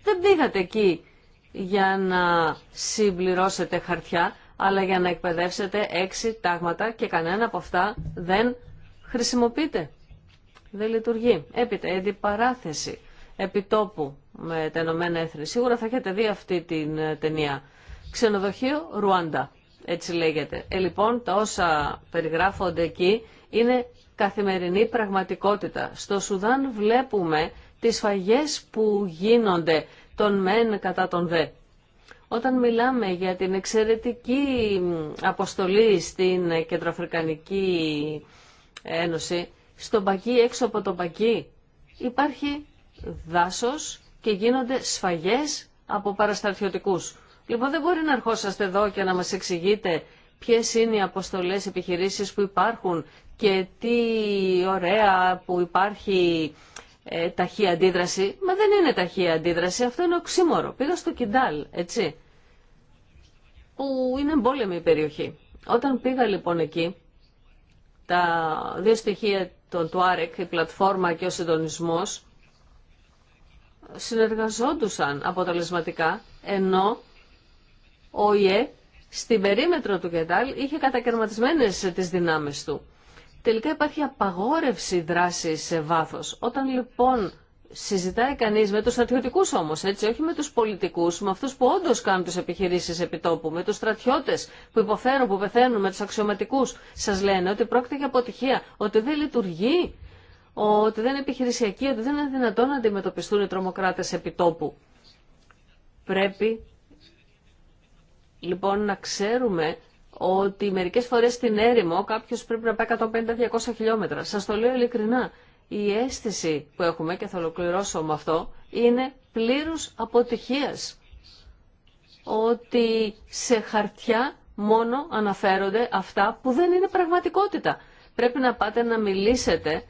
Δεν πήγατε εκεί για να συμπληρώσετε χαρτιά, αλλά για να εκπαιδεύσετε έξι τάγματα και κανένα από αυτά δεν χρησιμοποιείται. Δεν λειτουργεί. Έπειτα, η αντιπαράθεση επιτόπου με τα Ηνωμένα Έθνη. Σίγουρα θα έχετε δει αυτή την ε, ταινία. Ξενοδοχείο Ρουάντα, έτσι λέγεται. Ε, λοιπόν, τα όσα περιγράφονται εκεί είναι καθημερινή πραγματικότητα. Στο Σουδάν βλέπουμε τις φαγές που γίνονται των μεν κατά τον δε. Όταν μιλάμε για την εξαιρετική αποστολή στην Κεντροαφρικανική Ένωση, στον Πακί, έξω από τον Πακί, υπάρχει δάσος και γίνονται σφαγές από παραστρατιωτικούς. Λοιπόν, δεν μπορεί να ερχόσαστε εδώ και να μας εξηγείτε ποιες είναι οι αποστολές επιχειρήσεις που υπάρχουν και τι ωραία που υπάρχει ε, ταχεία αντίδραση. Μα δεν είναι ταχεία αντίδραση, αυτό είναι οξύμορο. Πήγα στο Κιντάλ, έτσι, που είναι εμπόλεμη η περιοχή. Όταν πήγα λοιπόν εκεί, τα δύο στοιχεία των του Άρεκ, η πλατφόρμα και ο συντονισμός, συνεργαζόντουσαν αποτελεσματικά, ενώ ο ΙΕ στην περίμετρο του Κεντάλ είχε κατακαιρματισμένες τις δυνάμεις του. Τελικά υπάρχει απαγόρευση δράσης σε βάθος. Όταν λοιπόν συζητάει κανείς με τους στρατιωτικούς όμως, έτσι, όχι με τους πολιτικούς, με αυτούς που όντως κάνουν τις επιχειρήσεις επιτόπου, με τους στρατιώτες που υποφέρουν, που πεθαίνουν, με τους αξιωματικούς, σας λένε ότι πρόκειται για αποτυχία, ότι δεν λειτουργεί, ότι δεν είναι επιχειρησιακή, ότι δεν είναι δυνατόν να αντιμετωπιστούν οι τρομοκράτε επιτόπου. Πρέπει λοιπόν να ξέρουμε ότι μερικές φορές στην έρημο κάποιος πρέπει να πάει 150-200 χιλιόμετρα. Σας το λέω ειλικρινά. Η αίσθηση που έχουμε, και θα ολοκληρώσω με αυτό, είναι πλήρους αποτυχίας. Ότι σε χαρτιά μόνο αναφέρονται αυτά που δεν είναι πραγματικότητα. Πρέπει να πάτε να μιλήσετε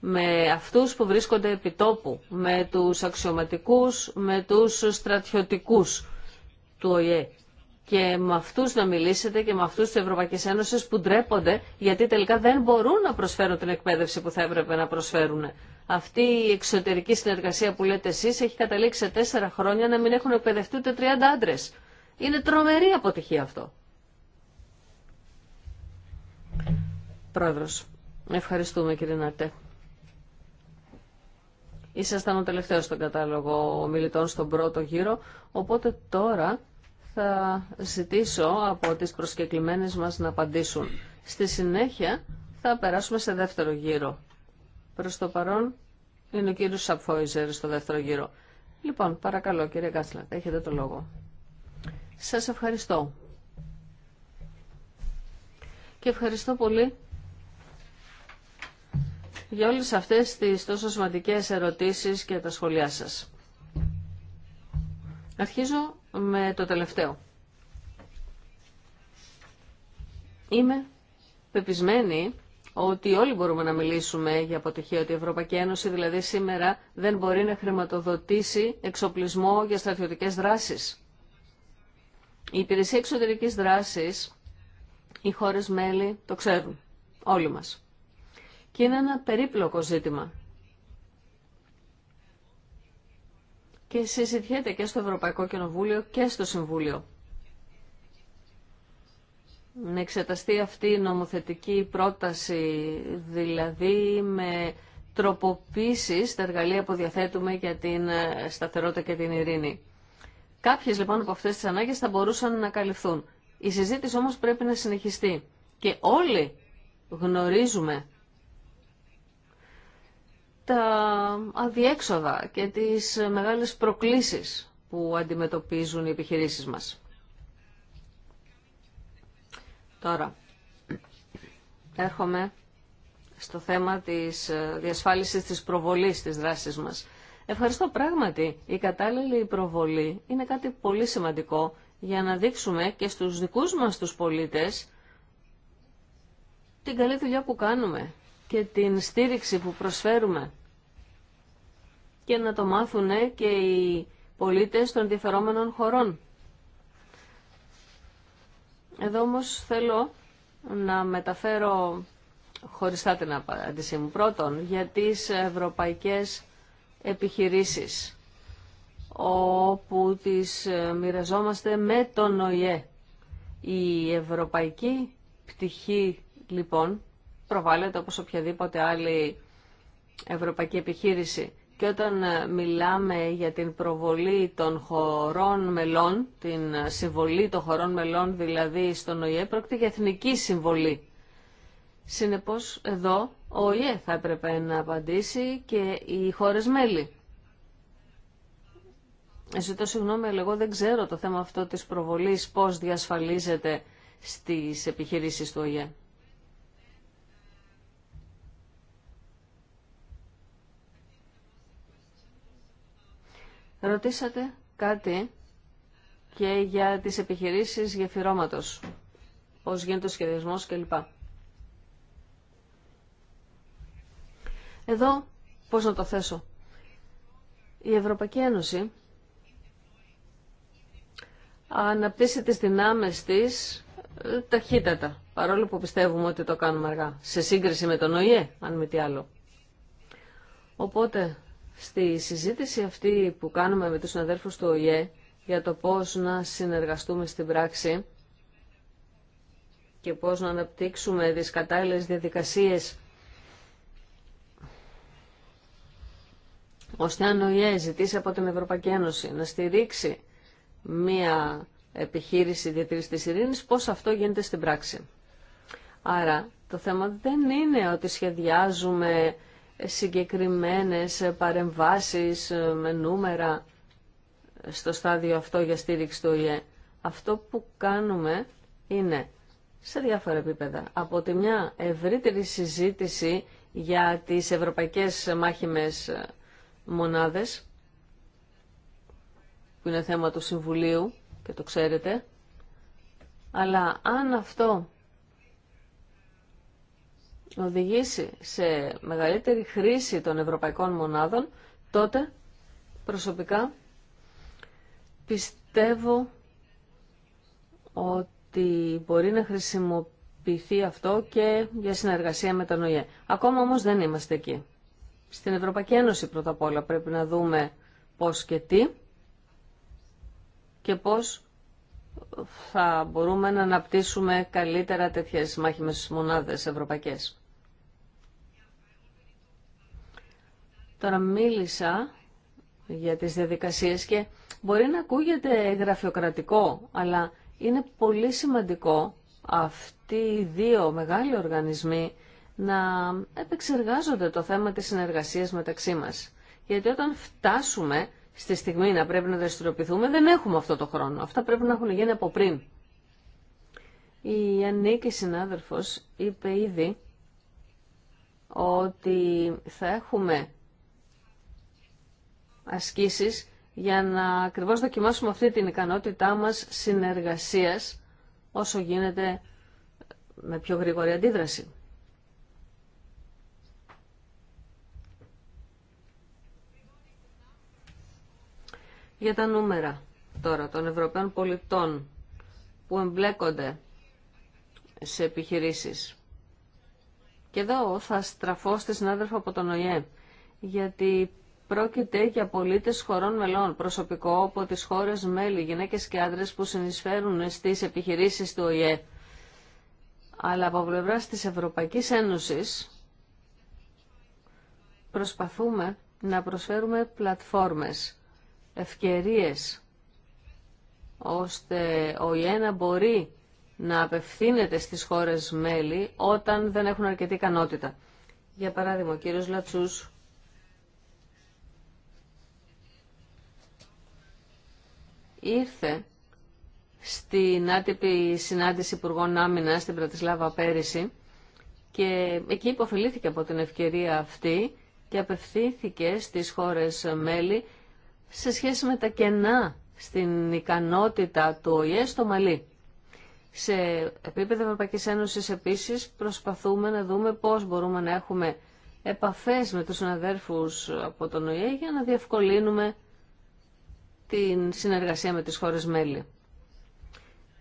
με αυτούς που βρίσκονται επί τόπου, με τους αξιωματικούς, με τους στρατιωτικούς του ΟΗΕ και με αυτού να μιλήσετε και με αυτού τη Ευρωπαϊκή Ένωση που ντρέπονται γιατί τελικά δεν μπορούν να προσφέρουν την εκπαίδευση που θα έπρεπε να προσφέρουν. Αυτή η εξωτερική συνεργασία που λέτε εσεί έχει καταλήξει σε τέσσερα χρόνια να μην έχουν εκπαιδευτεί ούτε 30 άντρε. Είναι τρομερή αποτυχία αυτό. Πρόεδρος, ευχαριστούμε κύριε Ναρτέ. Ήσασταν ο τελευταίος στον κατάλογο ομιλητών στον πρώτο γύρο, οπότε τώρα θα ζητήσω από τις προσκεκλημένες μας να απαντήσουν. Στη συνέχεια θα περάσουμε σε δεύτερο γύρο. Προς το παρόν είναι ο κύριος Σαπφόιζερ στο δεύτερο γύρο. Λοιπόν, παρακαλώ κύριε Κάτσλα, έχετε το λόγο. Σας ευχαριστώ. Και ευχαριστώ πολύ για όλες αυτές τις τόσο σημαντικές ερωτήσεις και τα σχολιά σας. Αρχίζω με το τελευταίο. Είμαι πεπισμένη ότι όλοι μπορούμε να μιλήσουμε για αποτυχία, ότι η Ευρωπαϊκή Ένωση δηλαδή σήμερα δεν μπορεί να χρηματοδοτήσει εξοπλισμό για στρατιωτικές δράσεις. Η υπηρεσία εξωτερικής δράσης, οι χώρες μέλη το ξέρουν, όλοι μας. Και είναι ένα περίπλοκο ζήτημα. και συζητιέται και στο Ευρωπαϊκό Κοινοβούλιο και στο Συμβούλιο. Να εξεταστεί αυτή η νομοθετική πρόταση, δηλαδή με τροποποίησης τα εργαλεία που διαθέτουμε για την ε, σταθερότητα και την ειρήνη. Κάποιες λοιπόν από αυτές τις ανάγκες θα μπορούσαν να καλυφθούν. Η συζήτηση όμως πρέπει να συνεχιστεί και όλοι γνωρίζουμε τα αδιέξοδα και τις μεγάλες προκλήσεις που αντιμετωπίζουν οι επιχειρήσεις μας. Τώρα, έρχομαι στο θέμα της διασφάλισης της προβολής της δράσης μας. Ευχαριστώ πράγματι. Η κατάλληλη προβολή είναι κάτι πολύ σημαντικό για να δείξουμε και στους δικούς μας τους πολίτες την καλή δουλειά που κάνουμε και την στήριξη που προσφέρουμε και να το μάθουν και οι πολίτες των ενδιαφερόμενων χωρών. Εδώ όμως θέλω να μεταφέρω χωριστά την απάντησή μου. Πρώτον, για τις ευρωπαϊκές επιχειρήσεις, όπου τις μοιραζόμαστε με τον ΟΗΕ. Η ευρωπαϊκή πτυχή, λοιπόν, προβάλλεται όπως οποιαδήποτε άλλη ευρωπαϊκή επιχείρηση. Και όταν ε, μιλάμε για την προβολή των χωρών μελών, την ε, συμβολή των χωρών μελών δηλαδή στον ΟΗΕ, πρόκειται για εθνική συμβολή. Συνεπώς εδώ ο ΟΗΕ θα έπρεπε να απαντήσει και οι χώρες μέλη. Ε, ζητώ συγγνώμη, αλλά εγώ δεν ξέρω το θέμα αυτό της προβολής πώς διασφαλίζεται στις επιχειρήσεις του ΟΗΕ. Ρωτήσατε κάτι και για τις επιχειρήσεις γεφυρώματος, πώς γίνεται ο σχεδιασμός κλπ. Εδώ, πώς να το θέσω. Η Ευρωπαϊκή Ένωση αναπτύσσει τις δυνάμεις της ε, ταχύτατα, παρόλο που πιστεύουμε ότι το κάνουμε αργά, σε σύγκριση με τον ΟΗΕ, αν μη τι άλλο. Οπότε, Στη συζήτηση αυτή που κάνουμε με τους συναδέλφους του ΟΗΕ για το πώς να συνεργαστούμε στην πράξη και πώς να αναπτύξουμε τις κατάλληλες διαδικασίες ώστε αν ο ζητήσει από την Ευρωπαϊκή Ένωση να στηρίξει μία επιχείρηση διατήρησης της ειρήνης, πώς αυτό γίνεται στην πράξη. Άρα το θέμα δεν είναι ότι σχεδιάζουμε συγκεκριμένες παρεμβάσεις ε, με νούμερα στο στάδιο αυτό για στήριξη του ΙΕ. Αυτό που κάνουμε είναι σε διάφορα επίπεδα. Από τη μια ευρύτερη συζήτηση για τις ευρωπαϊκές μάχημες ε, μονάδες, που είναι θέμα του Συμβουλίου και το ξέρετε, αλλά αν αυτό οδηγήσει σε μεγαλύτερη χρήση των ευρωπαϊκών μονάδων, τότε προσωπικά πιστεύω ότι μπορεί να χρησιμοποιηθεί αυτό και για συνεργασία με τον ΟΗΕ. Ακόμα όμως δεν είμαστε εκεί. Στην Ευρωπαϊκή Ένωση πρώτα απ' όλα πρέπει να δούμε πώς και τι και πώς θα μπορούμε να αναπτύσσουμε καλύτερα τέτοιες μάχημες μονάδες ευρωπαϊκές. Τώρα μίλησα για τις διαδικασίες και μπορεί να ακούγεται γραφειοκρατικό, αλλά είναι πολύ σημαντικό αυτοί οι δύο μεγάλοι οργανισμοί να επεξεργάζονται το θέμα της συνεργασίας μεταξύ μας. Γιατί όταν φτάσουμε στη στιγμή να πρέπει να δραστηριοποιηθούμε, δεν έχουμε αυτό το χρόνο. Αυτά πρέπει να έχουν γίνει από πριν. Η Ανίκη συνάδελφος είπε ήδη ότι θα έχουμε ασκήσεις για να ακριβώς δοκιμάσουμε αυτή την ικανότητά μας συνεργασίας όσο γίνεται με πιο γρήγορη αντίδραση. Για τα νούμερα τώρα των Ευρωπαίων πολιτών που εμπλέκονται σε επιχειρήσεις. Και εδώ θα στραφώ στη συνάδελφα από τον ΟΗΕ, γιατί Πρόκειται για πολίτες χωρών μελών, προσωπικό από τις χώρες μέλη, γυναίκες και άντρες που συνεισφέρουν στις επιχειρήσεις του ΟΗΕ. Αλλά από πλευρά της Ευρωπαϊκής Ένωσης προσπαθούμε να προσφέρουμε πλατφόρμες, ευκαιρίες, ώστε ο ΙΕ να μπορεί να απευθύνεται στις χώρες μέλη όταν δεν έχουν αρκετή ικανότητα. Για παράδειγμα, ο κύριος Λατσούς ήρθε στην άτυπη συνάντηση Υπουργών Άμυνα στην Πρατισλάβα πέρυσι και εκεί υποφελήθηκε από την ευκαιρία αυτή και απευθύνθηκε στις χώρες μέλη σε σχέση με τα κενά στην ικανότητα του ΟΗΕ στο Μαλί. Σε επίπεδο Ευρωπαϊκής Ένωσης επίσης προσπαθούμε να δούμε πώς μπορούμε να έχουμε επαφές με τους συναδέρφους από τον ΟΗΕ για να διευκολύνουμε την συνεργασία με τις χώρες μέλη.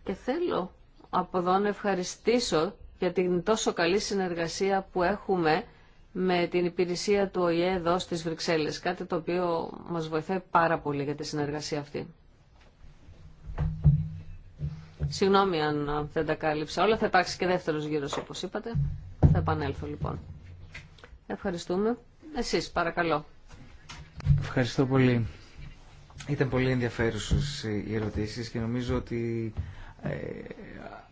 Και θέλω από εδώ να ευχαριστήσω για την τόσο καλή συνεργασία που έχουμε με την υπηρεσία του ΟΗΕ εδώ στις Βρυξέλλες, κάτι το οποίο μας βοηθάει πάρα πολύ για τη συνεργασία αυτή. Συγγνώμη αν δεν τα κάλυψα όλα, θα υπάρξει και δεύτερος γύρος όπως είπατε. Θα επανέλθω λοιπόν. Ευχαριστούμε. Εσείς παρακαλώ. Ευχαριστώ πολύ. Ήταν πολύ ενδιαφέρουσες οι ερωτήσεις και νομίζω ότι ε,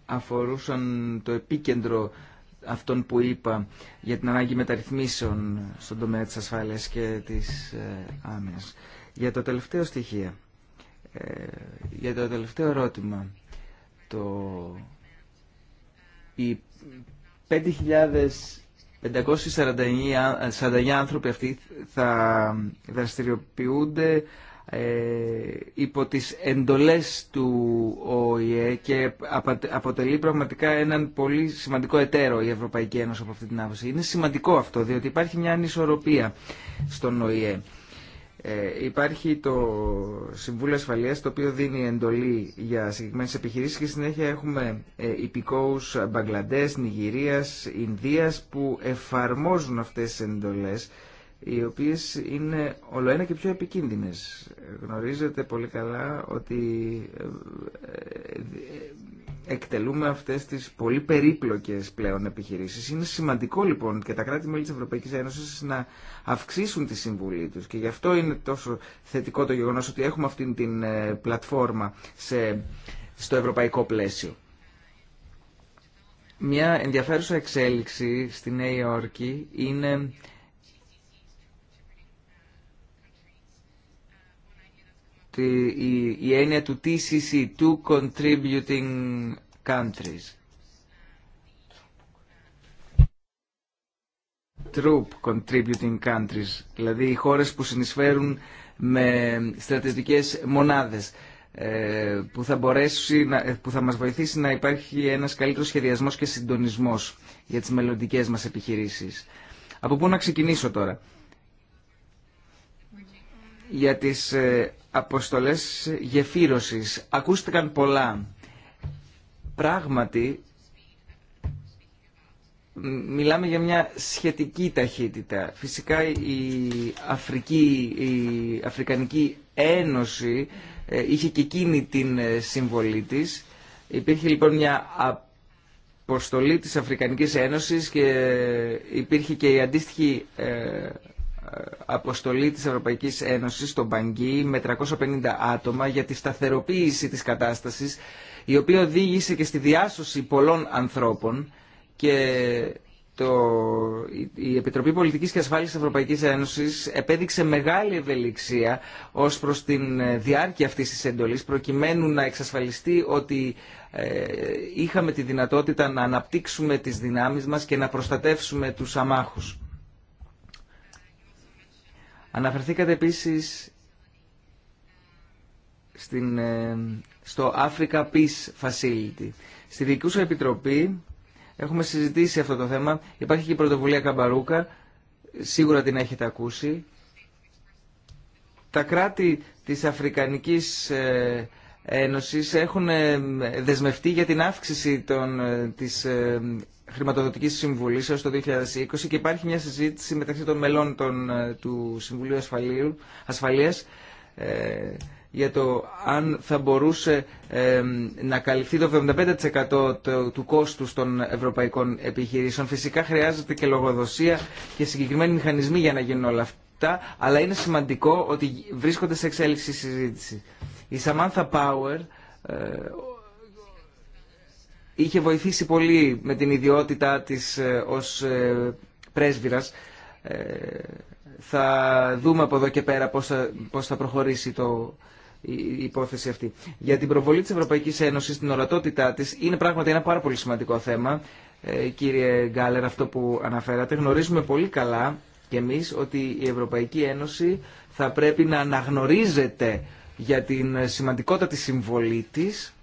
αφορούσαν το επίκεντρο αυτών που είπα για την ανάγκη μεταρρυθμίσεων στον τομέα της ασφάλειας και της ε, άμυνας. Για το τελευταίο στοιχείο, ε, για το τελευταίο ερώτημα, το... οι 5.549 άνθρωποι αυτοί θα δραστηριοποιούνται ε, υπό τις εντολές του ΟΗΕ και αποτελεί πραγματικά έναν πολύ σημαντικό εταίρο η Ευρωπαϊκή Ένωση από αυτή την άποψη. Είναι σημαντικό αυτό διότι υπάρχει μια ανισορροπία στον ΟΗΕ. Ε, υπάρχει το Συμβούλιο Ασφαλείας το οποίο δίνει εντολή για συγκεκριμένες επιχειρήσεις και συνέχεια έχουμε ε, υπηκόους Μπαγκλαντές, Νιγηρίας, Ινδίας που εφαρμόζουν αυτές τις εντολές οι οποίες είναι ολοένα και πιο επικίνδυνες. Γνωρίζετε πολύ καλά ότι ε, ε, εκτελούμε αυτές τις πολύ περίπλοκες πλέον επιχειρήσεις. Είναι σημαντικό λοιπόν και τα κράτη-μέλη της Ευρωπαϊκής Ένωσης να αυξήσουν τη συμβουλή τους και γι' αυτό είναι τόσο θετικό το γεγονός ότι έχουμε αυτήν την ε, πλατφόρμα σε, στο ευρωπαϊκό πλαίσιο. Μια ενδιαφέρουσα εξέλιξη στη Νέα Υόρκη είναι η, έννοια του TCC, Two Contributing Countries. Troop Contributing Countries, δηλαδή οι χώρες που συνεισφέρουν με στρατηγικές μονάδες ε, που θα, μπορέσει, ε, που θα μας βοηθήσει να υπάρχει ένας καλύτερος σχεδιασμός και συντονισμός για τις μελλοντικές μας επιχειρήσεις. Από πού να ξεκινήσω τώρα για τις ε, αποστολές γεφύρωσης. Ακούστηκαν πολλά. Πράγματι, μιλάμε για μια σχετική ταχύτητα. Φυσικά η, Αφρική, η Αφρικανική Ένωση ε, είχε και εκείνη την ε, συμβολή της. Υπήρχε λοιπόν μια αποστολή της Αφρικανικής Ένωσης και υπήρχε και η αντίστοιχη αποστολή της Ευρωπαϊκής Ένωσης στον Παγκή με 350 άτομα για τη σταθεροποίηση της κατάστασης η οποία οδήγησε και στη διάσωση πολλών ανθρώπων και το, η Επιτροπή Πολιτικής και Ασφάλειας της Ευρωπαϊκής Ένωσης επέδειξε μεγάλη ευελιξία ως προς την ε, διάρκεια αυτής της εντολής προκειμένου να εξασφαλιστεί ότι ε, είχαμε τη δυνατότητα να αναπτύξουμε τις δυνάμεις μας και να προστατεύσουμε τους αμάχους. Αναφερθήκατε επίσης στην, ε, στο Africa Peace Facility. Στη δική σου επιτροπή έχουμε συζητήσει αυτό το θέμα. Υπάρχει και η πρωτοβουλία Καμπαρούκα, σίγουρα την έχετε ακούσει. Τα κράτη της Αφρικανικής ε, Ένωσης έχουν ε, δεσμευτεί για την αύξηση των, της χρηματοδοτικής συμβουλής έως το 2020 και υπάρχει μια συζήτηση μεταξύ των μελών των, ε, του Συμβουλίου Ασφαλείας ε, για το αν θα μπορούσε ε, να καλυφθεί το 75% του κόστου των ευρωπαϊκών επιχειρήσεων. Φυσικά χρειάζεται και λογοδοσία και συγκεκριμένοι μηχανισμοί για να γίνουν όλα αυτά, αλλά είναι σημαντικό ότι βρίσκονται σε εξέλιξη συζήτηση. Η Samantha Power, είχε βοηθήσει πολύ με την ιδιότητά της ε, ως ε, πρέσβυρας. Ε, θα δούμε από εδώ και πέρα πώς θα, πώς προχωρήσει το, η υπόθεση αυτή. Για την προβολή της Ευρωπαϊκής Ένωσης, την ορατότητά της, είναι πράγματι ένα πάρα πολύ σημαντικό θέμα. Κύριε Γκάλερ, αυτό που αναφέρατε, γνωρίζουμε πολύ καλά και εμείς ότι η Ευρωπαϊκή Ένωση θα πρέπει να αναγνωρίζεται για την της συμβολή της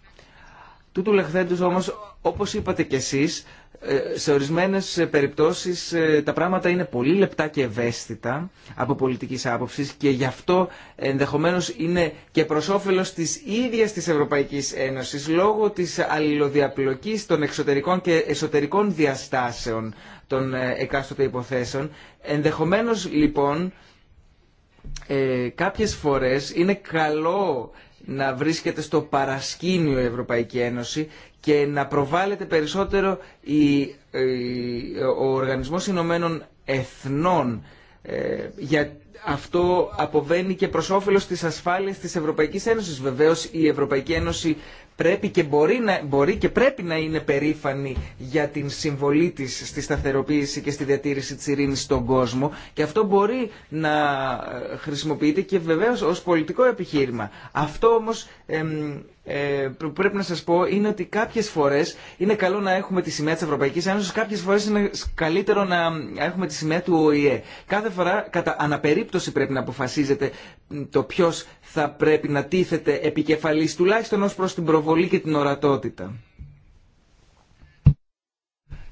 Τούτου λεχθέντους όμως, όπως είπατε κι εσείς, ε, σε ορισμένες περιπτώσεις ε, τα πράγματα είναι πολύ λεπτά και ευαίσθητα από πολιτικής άποψης και γι' αυτό ενδεχομένως είναι και προς όφελος της ίδιας της Ευρωπαϊκής Ένωσης λόγω της αλληλοδιαπλοκής των εξωτερικών και εσωτερικών διαστάσεων των ε, εκάστοτε υποθέσεων. Ενδεχομένως λοιπόν ε, κάποιες φορές είναι καλό να βρίσκεται στο παρασκήνιο η Ευρωπαϊκή Ένωση και να προβάλλεται περισσότερο η, ο Οργανισμός Ηνωμένων Εθνών ε, για αυτό αποβαίνει και προς όφελος της ασφάλειας της Ευρωπαϊκής Ένωσης. Βεβαίως η Ευρωπαϊκή Ένωση πρέπει και μπορεί, να, μπορεί και πρέπει να είναι περήφανη για την συμβολή της στη σταθεροποίηση και στη διατήρηση της ειρήνης στον κόσμο και αυτό μπορεί να ε, χρησιμοποιείται και βεβαίως ως πολιτικό επιχείρημα. Αυτό όμως εμ, ε, πρέπει να σας πω είναι ότι κάποιες φορές είναι καλό να έχουμε τη σημαία της Ευρωπαϊκής Ένωσης, κάποιες φορές είναι καλύτερο να έχουμε τη σημαία του ΟΗΕ. Κάθε φορά, κατά αναπερίπτωση πρέπει να αποφασίζεται το ποιος θα πρέπει να τίθεται επικεφαλής τουλάχιστον ως προς την προβολή και την ορατότητα.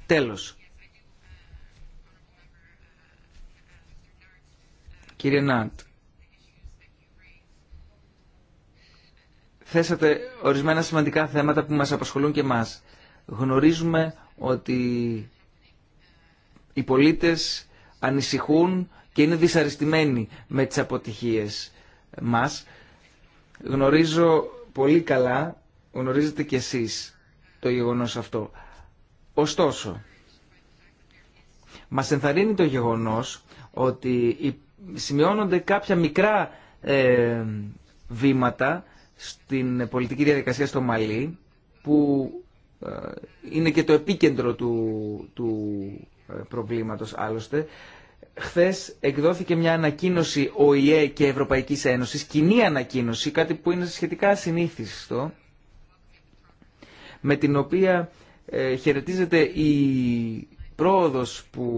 Τέλος. Κύριε Νάντ. θέσατε ορισμένα σημαντικά θέματα που μας απασχολούν και μας. Γνωρίζουμε ότι οι πολίτες ανησυχούν και είναι δυσαρεστημένοι με τις αποτυχίες μας. Γνωρίζω πολύ καλά γνωρίζετε κι εσείς το γεγονός αυτό. Ωστόσο, μας ενθαρρύνει το γεγονός ότι σημειώνονται κάποια μικρά ε, βήματα στην πολιτική διαδικασία στο Μαλί που ε, είναι και το επίκεντρο του, του ε, προβλήματος άλλωστε. Χθες εκδόθηκε μια ανακοίνωση ΟΗΕ και Ευρωπαϊκής Ένωσης, κοινή ανακοίνωση, κάτι που είναι σχετικά συνήθιστο με την οποία ε, χαιρετίζεται η πρόοδος που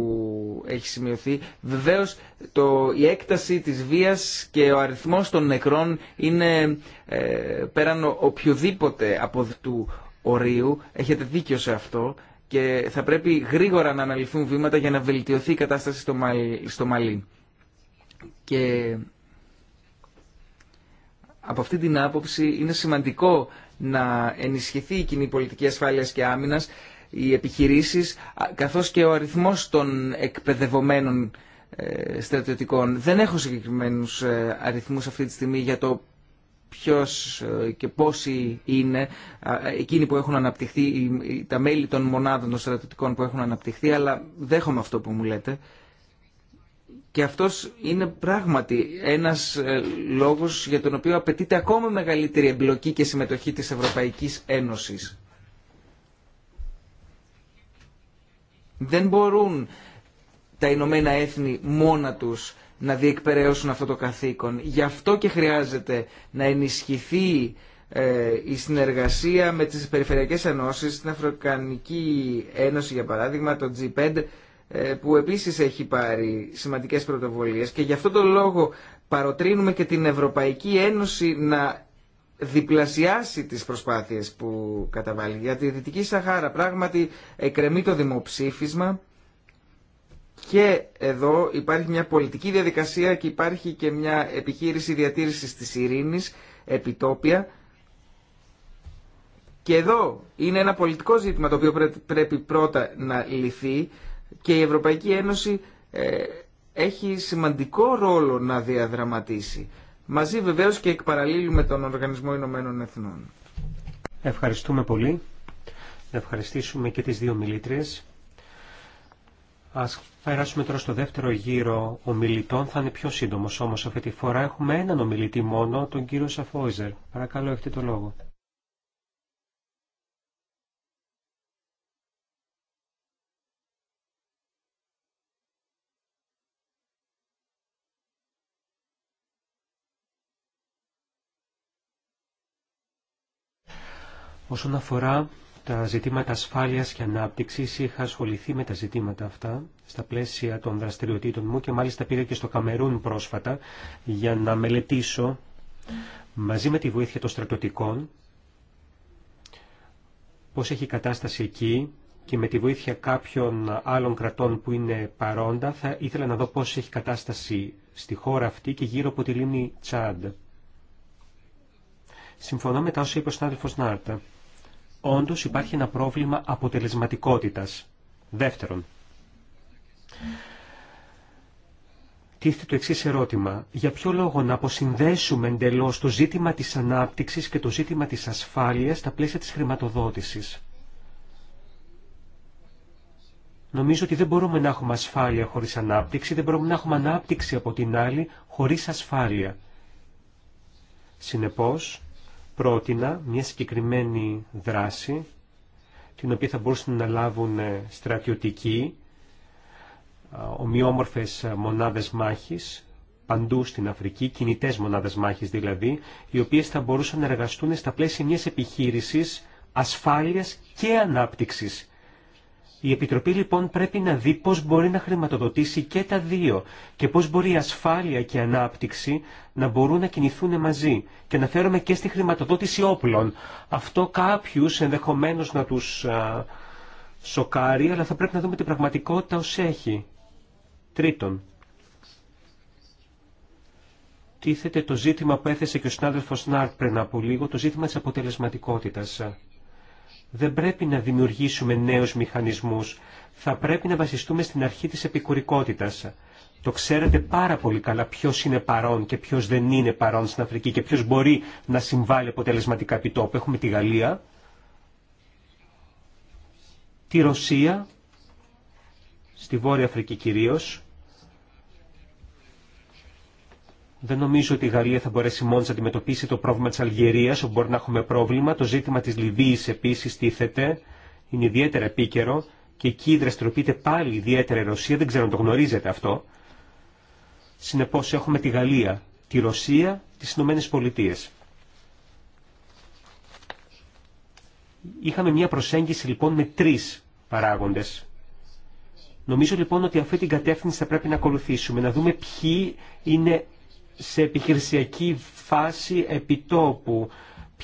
έχει σημειωθεί. Βεβαίως το, η έκταση της βίας και ο αριθμός των νεκρών είναι ε, πέραν οποιοδήποτε από του ορίου. Έχετε δίκιο σε αυτό και θα πρέπει γρήγορα να αναλυθούν βήματα για να βελτιωθεί η κατάσταση στο, μαλή Στο Και από αυτή την άποψη είναι σημαντικό να ενισχυθεί η κοινή πολιτική ασφάλειας και άμυνας, οι επιχειρήσεις, καθώς και ο αριθμός των εκπαιδευομένων ε, στρατιωτικών. Δεν έχω συγκεκριμένους ε, αριθμούς αυτή τη στιγμή για το ποιος ε, και πόσοι είναι εκείνοι που έχουν αναπτυχθεί, τα μέλη των μονάδων των στρατιωτικών που έχουν αναπτυχθεί, αλλά δέχομαι αυτό που μου λέτε. Και αυτός είναι πράγματι ένας ε, λόγος για τον οποίο απαιτείται ακόμα μεγαλύτερη εμπλοκή και συμμετοχή τη Ευρωπαϊκής Ένωσης. Δεν μπορούν τα Ηνωμένα Έθνη μόνα τους να διεκπαιρεώσουν αυτό το καθήκον. Γι' αυτό και χρειάζεται να ενισχυθεί ε, η συνεργασία με τις περιφερειακές ενώσεις, την Αφροκανική Ένωση για παράδειγμα, το G5, ε, που επίσης έχει πάρει σημαντικές πρωτοβολίες και γι' αυτό τον λόγο παροτρύνουμε και την Ευρωπαϊκή Ένωση να διπλασιάσει τις προσπάθειες που καταβάλει. Γιατί η Δυτική Σαχάρα πράγματι εκρεμεί το δημοψήφισμα και εδώ υπάρχει μια πολιτική διαδικασία και υπάρχει και μια επιχείρηση διατήρησης της ειρήνης, επιτόπια. Και εδώ είναι ένα πολιτικό ζήτημα το οποίο πρέπει πρώτα να λυθεί και η Ευρωπαϊκή Ένωση ε, έχει σημαντικό ρόλο να διαδραματίσει. Μαζί βεβαίως και εκ με τον Οργανισμό Ηνωμένων Εθνών. Ευχαριστούμε πολύ. Να ευχαριστήσουμε και τις δύο μιλήτριες. Ας περάσουμε τώρα στο δεύτερο γύρο ομιλητών. Θα είναι πιο σύντομος όμως αυτή τη φορά. Έχουμε έναν ομιλητή μόνο, τον κύριο Σαφόιζερ. Παρακαλώ, έχετε το λόγο. Όσον αφορά τα ζητήματα ασφάλειας και ανάπτυξης, είχα ασχοληθεί με τα ζητήματα αυτά στα πλαίσια των δραστηριοτήτων μου και μάλιστα πήγα και στο Καμερούν πρόσφατα για να μελετήσω μαζί με τη βοήθεια των στρατιωτικών πώς έχει η κατάσταση εκεί και με τη βοήθεια κάποιων άλλων κρατών που είναι παρόντα θα ήθελα να δω πώς έχει κατάσταση στη χώρα αυτή και γύρω από τη λίμνη Τσάντ. Συμφωνώ με τα όσα είπε ο Νάρτα όντως υπάρχει ένα πρόβλημα αποτελεσματικότητας. Δεύτερον, τίθεται το εξής ερώτημα. Για ποιο λόγο να αποσυνδέσουμε εντελώ το ζήτημα της ανάπτυξης και το ζήτημα της ασφάλειας στα πλαίσια της χρηματοδότησης. Νομίζω ότι δεν μπορούμε να έχουμε ασφάλεια χωρίς ανάπτυξη, δεν μπορούμε να έχουμε ανάπτυξη από την άλλη χωρίς ασφάλεια. Συνεπώς, πρότεινα μια συγκεκριμένη δράση, την οποία θα μπορούσαν να λάβουν στρατιωτικοί, ομοιόμορφες μονάδες μάχης, παντού στην Αφρική, κινητές μονάδες μάχης δηλαδή, οι οποίες θα μπορούσαν να εργαστούν στα πλαίσια μιας επιχείρησης ασφάλειας και ανάπτυξης η Επιτροπή λοιπόν πρέπει να δει πώς μπορεί να χρηματοδοτήσει και τα δύο και πώς μπορεί η ασφάλεια και η ανάπτυξη να μπορούν να κινηθούν μαζί και να φέρουμε και στη χρηματοδότηση όπλων. Αυτό κάποιους ενδεχομένως να τους σοκάρει, αλλά θα πρέπει να δούμε την πραγματικότητα ως έχει. Τρίτον, τίθεται το ζήτημα που έθεσε και ο συνάδελφος Νάρτ πριν από λίγο, το ζήτημα της αποτελεσματικότητας. Δεν πρέπει να δημιουργήσουμε νέους μηχανισμούς. Θα πρέπει να βασιστούμε στην αρχή της επικουρικότητας. Το ξέρετε πάρα πολύ καλά ποιος είναι παρόν και ποιος δεν είναι παρόν στην Αφρική και ποιος μπορεί να συμβάλλει αποτελεσματικά επί Έχουμε τη Γαλλία, τη Ρωσία, στη Βόρεια Αφρική κυρίως, Δεν νομίζω ότι η Γαλλία θα μπορέσει μόνη να αντιμετωπίσει το πρόβλημα τη Αλγερία, όπου μπορεί να έχουμε πρόβλημα. Το ζήτημα τη Λιβύης επίσης τίθεται, είναι ιδιαίτερα επίκαιρο και εκεί δραστηριοποιείται πάλι ιδιαίτερα η Ρωσία, δεν ξέρω αν το γνωρίζετε αυτό. Συνεπώ έχουμε τη Γαλλία, τη Ρωσία, τι Ηνωμένε Πολιτείε. Είχαμε μια προσέγγιση λοιπόν με τρει παράγοντε. Νομίζω λοιπόν ότι αυτή την κατεύθυνση θα πρέπει να ακολουθήσουμε, να δούμε ποιοι είναι σε επιχειρησιακή φάση επιτόπου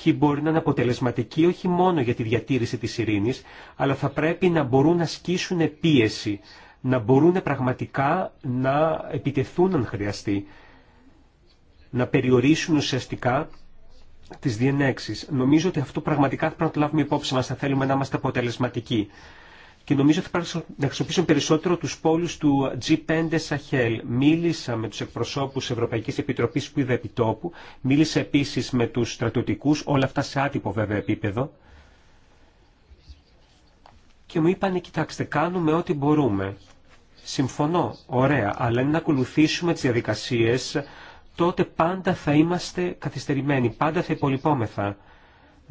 ποιοι μπορεί να είναι αποτελεσματικοί όχι μόνο για τη διατήρηση της ειρήνης, αλλά θα πρέπει να μπορούν να σκίσουν πίεση, να μπορούν πραγματικά να επιτεθούν αν χρειαστεί, να περιορίσουν ουσιαστικά τις διενέξεις. Νομίζω ότι αυτό πραγματικά θα πρέπει να το λάβουμε υπόψη μας, θα θέλουμε να είμαστε αποτελεσματικοί και νομίζω ότι πρέπει να χρησιμοποιήσουν περισσότερο τους πόλους του G5 Σαχέλ. Μίλησα με τους εκπροσώπους Ευρωπαϊκής Επιτροπής που είδα επιτόπου, μίλησα επίσης με τους στρατιωτικούς, όλα αυτά σε άτυπο βέβαια επίπεδο. Και μου είπαν, κοιτάξτε, κάνουμε ό,τι μπορούμε. Συμφωνώ, ωραία, αλλά αν ακολουθήσουμε τις διαδικασίες, τότε πάντα θα είμαστε καθυστερημένοι, πάντα θα υπολοιπόμεθα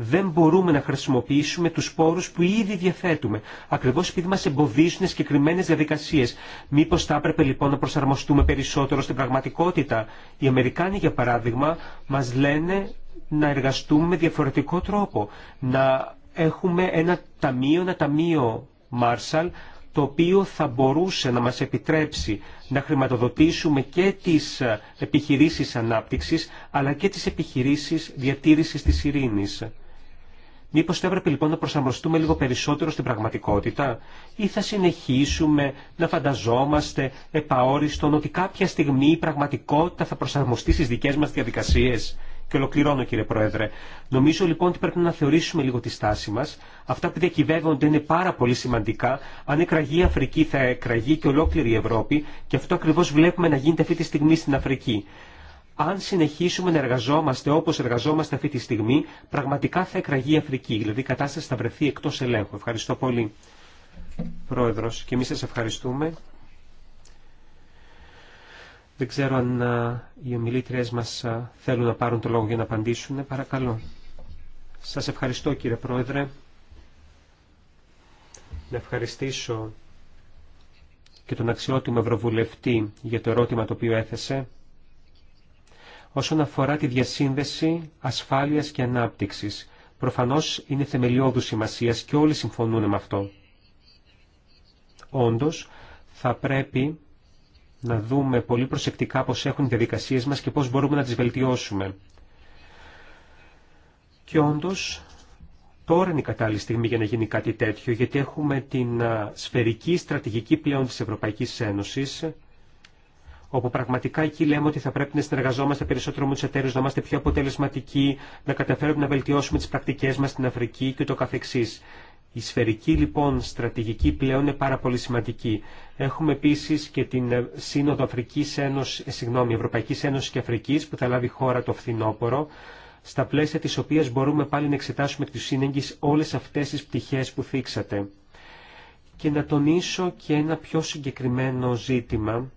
δεν μπορούμε να χρησιμοποιήσουμε τους πόρους που ήδη διαθέτουμε, ακριβώς επειδή μας εμποδίζουν συγκεκριμένε διαδικασίες. Μήπως θα έπρεπε λοιπόν να προσαρμοστούμε περισσότερο στην πραγματικότητα. Οι Αμερικάνοι, για παράδειγμα, μας λένε να εργαστούμε με διαφορετικό τρόπο, να έχουμε ένα ταμείο, ένα ταμείο Marshall, το οποίο θα μπορούσε να μας επιτρέψει να χρηματοδοτήσουμε και τις ε, επιχειρήσεις ανάπτυξης αλλά και τις επιχειρήσεις διατήρησης της ειρήνης. Μήπως θα έπρεπε λοιπόν να προσαρμοστούμε λίγο περισσότερο στην πραγματικότητα ή θα συνεχίσουμε να φανταζόμαστε επαόριστον ότι κάποια στιγμή η πραγματικότητα θα προσαρμοστεί στις δικές μας διαδικασίες. Και ολοκληρώνω κύριε Πρόεδρε. Νομίζω λοιπόν ότι πρέπει να θεωρήσουμε λίγο τη στάση μας. Αυτά που διακυβεύονται είναι πάρα πολύ σημαντικά. Αν εκραγεί η Αφρική θα εκραγεί και ολόκληρη η Ευρώπη και αυτό ακριβώς βλέπουμε να γίνεται αυτή τη στιγμή στην Αφρική αν συνεχίσουμε να εργαζόμαστε όπως εργαζόμαστε αυτή τη στιγμή, πραγματικά θα εκραγεί η Αφρική. Δηλαδή η κατάσταση θα βρεθεί εκτός ελέγχου. Ευχαριστώ πολύ, Πρόεδρος. Και εμείς σας ευχαριστούμε. Δεν ξέρω αν οι ομιλήτριές μας θέλουν να πάρουν το λόγο για να απαντήσουν. Ναι, παρακαλώ. Σας ευχαριστώ, κύριε Πρόεδρε. Να ευχαριστήσω και τον αξιότιμο Ευρωβουλευτή για το ερώτημα το οποίο έθεσε όσον αφορά τη διασύνδεση ασφάλειας και ανάπτυξης. Προφανώς είναι θεμελιώδου σημασία και όλοι συμφωνούν με αυτό. Όντως, θα πρέπει να δούμε πολύ προσεκτικά πώς έχουν οι διαδικασίες μας και πώς μπορούμε να τις βελτιώσουμε. Και όντως, τώρα είναι η κατάλληλη στιγμή για να γίνει κάτι τέτοιο, γιατί έχουμε την σφαιρική στρατηγική πλέον της Ευρωπαϊκής Ένωσης, όπου πραγματικά εκεί λέμε ότι θα πρέπει να συνεργαζόμαστε περισσότερο με του εταίρου, να είμαστε πιο αποτελεσματικοί, να καταφέρουμε να βελτιώσουμε τι πρακτικέ μα στην Αφρική και το καθεξή. Η σφαιρική λοιπόν στρατηγική πλέον είναι πάρα πολύ σημαντική. Έχουμε επίση και την ε, Σύνοδο Αφρικής Ένωση, ε, συγγνώμη, Ευρωπαϊκής Ένωσης και Αφρική που θα λάβει χώρα το φθινόπωρο, στα πλαίσια της οποίας μπορούμε πάλι να εξετάσουμε εκ του σύνεγγυς όλες αυτές τις πτυχές που θίξατε. Και να τονίσω και ένα πιο συγκεκριμένο ζήτημα,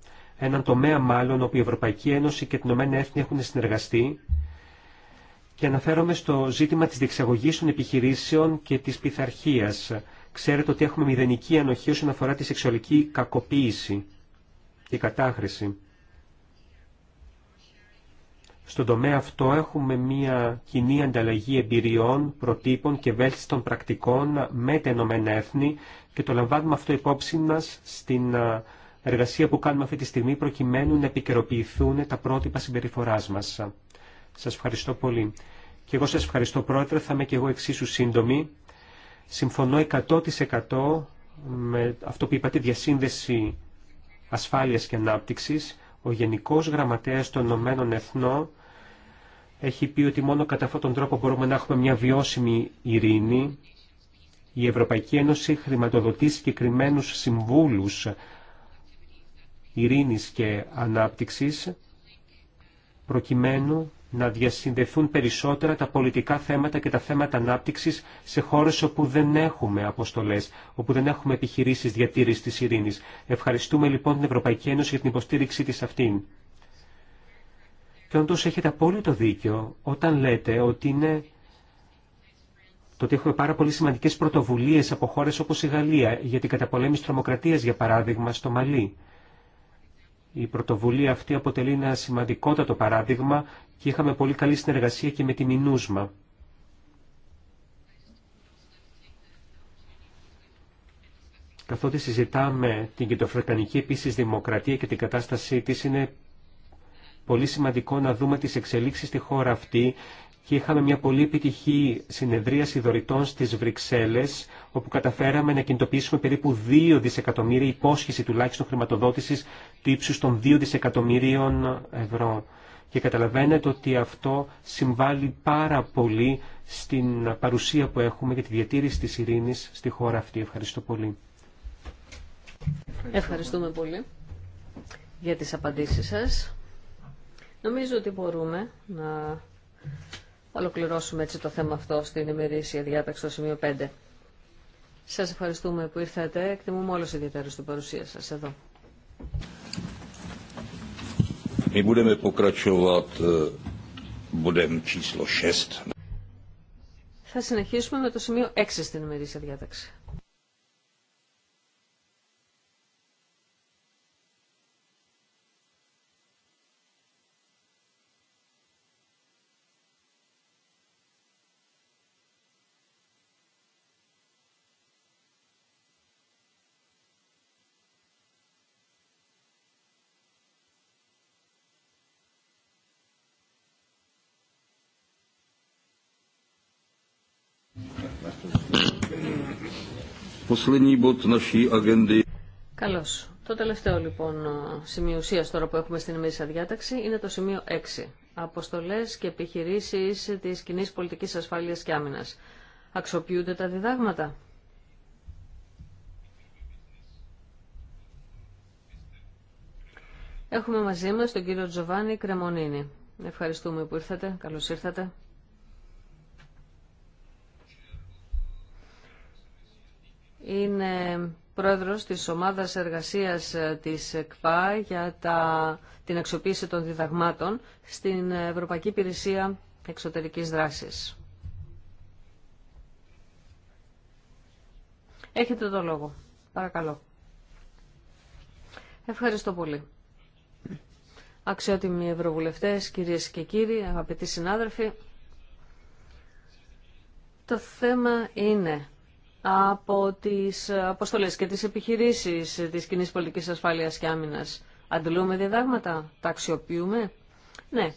έναν τομέα μάλλον όπου η Ευρωπαϊκή Ένωση και την ΕΕ Έθνη έχουν συνεργαστεί και αναφέρομαι στο ζήτημα της διεξαγωγής των επιχειρήσεων και της πειθαρχία. Ξέρετε ότι έχουμε μηδενική ανοχή όσον αφορά τη σεξουαλική κακοποίηση και κατάχρηση. Στον τομέα αυτό έχουμε μία κοινή ανταλλαγή εμπειριών, προτύπων και βέλτιστων πρακτικών με τα Ηνωμένα Έθνη και το λαμβάνουμε αυτό υπόψη μας στην εργασία που κάνουμε αυτή τη στιγμή προκειμένου να επικαιροποιηθούν τα πρότυπα συμπεριφορά μα. Σα ευχαριστώ πολύ. Και εγώ σα ευχαριστώ, Πρόεδρε. Θα είμαι και εγώ εξίσου σύντομη. Συμφωνώ 100% με αυτό που είπατε, διασύνδεση ασφάλεια και ανάπτυξη. Ο Γενικό Γραμματέα των Ηνωμένων Εθνών έχει πει ότι μόνο κατά αυτόν τον τρόπο μπορούμε να έχουμε μια βιώσιμη ειρήνη. Η Ευρωπαϊκή Ένωση χρηματοδοτεί συγκεκριμένου συμβούλου ειρήνης και ανάπτυξης, προκειμένου να διασυνδεθούν περισσότερα τα πολιτικά θέματα και τα θέματα ανάπτυξης σε χώρες όπου δεν έχουμε αποστολές, όπου δεν έχουμε επιχειρήσεις διατήρησης της ειρήνης. Ευχαριστούμε λοιπόν την Ευρωπαϊκή Ένωση για την υποστήριξή της αυτήν. Και όντω έχετε απόλυτο δίκιο όταν λέτε ότι είναι το ότι έχουμε πάρα πολύ σημαντικές πρωτοβουλίες από χώρες όπως η Γαλλία για την καταπολέμηση τρομοκρατίας, για παράδειγμα, στο Μαλί. Η πρωτοβουλία αυτή αποτελεί ένα σημαντικότατο παράδειγμα και είχαμε πολύ καλή συνεργασία και με τη Μινούσμα. Καθότι συζητάμε την κεντροφρικανική επίσης δημοκρατία και την κατάστασή της, είναι πολύ σημαντικό να δούμε τις εξελίξεις στη χώρα αυτή και είχαμε μια πολύ επιτυχή συνεδρία δωρητών στις Βρυξέλλες, όπου καταφέραμε να κινητοποιήσουμε περίπου 2 δισεκατομμύρια υπόσχεση τουλάχιστον χρηματοδότησης του ύψου των 2 δισεκατομμυρίων ευρώ. Και καταλαβαίνετε ότι αυτό συμβάλλει πάρα πολύ στην παρουσία που έχουμε για τη διατήρηση της ειρήνης στη χώρα αυτή. Ευχαριστώ πολύ. Ευχαριστούμε πολύ για τις απαντήσεις σας. Νομίζω ότι μπορούμε να ολοκληρώσουμε έτσι το θέμα αυτό στην ημερήσια διάταξη στο σημείο 5. Σας ευχαριστούμε που ήρθατε. Εκτιμούμε όλους ιδιαίτερους την παρουσία σας εδώ. Eh, Θα συνεχίσουμε με το σημείο 6 στην ημερήσια διάταξη. Καλώς. Το τελευταίο λοιπόν σημείο ουσίας τώρα που έχουμε στην εμείς διάταξη είναι το σημείο 6. Αποστολές και επιχειρήσεις της κοινή πολιτικής ασφάλειας και άμυνας. Αξιοποιούνται τα διδάγματα. Έχουμε μαζί μας τον κύριο Τζοβάνι Κρεμονίνη. Ευχαριστούμε που ήρθατε. Καλώς ήρθατε. είναι πρόεδρος της ομάδας εργασίας ε, της ΕΚΠΑ για τα, την αξιοποίηση των διδαγμάτων στην Ευρωπαϊκή Υπηρεσία Εξωτερικής Δράσης. Έχετε το λόγο. Παρακαλώ. Ευχαριστώ πολύ. Αξιότιμοι Ευρωβουλευτές, κυρίες και κύριοι, αγαπητοί συνάδελφοι, το θέμα είναι από τις αποστολές και τις επιχειρήσεις της κοινή πολιτικής ασφάλειας και άμυνας. Αντιλούμε διδάγματα, τα αξιοποιούμε. Ναι,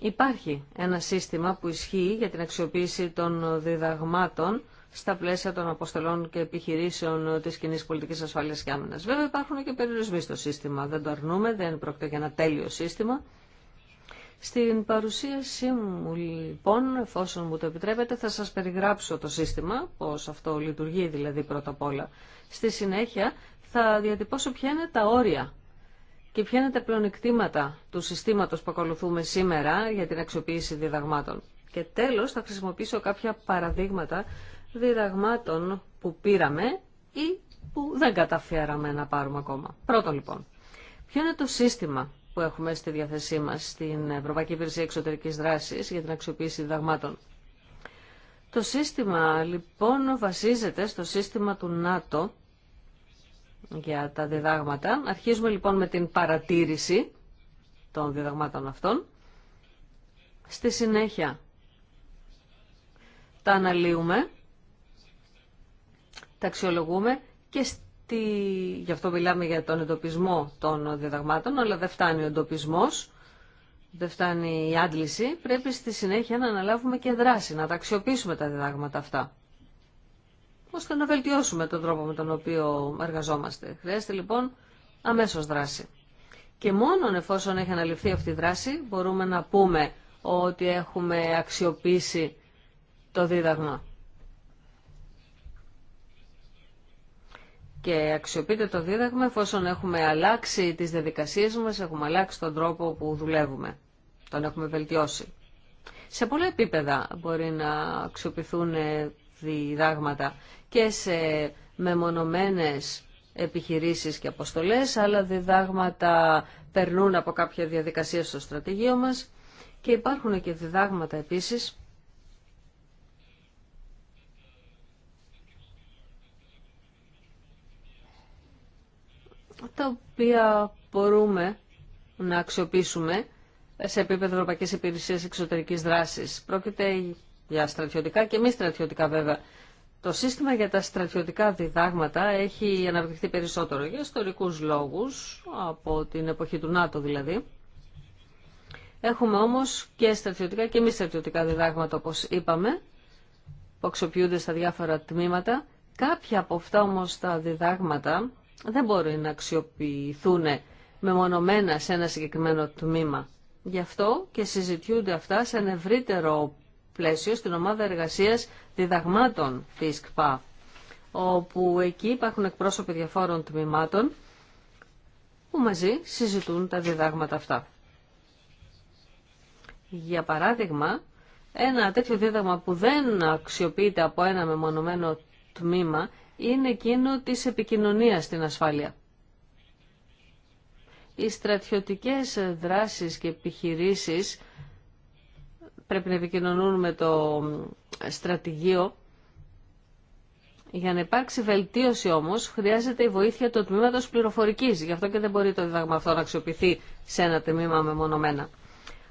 υπάρχει ένα σύστημα που ισχύει για την αξιοποίηση των διδαγμάτων στα πλαίσια των αποστολών και επιχειρήσεων τη κοινή πολιτική Ασφάλειας και άμυνα. Βέβαια υπάρχουν και περιορισμοί στο σύστημα. Δεν το αρνούμε, δεν πρόκειται για ένα τέλειο σύστημα. Στην παρουσίασή μου λοιπόν, εφόσον μου το επιτρέπετε, θα σας περιγράψω το σύστημα, πώς αυτό λειτουργεί δηλαδή πρώτα απ' όλα. Στη συνέχεια θα διατυπώσω ποια είναι τα όρια και ποια είναι τα πλονεκτήματα του συστήματος που ακολουθούμε σήμερα για την αξιοποίηση διδαγμάτων. Και τέλος θα χρησιμοποιήσω κάποια παραδείγματα διδαγμάτων που πήραμε ή που δεν καταφέραμε να πάρουμε ακόμα. Πρώτον λοιπόν, ποιο είναι το σύστημα που έχουμε στη διάθεσή μας στην Ευρωπαϊκή Υπηρεσία Εξωτερικής Δράσης για την αξιοποίηση διδαγμάτων. Το σύστημα λοιπόν βασίζεται στο σύστημα του ΝΑΤΟ για τα διδάγματα. Αρχίζουμε λοιπόν με την παρατήρηση των διδαγμάτων αυτών. Στη συνέχεια τα αναλύουμε, τα αξιολογούμε και τι γι' αυτό μιλάμε για τον εντοπισμό των διδαγμάτων, αλλά δεν φτάνει ο εντοπισμό δεν φτάνει η άντληση, πρέπει στη συνέχεια να αναλάβουμε και δράση, να τα αξιοποιήσουμε τα διδάγματα αυτά ώστε να βελτιώσουμε τον τρόπο με τον οποίο εργαζόμαστε. Χρειάζεται λοιπόν αμέσως δράση. Και μόνο εφόσον έχει αναλυφθεί αυτή η δράση μπορούμε να πούμε ότι έχουμε αξιοποιήσει το δίδαγμα. και αξιοποιείται το δίδαγμα εφόσον έχουμε αλλάξει τις διαδικασίες μας, έχουμε αλλάξει τον τρόπο που δουλεύουμε, τον έχουμε βελτιώσει. Σε πολλά επίπεδα μπορεί να αξιοποιηθούν ε, διδάγματα και σε μεμονωμένες επιχειρήσεις και αποστολές, άλλα διδάγματα περνούν από κάποια διαδικασία στο στρατηγείο μας και υπάρχουν και διδάγματα επίσης τα οποία μπορούμε να αξιοποιήσουμε σε επίπεδο Ευρωπαϊκής Υπηρεσίας Εξωτερικής Δράσης. Πρόκειται για στρατιωτικά και μη στρατιωτικά βέβαια. Το σύστημα για τα στρατιωτικά διδάγματα έχει αναπτυχθεί περισσότερο για ιστορικούς λόγους, από την εποχή του ΝΑΤΟ δηλαδή. Έχουμε όμως και στρατιωτικά και μη στρατιωτικά διδάγματα όπως είπαμε, που αξιοποιούνται στα διάφορα τμήματα. Κάποια από αυτά όμως τα διδάγματα δεν μπορεί να αξιοποιηθούν μεμονωμένα σε ένα συγκεκριμένο τμήμα. Γι' αυτό και συζητιούνται αυτά σε ένα ευρύτερο πλαίσιο στην ομάδα εργασίας διδαγμάτων της ΚΠΑ, όπου εκεί υπάρχουν εκπρόσωποι διαφόρων τμήματων που μαζί συζητούν τα διδάγματα αυτά. Για παράδειγμα, ένα τέτοιο δίδαγμα που δεν αξιοποιείται από ένα μεμονωμένο τμήμα είναι εκείνο της επικοινωνίας στην ασφάλεια. Οι στρατιωτικές δράσεις και επιχειρήσεις πρέπει να επικοινωνούν με το στρατηγείο. Για να υπάρξει βελτίωση όμως χρειάζεται η βοήθεια του τμήματος πληροφορικής. Γι' αυτό και δεν μπορεί το διδάγμα αυτό να αξιοποιηθεί σε ένα τμήμα μεμονωμένα.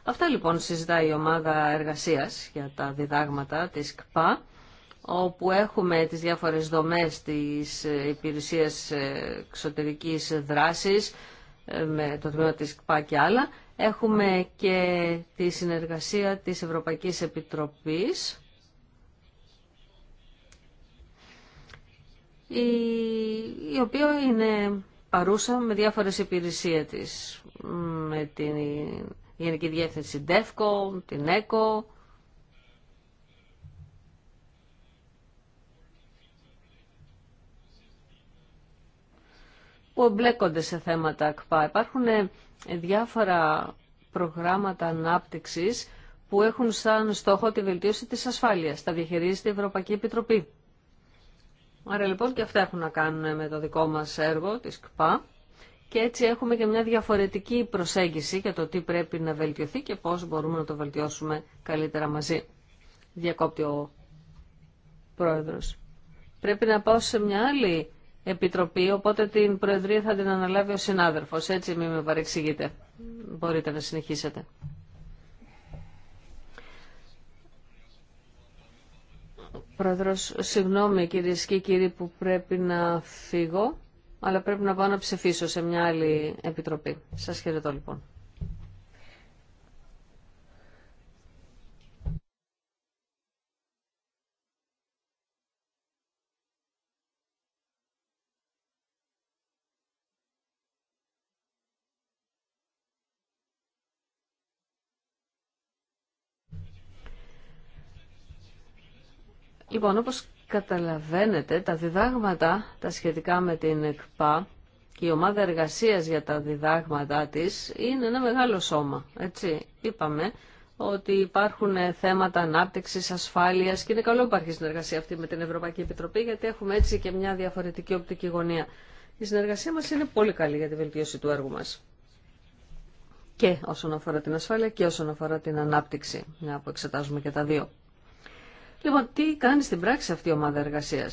Αυτά λοιπόν συζητάει η ομάδα εργασίας για τα διδάγματα της ΚΠΑ όπου έχουμε τις διάφορες δομές της υπηρεσίας εξωτερικής δράσης ε, με το τμήμα της ΚΠΑ και άλλα. Έχουμε και τη συνεργασία της Ευρωπαϊκής Επιτροπής. η, οποία είναι παρούσα με διάφορες υπηρεσίες της, με την Γενική Διεύθυνση ΔΕΦΚΟ, την ΕΚΟ, που σε θέματα ΑΚΠΑ. Υπάρχουν ε, διάφορα προγράμματα ανάπτυξης που έχουν σαν στόχο τη βελτίωση της ασφάλειας. Τα διαχειρίζεται η Ευρωπαϊκή Επιτροπή. Άρα λοιπόν και αυτά έχουν να κάνουν με το δικό μας έργο της ΚΠΑ και έτσι έχουμε και μια διαφορετική προσέγγιση για το τι πρέπει να βελτιωθεί και πώς μπορούμε να το βελτιώσουμε καλύτερα μαζί. Διακόπτει ο Πρόεδρος. Πρέπει να πάω σε μια άλλη επιτροπή, οπότε την Προεδρία θα την αναλάβει ο συνάδελφος. Έτσι μην με παρεξηγείτε. Μπορείτε να συνεχίσετε. Πρόεδρος, συγγνώμη κυρίε και κύριοι που πρέπει να φύγω, αλλά πρέπει να πάω να ψηφίσω σε μια άλλη επιτροπή. Σας χαιρετώ λοιπόν. Λοιπόν, όπως καταλαβαίνετε, τα διδάγματα τα σχετικά με την ΕΚΠΑ και η ομάδα εργασίας για τα διδάγματα της είναι ένα μεγάλο σώμα, έτσι. Είπαμε ότι υπάρχουν θέματα ανάπτυξης, ασφάλειας και είναι καλό που υπάρχει συνεργασία αυτή με την Ευρωπαϊκή Επιτροπή γιατί έχουμε έτσι και μια διαφορετική οπτική γωνία. Η συνεργασία μας είναι πολύ καλή για τη βελτίωση του έργου μας. Και όσον αφορά την ασφάλεια και όσον αφορά την ανάπτυξη, μια που εξετάζουμε και τα δύο. Λοιπόν, τι κάνει στην πράξη αυτή η ομάδα εργασία.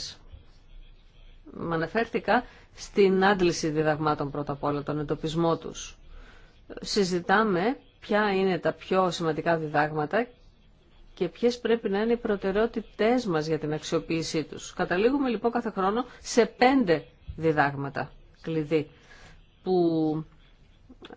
Με αναφέρθηκα στην άντληση διδαγμάτων πρώτα απ' όλα, τον εντοπισμό του. Συζητάμε ποια είναι τα πιο σημαντικά διδάγματα και ποιε πρέπει να είναι οι προτεραιότητέ μα για την αξιοποίησή τους. Καταλήγουμε λοιπόν κάθε χρόνο σε πέντε διδάγματα κλειδί που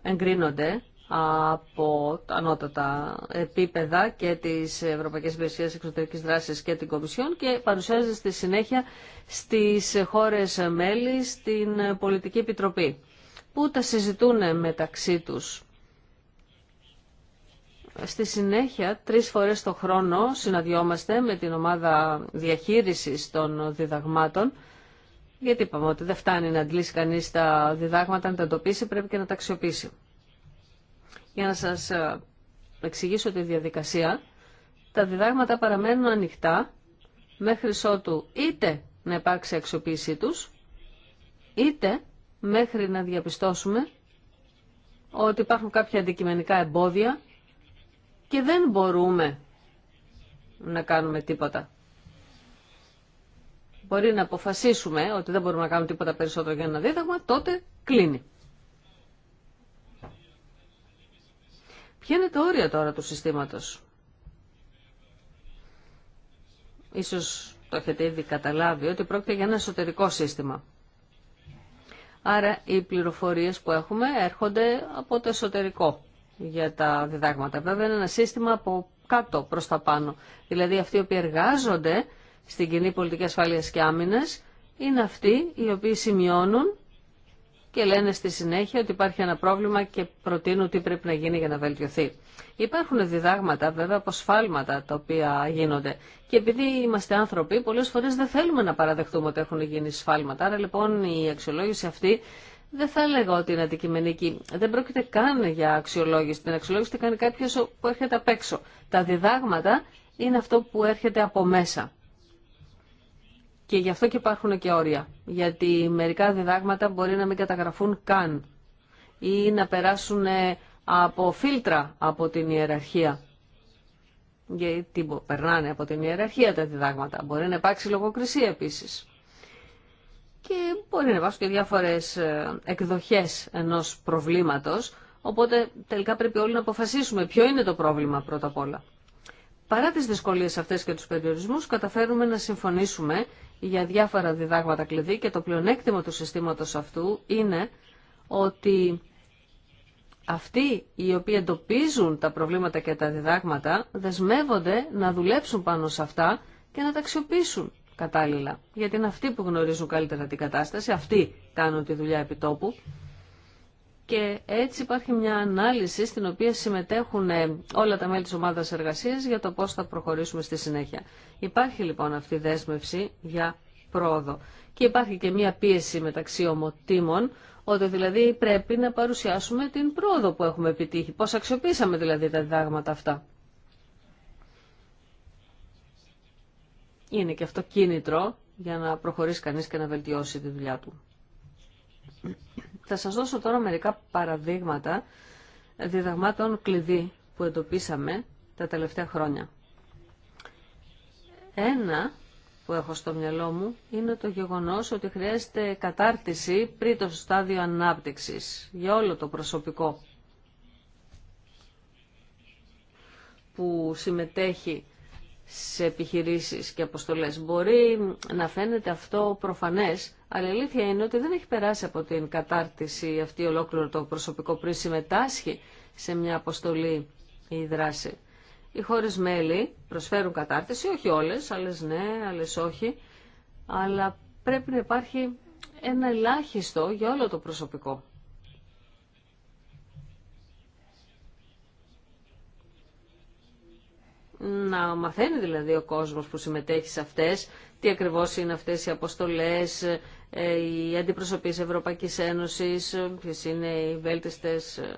εγκρίνονται από τα ανώτατα επίπεδα και της Ευρωπαϊκής Υπηρεσίας Εξωτερικής Δράσης και την Κομισιόν και παρουσιάζεται στη συνέχεια στις χώρες μέλη στην Πολιτική Επιτροπή που τα συζητούν μεταξύ τους. Στη συνέχεια, τρεις φορές το χρόνο συναντιόμαστε με την ομάδα διαχείρισης των διδαγμάτων γιατί είπαμε ότι δεν φτάνει να αντλήσει κανείς τα διδάγματα, να τα εντοπίσει, πρέπει και να τα αξιοποιήσει. Για να σας ε, εξηγήσω τη διαδικασία, τα διδάγματα παραμένουν ανοιχτά μέχρι ότου είτε να υπάρξει αξιοποίησή τους, είτε μέχρι να διαπιστώσουμε ότι υπάρχουν κάποια αντικειμενικά εμπόδια και δεν μπορούμε να κάνουμε τίποτα. Μπορεί να αποφασίσουμε ότι δεν μπορούμε να κάνουμε τίποτα περισσότερο για ένα δίδαγμα, τότε κλείνει. Ποια είναι τα όρια τώρα του συστήματος. Ίσως το έχετε ήδη καταλάβει ότι πρόκειται για ένα εσωτερικό σύστημα. Άρα οι πληροφορίες που έχουμε έρχονται από το εσωτερικό για τα διδάγματα. Βέβαια είναι ένα σύστημα από κάτω προς τα πάνω. Δηλαδή αυτοί οι οποίοι εργάζονται στην κοινή πολιτική ασφάλειας και άμυνας είναι αυτοί οι οποίοι σημειώνουν και λένε στη συνέχεια ότι υπάρχει ένα πρόβλημα και προτείνουν τι πρέπει να γίνει για να βελτιωθεί. Υπάρχουν διδάγματα βέβαια από σφάλματα τα οποία γίνονται. Και επειδή είμαστε άνθρωποι, πολλέ φορέ δεν θέλουμε να παραδεχτούμε ότι έχουν γίνει σφάλματα. Άρα λοιπόν η αξιολόγηση αυτή δεν θα έλεγα ότι είναι αντικειμενική. Δεν πρόκειται καν για αξιολόγηση. Την αξιολόγηση την κάνει κάποιο που έρχεται απ' έξω. Τα διδάγματα είναι αυτό που έρχεται από μέσα. Και γι' αυτό και υπάρχουν και όρια. Γιατί μερικά διδάγματα μπορεί να μην καταγραφούν καν ή να περάσουν ε, από φίλτρα από την ιεραρχία. Γιατί περνάνε από την ιεραρχία τα διδάγματα. Μπορεί να υπάρξει λογοκρισία επίσης. Και μπορεί να υπάρχουν και διάφορες ε, εκδοχές ενός προβλήματος, οπότε τελικά πρέπει όλοι να αποφασίσουμε ποιο είναι το πρόβλημα πρώτα απ' όλα. Παρά τις δυσκολίες αυτές και τους περιορισμούς, καταφέρουμε να συμφωνήσουμε για διάφορα διδάγματα κλειδί και το πλεονέκτημα του συστήματος αυτού είναι ότι αυτοί οι οποίοι εντοπίζουν τα προβλήματα και τα διδάγματα δεσμεύονται να δουλέψουν πάνω σε αυτά και να τα αξιοποιήσουν κατάλληλα. Γιατί είναι αυτοί που γνωρίζουν καλύτερα την κατάσταση, αυτοί κάνουν τη δουλειά επιτόπου και έτσι υπάρχει μια ανάλυση στην οποία συμμετέχουν ε, όλα τα μέλη της ομάδας εργασίας για το πώς θα προχωρήσουμε στη συνέχεια. Υπάρχει λοιπόν αυτή η δέσμευση για πρόοδο και υπάρχει και μια πίεση μεταξύ ομοτήμων ότι δηλαδή πρέπει να παρουσιάσουμε την πρόοδο που έχουμε επιτύχει. Πώς αξιοποίησαμε δηλαδή τα διδάγματα αυτά. Είναι και αυτό κίνητρο για να προχωρήσει κανείς και να βελτιώσει τη δουλειά του. Θα σας δώσω τώρα μερικά παραδείγματα διδαγμάτων κλειδί που εντοπίσαμε τα τελευταία χρόνια. Ένα που έχω στο μυαλό μου είναι το γεγονός ότι χρειάζεται κατάρτιση πριν το στάδιο ανάπτυξης για όλο το προσωπικό που συμμετέχει σε επιχειρήσεις και αποστολές. Μπορεί να φαίνεται αυτό προφανές, αλλά η αλήθεια είναι ότι δεν έχει περάσει από την κατάρτιση αυτή ολόκληρο το προσωπικό πριν συμμετάσχει σε μια αποστολή ή δράση. Οι χώρες μέλη προσφέρουν κατάρτιση, όχι όλες, άλλες ναι, άλλες όχι, αλλά πρέπει να υπάρχει ένα ελάχιστο για όλο το προσωπικό. να μαθαίνει δηλαδή ο κόσμος που συμμετέχει σε αυτές, τι ακριβώς είναι αυτές οι αποστολές, ε, οι αντιπροσωπείς Ευρωπαϊκής Ένωσης, ε, ποιες είναι οι βέλτιστες ε.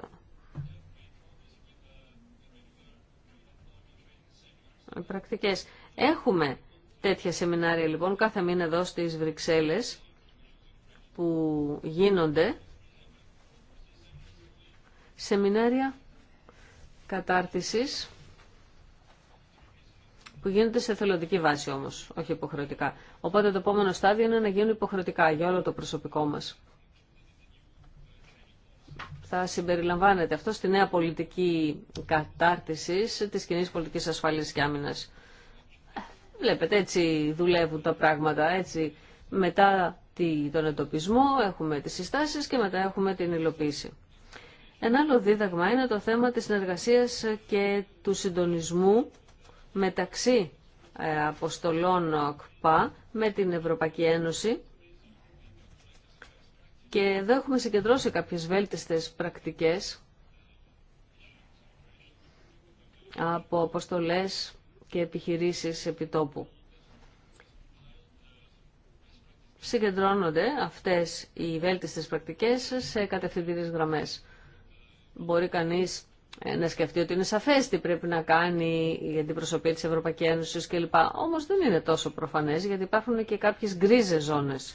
πρακτικές. Έχουμε τέτοια σεμινάρια λοιπόν κάθε μήνα εδώ στις Βρυξέλλες που γίνονται σεμινάρια κατάρτισης που γίνονται σε θελοντική βάση όμως, όχι υποχρεωτικά. Οπότε το επόμενο στάδιο είναι να γίνουν υποχρεωτικά για όλο το προσωπικό μας. Θα συμπεριλαμβάνεται αυτό στη νέα πολιτική κατάρτιση της κοινή πολιτικής ασφάλειας και άμυνας. Βλέπετε, έτσι δουλεύουν τα πράγματα, έτσι μετά τον εντοπισμό έχουμε τις συστάσει και μετά έχουμε την υλοποίηση. Ένα άλλο δίδαγμα είναι το θέμα της συνεργασίας και του συντονισμού μεταξύ ε, αποστολών ΟΚΠΑ με την Ευρωπαϊκή Ένωση και εδώ έχουμε συγκεντρώσει κάποιες βέλτιστες πρακτικές από αποστολές και επιχειρήσεις επιτόπου. Συγκεντρώνονται αυτές οι βέλτιστες πρακτικές σε κατευθυντήριες γραμμές. Μπορεί κανείς ε, να σκεφτεί ότι είναι σαφές τι πρέπει να κάνει η αντιπροσωπεία τη Ευρωπαϊκή Ένωση κλπ. Όμως δεν είναι τόσο προφανές γιατί υπάρχουν και κάποιες γκρίζε ζώνες.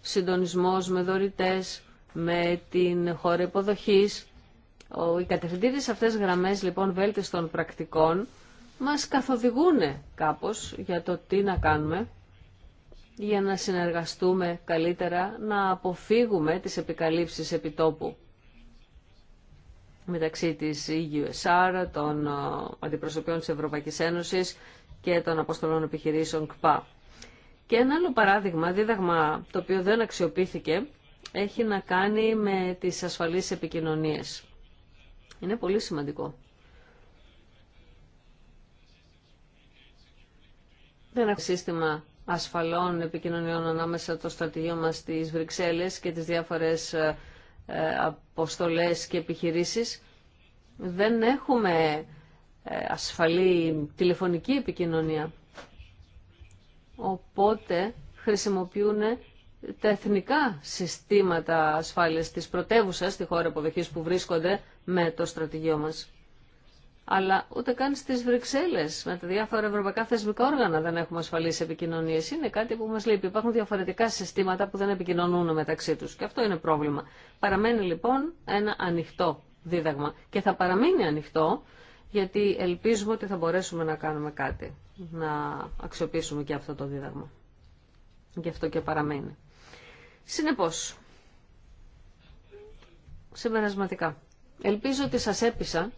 Συντονισμό με δωρητέ με την χώρα υποδοχή, Οι κατευθυντήριε αυτές γραμμές λοιπόν βέλτιστων πρακτικών μας καθοδηγούν κάπως για το τι να κάνουμε για να συνεργαστούμε καλύτερα, να αποφύγουμε τις επικαλύψεις επιτόπου μεταξύ της EUSR, των ε, αντιπροσωπιών της Ευρωπαϊκής Ένωσης και των αποστολών επιχειρήσεων ΚΠΑ. Και ένα άλλο παράδειγμα, δίδαγμα το οποίο δεν αξιοποιήθηκε, έχει να κάνει με τις ασφαλείς επικοινωνίες. Είναι πολύ σημαντικό. Δεν έχουμε σύστημα ασφαλών επικοινωνιών ανάμεσα το στρατηγείο μας στις Βρυξέλλες και τις διάφορες ε, ε, αποστολές και επιχειρήσεις. Δεν έχουμε ε, ασφαλή τηλεφωνική επικοινωνία. Οπότε χρησιμοποιούν τα εθνικά συστήματα ασφάλειας της πρωτεύουσας, στη χώρα αποδοχής που βρίσκονται, με το στρατηγείο μας αλλά ούτε καν στι Βρυξέλλε με τα διάφορα ευρωπαϊκά θεσμικά όργανα δεν έχουμε ασφαλεί επικοινωνίε Είναι κάτι που μας λείπει. Υπάρχουν διαφορετικά συστήματα που δεν επικοινωνούν μεταξύ του. και αυτό είναι πρόβλημα. Παραμένει λοιπόν ένα ανοιχτό δίδαγμα και θα παραμείνει ανοιχτό γιατί ελπίζουμε ότι θα μπορέσουμε να κάνουμε κάτι, να αξιοποιήσουμε και αυτό το δίδαγμα. Γι' αυτό και παραμένει. Συνεπώ. συμπερασματικά, ελπίζω ότι σας έπεισα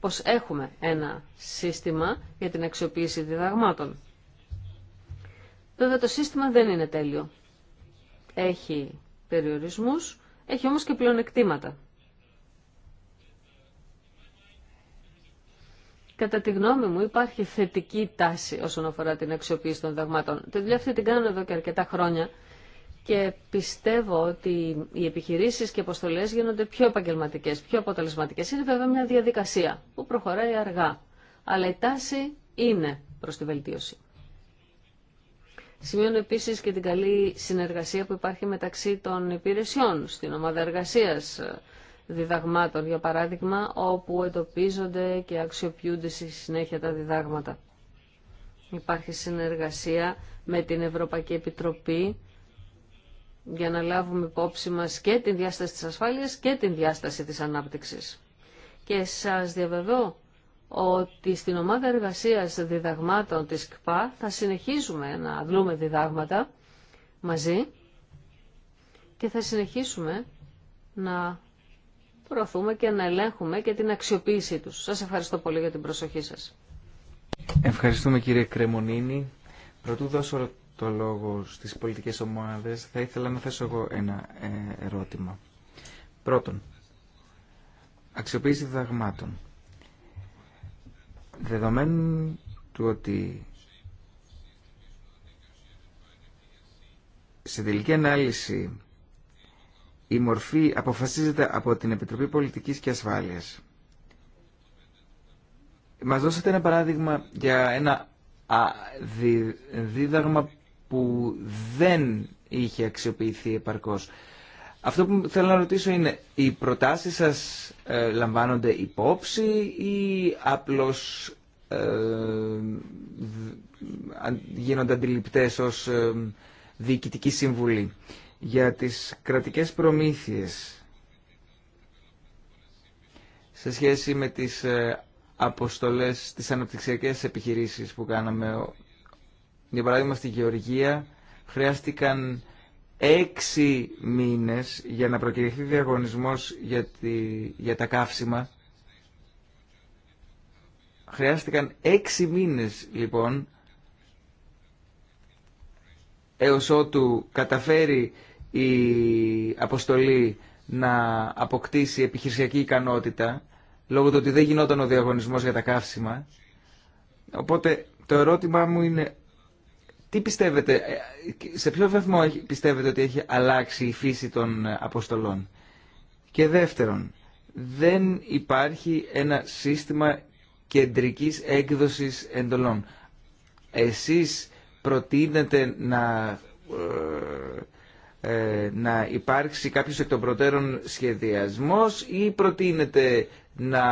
πως έχουμε ένα σύστημα για την αξιοποίηση διδαγμάτων. Βέβαια το σύστημα δεν είναι τέλειο. Έχει περιορισμούς, έχει όμως και πλεονεκτήματα. Κατά τη γνώμη μου υπάρχει θετική τάση όσον αφορά την αξιοποίηση των διδαγμάτων. Τη δουλειά αυτή την κάνω εδώ και αρκετά χρόνια και πιστεύω ότι οι επιχειρήσει και αποστολέ γίνονται πιο επαγγελματικέ, πιο αποτελεσματικέ ή βέβαια μια διαδικασία που προχωράει αργά. Αλλά Είναι βέβαια μια διαδικασία που προχωράει αργά, αλλά η τάση είναι προ τη βελτίωση. Σημειώνω επίση και την καλή συνεργασία που υπάρχει μεταξύ των υπηρεσιών στην ομάδα εργασία διδαγμάτων, για παράδειγμα, όπου εντοπίζονται και αξιοποιούνται στη συνέχεια τα διδάγματα. Υπάρχει συνεργασία με την Ευρωπαϊκή Επιτροπή για να λάβουμε υπόψη μας και την διάσταση της ασφάλειας και την διάσταση της ανάπτυξης. Και σας διαβεβαιώ ότι στην ομάδα εργασίας διδαγμάτων της ΚΠΑ θα συνεχίζουμε να δούμε διδάγματα μαζί και θα συνεχίσουμε να προωθούμε και να ελέγχουμε και την αξιοποίησή τους. Σας ευχαριστώ πολύ για την προσοχή σας. Ευχαριστούμε κύριε Κρεμονίνη. Πρωτού δώσω το λόγο στις πολιτικές ομάδες, θα ήθελα να θέσω εγώ ένα ε, ερώτημα. Πρώτον, αξιοποίηση δαγμάτων Δεδομένου του ότι σε τελική ανάλυση η μορφή αποφασίζεται από την Επιτροπή Πολιτικής και Ασφάλειας. Μας δώσατε ένα παράδειγμα για ένα δίδαγμα που δεν είχε αξιοποιηθεί επαρκώς. Αυτό που θέλω να ρωτήσω είναι, οι προτάσεις σας ε, λαμβάνονται υπόψη ή απλώς ε, γίνονται αντιληπτές ως ε, διοικητική συμβουλή. Για τις κρατικές προμήθειες σε σχέση με τις αποστολές, τις αναπτυξιακές επιχειρήσεις που κάναμε για παράδειγμα στη Γεωργία, χρειάστηκαν έξι μήνες για να προκυρηθεί διαγωνισμός για, τη, για τα καύσιμα. Χρειάστηκαν έξι μήνες λοιπόν έως ότου καταφέρει η αποστολή να αποκτήσει επιχειρησιακή ικανότητα λόγω του ότι δεν γινόταν ο διαγωνισμός για τα καύσιμα. Οπότε το ερώτημά μου είναι τι πιστεύετε, ε, σε ποιο βαθμό πιστεύετε ότι έχει αλλάξει η φύση των αποστολών. Και δεύτερον, δεν υπάρχει ένα σύστημα κεντρικής έκδοσης εντολών. Εσείς προτείνετε να ε, ε, να υπάρξει κάποιος εκ των προτέρων σχεδιασμός ή προτείνεται να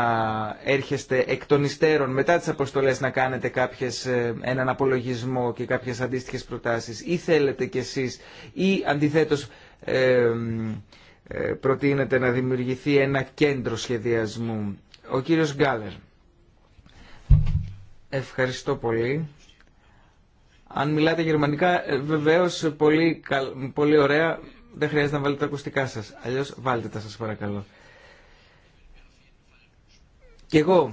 έρχεστε εκ των υστέρων μετά τις αποστολές να κάνετε κάποιες, ε, έναν απολογισμό και κάποιες αντίστοιχες προτάσεις ή θέλετε κι εσείς ή αντιθέτως ε, ε προτείνεται να δημιουργηθεί ένα κέντρο σχεδιασμού. Ο κύριος Γκάλερ. Ευχαριστώ πολύ. Αν μιλάτε γερμανικά, ε, βεβαίω πολύ, πολύ ωραία, δεν χρειάζεται να βάλετε τα ακουστικά σας. Αλλιώς βάλτε τα σας παρακαλώ. Και εγώ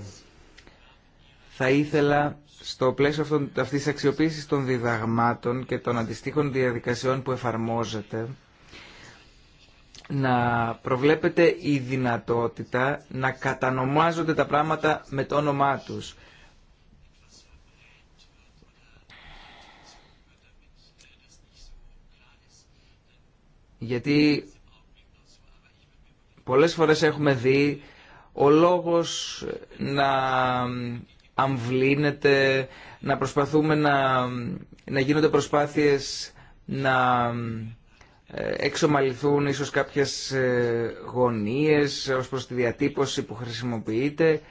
θα ήθελα στο πλαίσιο αυτών, αυτής της των διδαγμάτων και των αντιστοίχων διαδικασιών που εφαρμόζεται να προβλέπετε η δυνατότητα να κατανομάζονται τα πράγματα με το όνομά τους. γιατί πολλές φορές έχουμε δει ο λόγος να αμβλύνεται, να προσπαθούμε να, να γίνονται προσπάθειες να ε, εξομαλυθούν ίσως κάποιες ε, γωνίες ως προς τη διατύπωση που χρησιμοποιείται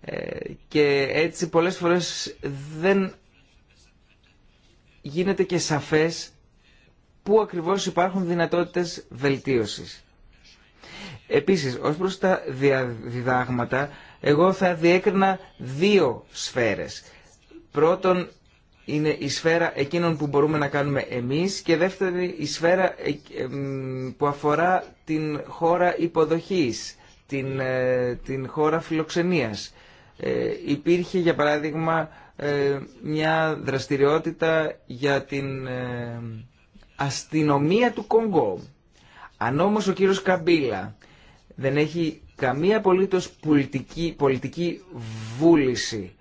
ε, και έτσι πολλές φορές δεν γίνεται και σαφές πού ακριβώς υπάρχουν δυνατότητες βελτίωσης. Επίσης, ως προς τα διδάγματα, εγώ θα διέκρινα δύο σφαίρες. Πρώτον, είναι η σφαίρα εκείνων που μπορούμε να κάνουμε εμείς και δεύτερη η σφαίρα ε, που αφορά την χώρα υποδοχής, την, ε, την χώρα φιλοξενίας. Ε, υπήρχε για παράδειγμα ε, μια δραστηριότητα για την αστυνομία του Κονγκό. Αν όμως ο κύριος Καμπίλα δεν έχει καμία απολύτως πολιτική, πολιτική βούληση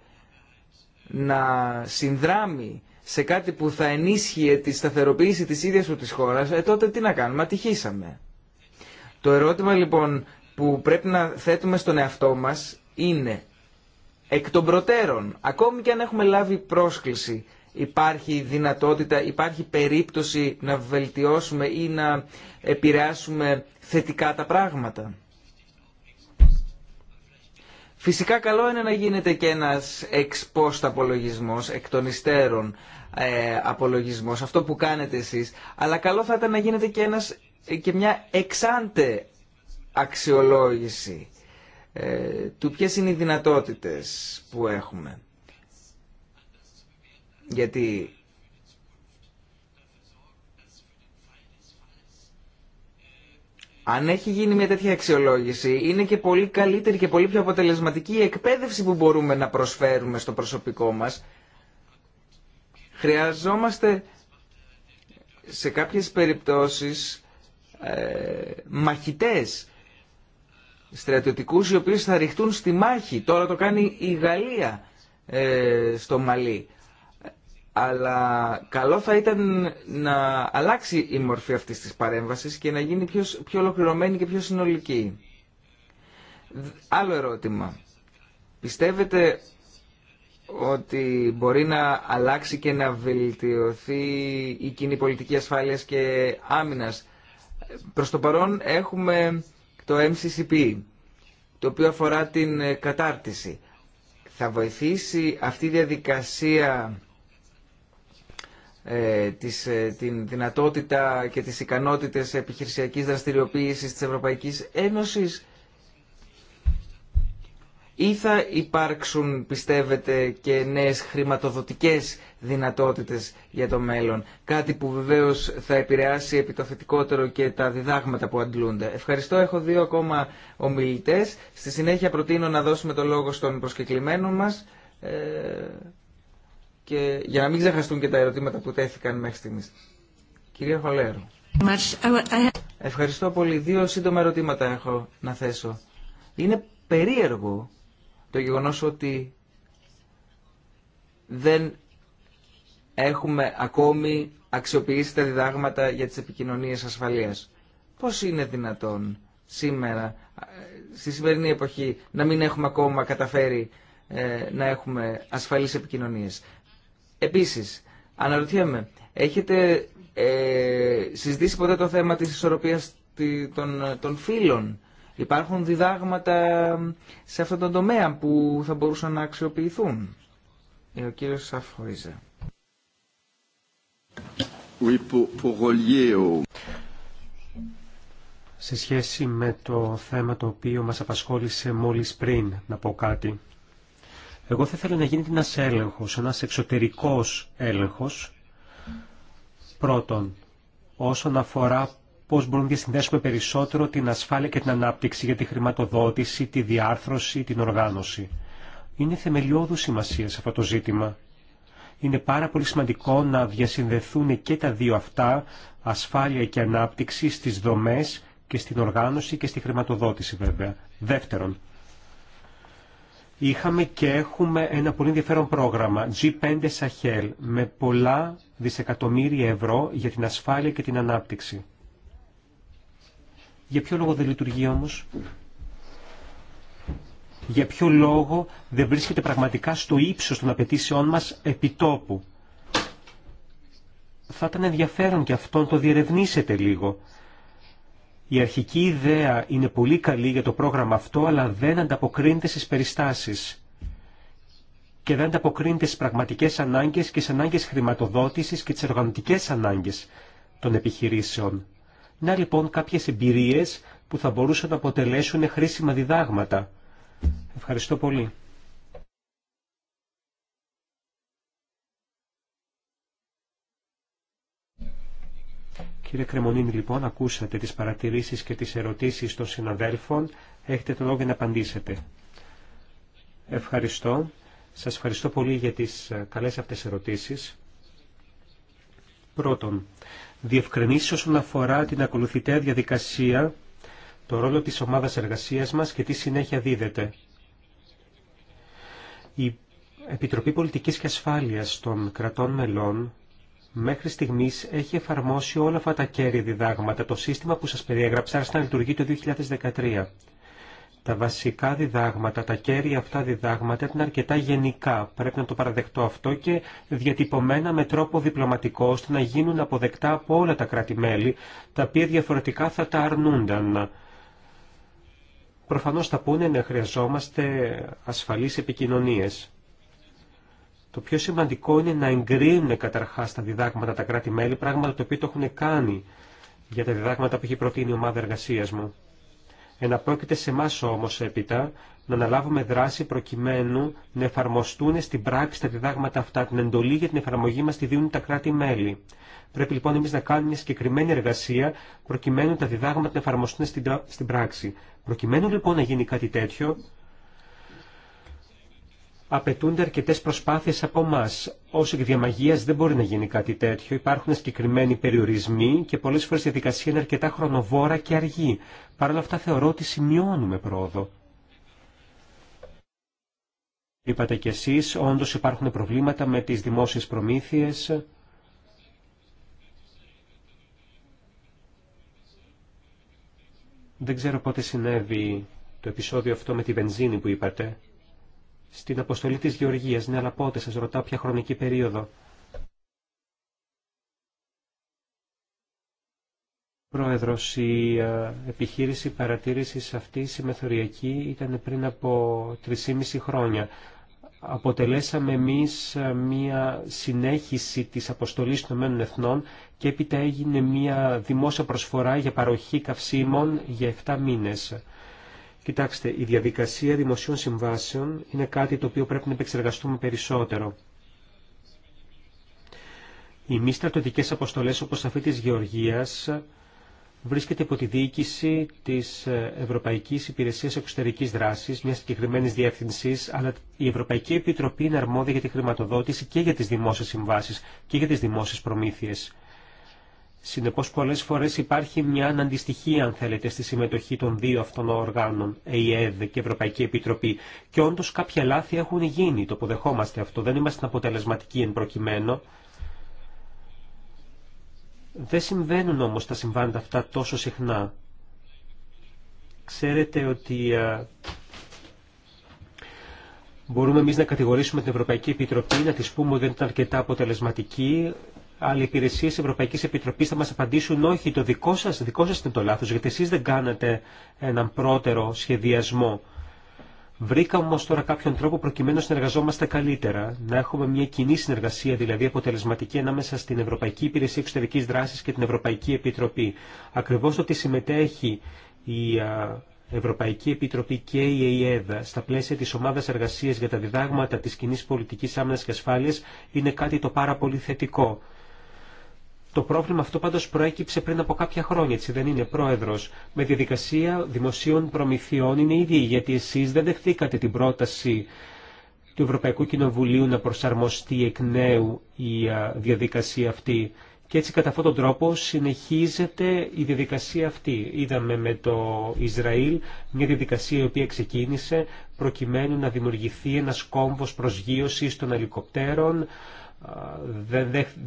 να συνδράμει σε κάτι που θα ενίσχυε τη σταθεροποίηση της ίδιας του της χώρας, ε, τότε τι να κάνουμε, ατυχήσαμε. Το ερώτημα λοιπόν που πρέπει να θέτουμε στον εαυτό μας είναι εκ των προτέρων, ακόμη και αν έχουμε λάβει πρόσκληση υπάρχει δυνατότητα, υπάρχει περίπτωση να βελτιώσουμε ή να επηρεάσουμε θετικά τα πράγματα. Φυσικά καλό είναι να γίνεται και ένας εξπόστα απολογισμός, εκ των υστέρων ε, απολογισμός, αυτό που κάνετε εσείς, αλλά καλό θα ήταν να γίνεται και, ένας, και μια εξάντε αξιολόγηση ε, του ποιες είναι οι δυνατότητες που έχουμε γιατί αν έχει γίνει μια τέτοια αξιολόγηση, είναι και πολύ καλύτερη και πολύ πιο αποτελεσματική η εκπαίδευση που μπορούμε να προσφέρουμε στο προσωπικό μας. Χρειαζόμαστε σε κάποιες περιπτώσεις ε, μαχητές, στρατιωτικούς οι οποίοι θα ρηχτούν στη μάχη. Τώρα το κάνει η Γαλλία ε, στο Μαλί αλλά καλό θα ήταν να αλλάξει η μορφή αυτής της παρέμβασης και να γίνει πιο, πιο ολοκληρωμένη και πιο συνολική. Άλλο ερώτημα. Πιστεύετε ότι μπορεί να αλλάξει και να βελτιωθεί η κοινή πολιτική ασφάλειας και άμυνας. Προς το παρόν έχουμε το MCCP, το οποίο αφορά την ε, κατάρτιση. Θα βοηθήσει αυτή η διαδικασία ε, της, ε, την δυνατότητα και τις ικανότητες επιχειρησιακής δραστηριοποίησης της Ευρωπαϊκής Ένωσης ή θα υπάρξουν πιστεύετε και νέες χρηματοδοτικές δυνατότητες για το μέλλον κάτι που βεβαίως θα επηρεάσει επί και τα διδάγματα που αντλούνται. Ευχαριστώ, έχω δύο ακόμα ομιλητές. Στη συνέχεια προτείνω να δώσουμε το λόγο στον προσκεκλημένο μας ε, και για να μην ξεχαστούν και τα ερωτήματα που τέθηκαν μέχρι στιγμή. Κυρία Χολέρο. Ευχαριστώ πολύ. Δύο σύντομα ερωτήματα έχω να θέσω. Είναι περίεργο το γεγονός ότι δεν έχουμε ακόμη αξιοποιήσει τα διδάγματα για τις επικοινωνίες ασφαλείας. Πώς είναι δυνατόν σήμερα, στη σημερινή εποχή, να μην έχουμε ακόμα καταφέρει ε, να έχουμε ασφαλείς επικοινωνίες. Επίσης, αναρωτιέμαι, έχετε ε, συζητήσει ποτέ το θέμα της ισορροπίας των, των φύλων. Υπάρχουν διδάγματα σε αυτόν τον τομέα που θα μπορούσαν να αξιοποιηθούν. Ε, ο κύριος Σαφχοίζα. Oui, Σε σχέση με το θέμα το οποίο μας απασχόλησε μόλις πριν, να πω κάτι. Εγώ θα ήθελα να γίνει ένας έλεγχος, ένας εξωτερικός έλεγχος. Πρώτον, όσον αφορά πώς μπορούμε να συνδέσουμε περισσότερο την ασφάλεια και την ανάπτυξη για τη χρηματοδότηση, τη διάρθρωση, την οργάνωση. Είναι θεμελιώδου σημασία σε αυτό το ζήτημα. Είναι πάρα πολύ σημαντικό να διασυνδεθούν και τα δύο αυτά, ασφάλεια και ανάπτυξη, στις δομές και στην οργάνωση και στη χρηματοδότηση βέβαια. Δεύτερον, είχαμε και έχουμε ένα πολύ ενδιαφέρον πρόγραμμα G5 Σαχέλ, με πολλά δισεκατομμύρια ευρώ για την ασφάλεια και την ανάπτυξη. Για ποιο λόγο δεν λειτουργεί όμως? Για ποιο λόγο δεν βρίσκεται πραγματικά στο ύψος των απαιτήσεών μας επιτόπου. Θα ήταν ενδιαφέρον και αυτόν το διερευνήσετε λίγο. Η αρχική ιδέα είναι πολύ καλή για το πρόγραμμα αυτό, αλλά δεν ανταποκρίνεται στις περιστάσεις και δεν ανταποκρίνεται στις πραγματικές ανάγκες και στις ανάγκες χρηματοδότησης και τις οργανωτικές ανάγκες των επιχειρήσεων. Να λοιπόν κάποιες εμπειρίες που θα μπορούσαν να αποτελέσουν χρήσιμα διδάγματα. Ευχαριστώ πολύ. Κύριε Κρεμονίνη, λοιπόν, ακούσατε τις παρατηρήσεις και τις ερωτήσεις των συναδέλφων. Έχετε το λόγο για να απαντήσετε. Ευχαριστώ. Σας ευχαριστώ πολύ για τις ε, καλές αυτές ερωτήσεις. Πρώτον, διευκρινήσεις όσον αφορά την ακολουθητέα διαδικασία, το ρόλο της ομάδας εργασίας μας και τι συνέχεια δίδεται. Η Επιτροπή Πολιτικής και Ασφάλειας των κρατών μελών μέχρι στιγμής έχει εφαρμόσει όλα αυτά τα κέρια διδάγματα, το σύστημα που σας περιέγραψα άρχισε να λειτουργεί το 2013. Τα βασικά διδάγματα, τα κέρια αυτά διδάγματα ήταν αρκετά γενικά, πρέπει να το παραδεχτώ αυτό και διατυπωμένα με τρόπο διπλωματικό ώστε να γίνουν αποδεκτά από όλα τα κράτη-μέλη, τα οποία διαφορετικά θα τα αρνούνταν. Προφανώς θα πούνε να χρειαζόμαστε ασφαλείς επικοινωνίες. Το πιο σημαντικό είναι να εγκρίνουν καταρχά τα διδάγματα τα κράτη-μέλη, πράγμα το οποίο το έχουν κάνει για τα διδάγματα που έχει προτείνει η ομάδα εργασία μου. Εναπόκειται σε εμά όμω έπειτα να αναλάβουμε δράση προκειμένου να εφαρμοστούν στην πράξη τα διδάγματα αυτά. Την εντολή για την εφαρμογή μα τη δίνουν τα κράτη-μέλη. Πρέπει λοιπόν εμεί να κάνουμε μια συγκεκριμένη εργασία προκειμένου τα διδάγματα να εφαρμοστούν στην πράξη. Προκειμένου λοιπόν να γίνει κάτι τέτοιο, απαιτούνται αρκετέ προσπάθειε από εμά. Όσο και διαμαγεία δεν μπορεί να γίνει κάτι τέτοιο. Υπάρχουν συγκεκριμένοι περιορισμοί και πολλέ φορέ η διαδικασία είναι αρκετά χρονοβόρα και αργή. Παρ' όλα αυτά θεωρώ ότι σημειώνουμε πρόοδο. Είπατε κι εσεί όντω υπάρχουν προβλήματα με τις δημόσιες προμήθειε. Δεν ξέρω πότε συνέβη το επεισόδιο αυτό με τη βενζίνη που είπατε στην αποστολή της Γεωργίας. Ναι, αλλά πότε σας ρωτάω ποια χρονική περίοδο. Πρόεδρος, η ε, επιχείρηση παρατήρησης αυτή η μεθοριακή ήταν πριν από 3,5 χρόνια. Αποτελέσαμε εμείς ε, μία συνέχιση της αποστολής των Ηνωμένων Εθνών και έπειτα έγινε μία δημόσια προσφορά για παροχή καυσίμων για 7 μήνες. Κοιτάξτε, η διαδικασία δημοσίων συμβάσεων είναι κάτι το οποίο πρέπει να επεξεργαστούμε περισσότερο. Οι μη στρατοτικέ αποστολές όπως αυτή της Γεωργίας βρίσκεται υπό τη διοίκηση της Ευρωπαϊκής Υπηρεσίας Εξωτερικής Δράσης, μιας συγκεκριμένη διεύθυνση, αλλά η Ευρωπαϊκή Επιτροπή είναι αρμόδια για τη χρηματοδότηση και για τι δημόσιες συμβάσει και για τι δημόσιες προμήθειες. Συνεπώς πολλές φορές υπάρχει μια αναντιστοιχία αν θέλετε στη συμμετοχή των δύο αυτών οργάνων, ΕΕΔ και Ευρωπαϊκή Επιτροπή και όντως κάποια λάθη έχουν γίνει, το αποδεχόμαστε αυτό, δεν είμαστε αποτελεσματικοί εν προκειμένου. Δεν συμβαίνουν όμως τα συμβάντα αυτά τόσο συχνά. Ξέρετε ότι μπορούμε εμεί να κατηγορήσουμε την Ευρωπαϊκή Επιτροπή, να τη πούμε ότι δεν ήταν αρκετά αποτελεσματική αλλά οι υπηρεσίε Ευρωπαϊκή Επιτροπή θα μα απαντήσουν όχι, το δικό σα δικό σας είναι το λάθο, γιατί εσεί δεν κάνατε έναν πρώτερο σχεδιασμό. Βρήκα όμω τώρα κάποιον τρόπο προκειμένου να συνεργαζόμαστε καλύτερα, να έχουμε μια κοινή συνεργασία δηλαδή αποτελεσματική ανάμεσα στην Ευρωπαϊκή Υπηρεσία Εξωτερική Δράση και την Ευρωπαϊκή Επιτροπή. Ακριβώ ότι συμμετέχει η Ευρωπαϊκή Επιτροπή και η ΕΕΔ στα πλαίσια τη ομάδα εργασία για τα διδάγματα τη κοινή πολιτική άμυνα και ασφάλεια είναι κάτι το πάρα πολύ θετικό. Το πρόβλημα αυτό πάντως προέκυψε πριν από κάποια χρόνια, έτσι δεν είναι πρόεδρος. Με διαδικασία δημοσίων προμηθειών είναι ήδη, γιατί εσείς δεν δεχτήκατε την πρόταση του Ευρωπαϊκού Κοινοβουλίου να προσαρμοστεί εκ νέου η διαδικασία αυτή. Και έτσι κατά αυτόν τον τρόπο συνεχίζεται η διαδικασία αυτή. Είδαμε με το Ισραήλ μια διαδικασία η οποία ξεκίνησε προκειμένου να δημιουργηθεί ένας κόμβος προσγείωσης των ελικοπτέρων,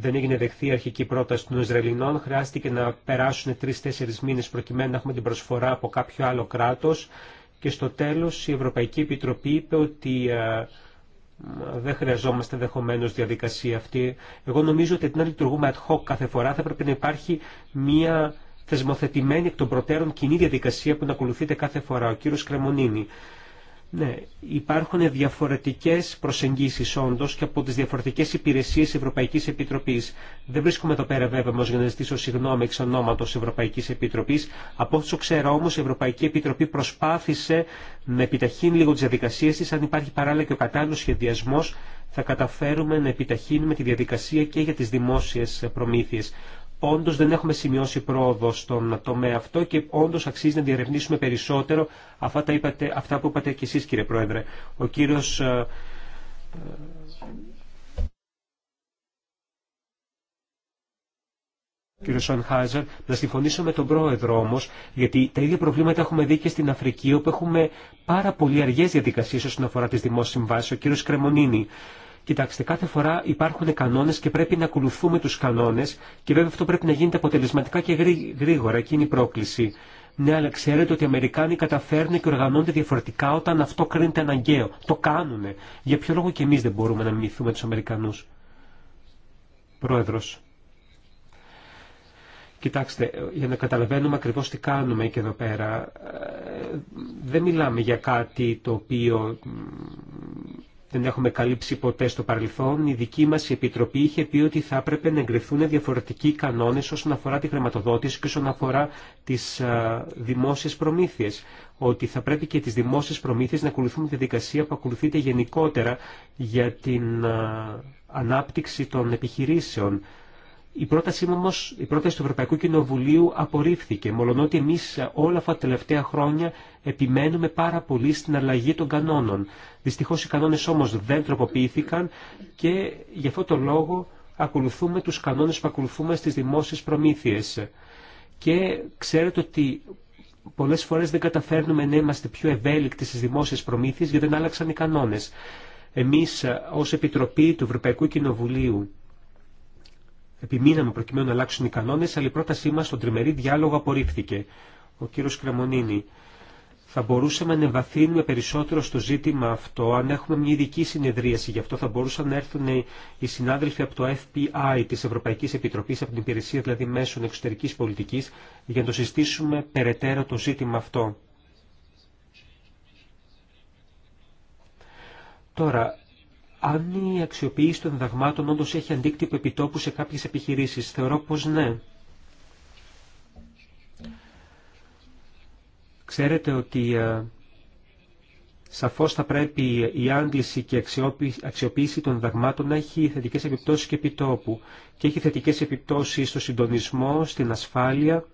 δεν, έγινε δεχθή η αρχική πρόταση των Ισραηλινών, χρειάστηκε να περάσουν τρει-τέσσερι μήνε προκειμένου να έχουμε την προσφορά από κάποιο άλλο κράτο. Και στο τέλο η Ευρωπαϊκή Επιτροπή είπε ότι δεν χρειαζόμαστε ενδεχομένω διαδικασία αυτή. Εγώ νομίζω ότι να λειτουργούμε ad hoc κάθε φορά θα πρέπει να υπάρχει μια θεσμοθετημένη εκ των προτέρων κοινή διαδικασία που να ακολουθείται κάθε φορά. Ο κύριο Κρεμονίνη ναι, υπάρχουν διαφορετικές προσεγγίσεις όντως και από τις διαφορετικές υπηρεσίες Ευρωπαϊκής Επιτροπής. Δεν βρίσκομαι εδώ πέρα βέβαια όμως για να ζητήσω συγγνώμη εξ ονόματος Ευρωπαϊκής Επιτροπής. Από όσο ξέρω όμως η Ευρωπαϊκή Επιτροπή προσπάθησε να επιταχύνει λίγο τις διαδικασίες της. Αν υπάρχει παράλληλα και ο κατάλληλος σχεδιασμός θα καταφέρουμε να επιταχύνουμε τη διαδικασία και για τις δημόσιες προμήθειες. Όντως δεν έχουμε σημειώσει πρόοδο στον τομέα αυτό και όντως αξίζει να διερευνήσουμε περισσότερο αυτά, τα είπατε, αυτά που είπατε και εσείς κύριε Πρόεδρε. Ο κύριος ε, ε, Σαν Σονχάζερ, να συμφωνήσω με τον πρόεδρο όμω, γιατί τα ίδια προβλήματα έχουμε δει και στην Αφρική, όπου έχουμε πάρα πολύ αργέ διαδικασίε όσον αφορά τι δημόσιε συμβάσει. Ο κύριο Κρεμονίνη Κοιτάξτε, κάθε φορά υπάρχουν κανόνε και πρέπει να ακολουθούμε του κανόνε και βέβαια αυτό πρέπει να γίνεται αποτελεσματικά και γρήγορα. Εκείνη η πρόκληση. Ναι, αλλά ξέρετε ότι οι Αμερικάνοι καταφέρνουν και οργανώνται διαφορετικά όταν αυτό κρίνεται αναγκαίο. Το κάνουνε. Για ποιο λόγο και εμεί δεν μπορούμε να μιμηθούμε του Αμερικανού. Πρόεδρο. Κοιτάξτε, για να καταλαβαίνουμε ακριβώς τι κάνουμε και εδώ πέρα, ε, δεν μιλάμε για κάτι το οποίο δεν έχουμε καλύψει ποτέ στο παρελθόν, η δική μας Επιτροπή είχε πει ότι θα έπρεπε να εγκριθούν διαφορετικοί κανόνες όσον αφορά τη χρηματοδότηση και όσον αφορά τις α, δημόσιες προμήθειες. Ότι θα πρέπει και τις δημόσιες προμήθειες να ακολουθούν τη δικασία που ακολουθείται γενικότερα για την ανάπτυξη των επιχειρήσεων. Η πρόταση η πρόταση του Ευρωπαϊκού Κοινοβουλίου απορρίφθηκε, μολονότι εμεί όλα αυτά τα τελευταία χρόνια επιμένουμε πάρα πολύ στην αλλαγή των κανόνων. Δυστυχώ οι κανόνε όμω δεν τροποποιήθηκαν και γι' αυτό το λόγο ακολουθούμε του κανόνε που ακολουθούμε στι δημόσιε προμήθειε. Και ξέρετε ότι πολλέ φορέ δεν καταφέρνουμε να είμαστε πιο ευέλικτοι στι δημόσιε προμήθειε γιατί δεν άλλαξαν οι κανόνε. Εμεί ε, ω Επιτροπή του Ευρωπαϊκού Κοινοβουλίου επιμείναμε προκειμένου να αλλάξουν οι κανόνες, αλλά η πρότασή μα στον τριμερή διάλογο απορρίφθηκε. Ο κύριο κρεμονίνη θα μπορούσαμε να εμβαθύνουμε περισσότερο στο ζήτημα αυτό, αν έχουμε μια ειδική συνεδρίαση. Γι' αυτό θα μπορούσαν να έρθουν οι συνάδελφοι από το FPI της Ευρωπαϊκής Επιτροπής, από την Υπηρεσία δηλαδή Μέσων εξωτερική πολιτική για να το συστήσουμε περαιτέρω το ζήτημα αυτό. Τώρα, αν η αξιοποίηση των διδαγμάτων όντω έχει αντίκτυπο επιτόπου σε κάποιε επιχειρήσει. Θεωρώ πω ναι. Ξέρετε ότι ε, σαφώς θα πρέπει η άντληση και αξιοποίηση των δαγμάτων να έχει θετικές επιπτώσεις και επιτόπου και έχει θετικές επιπτώσεις στο συντονισμό, στην ασφάλεια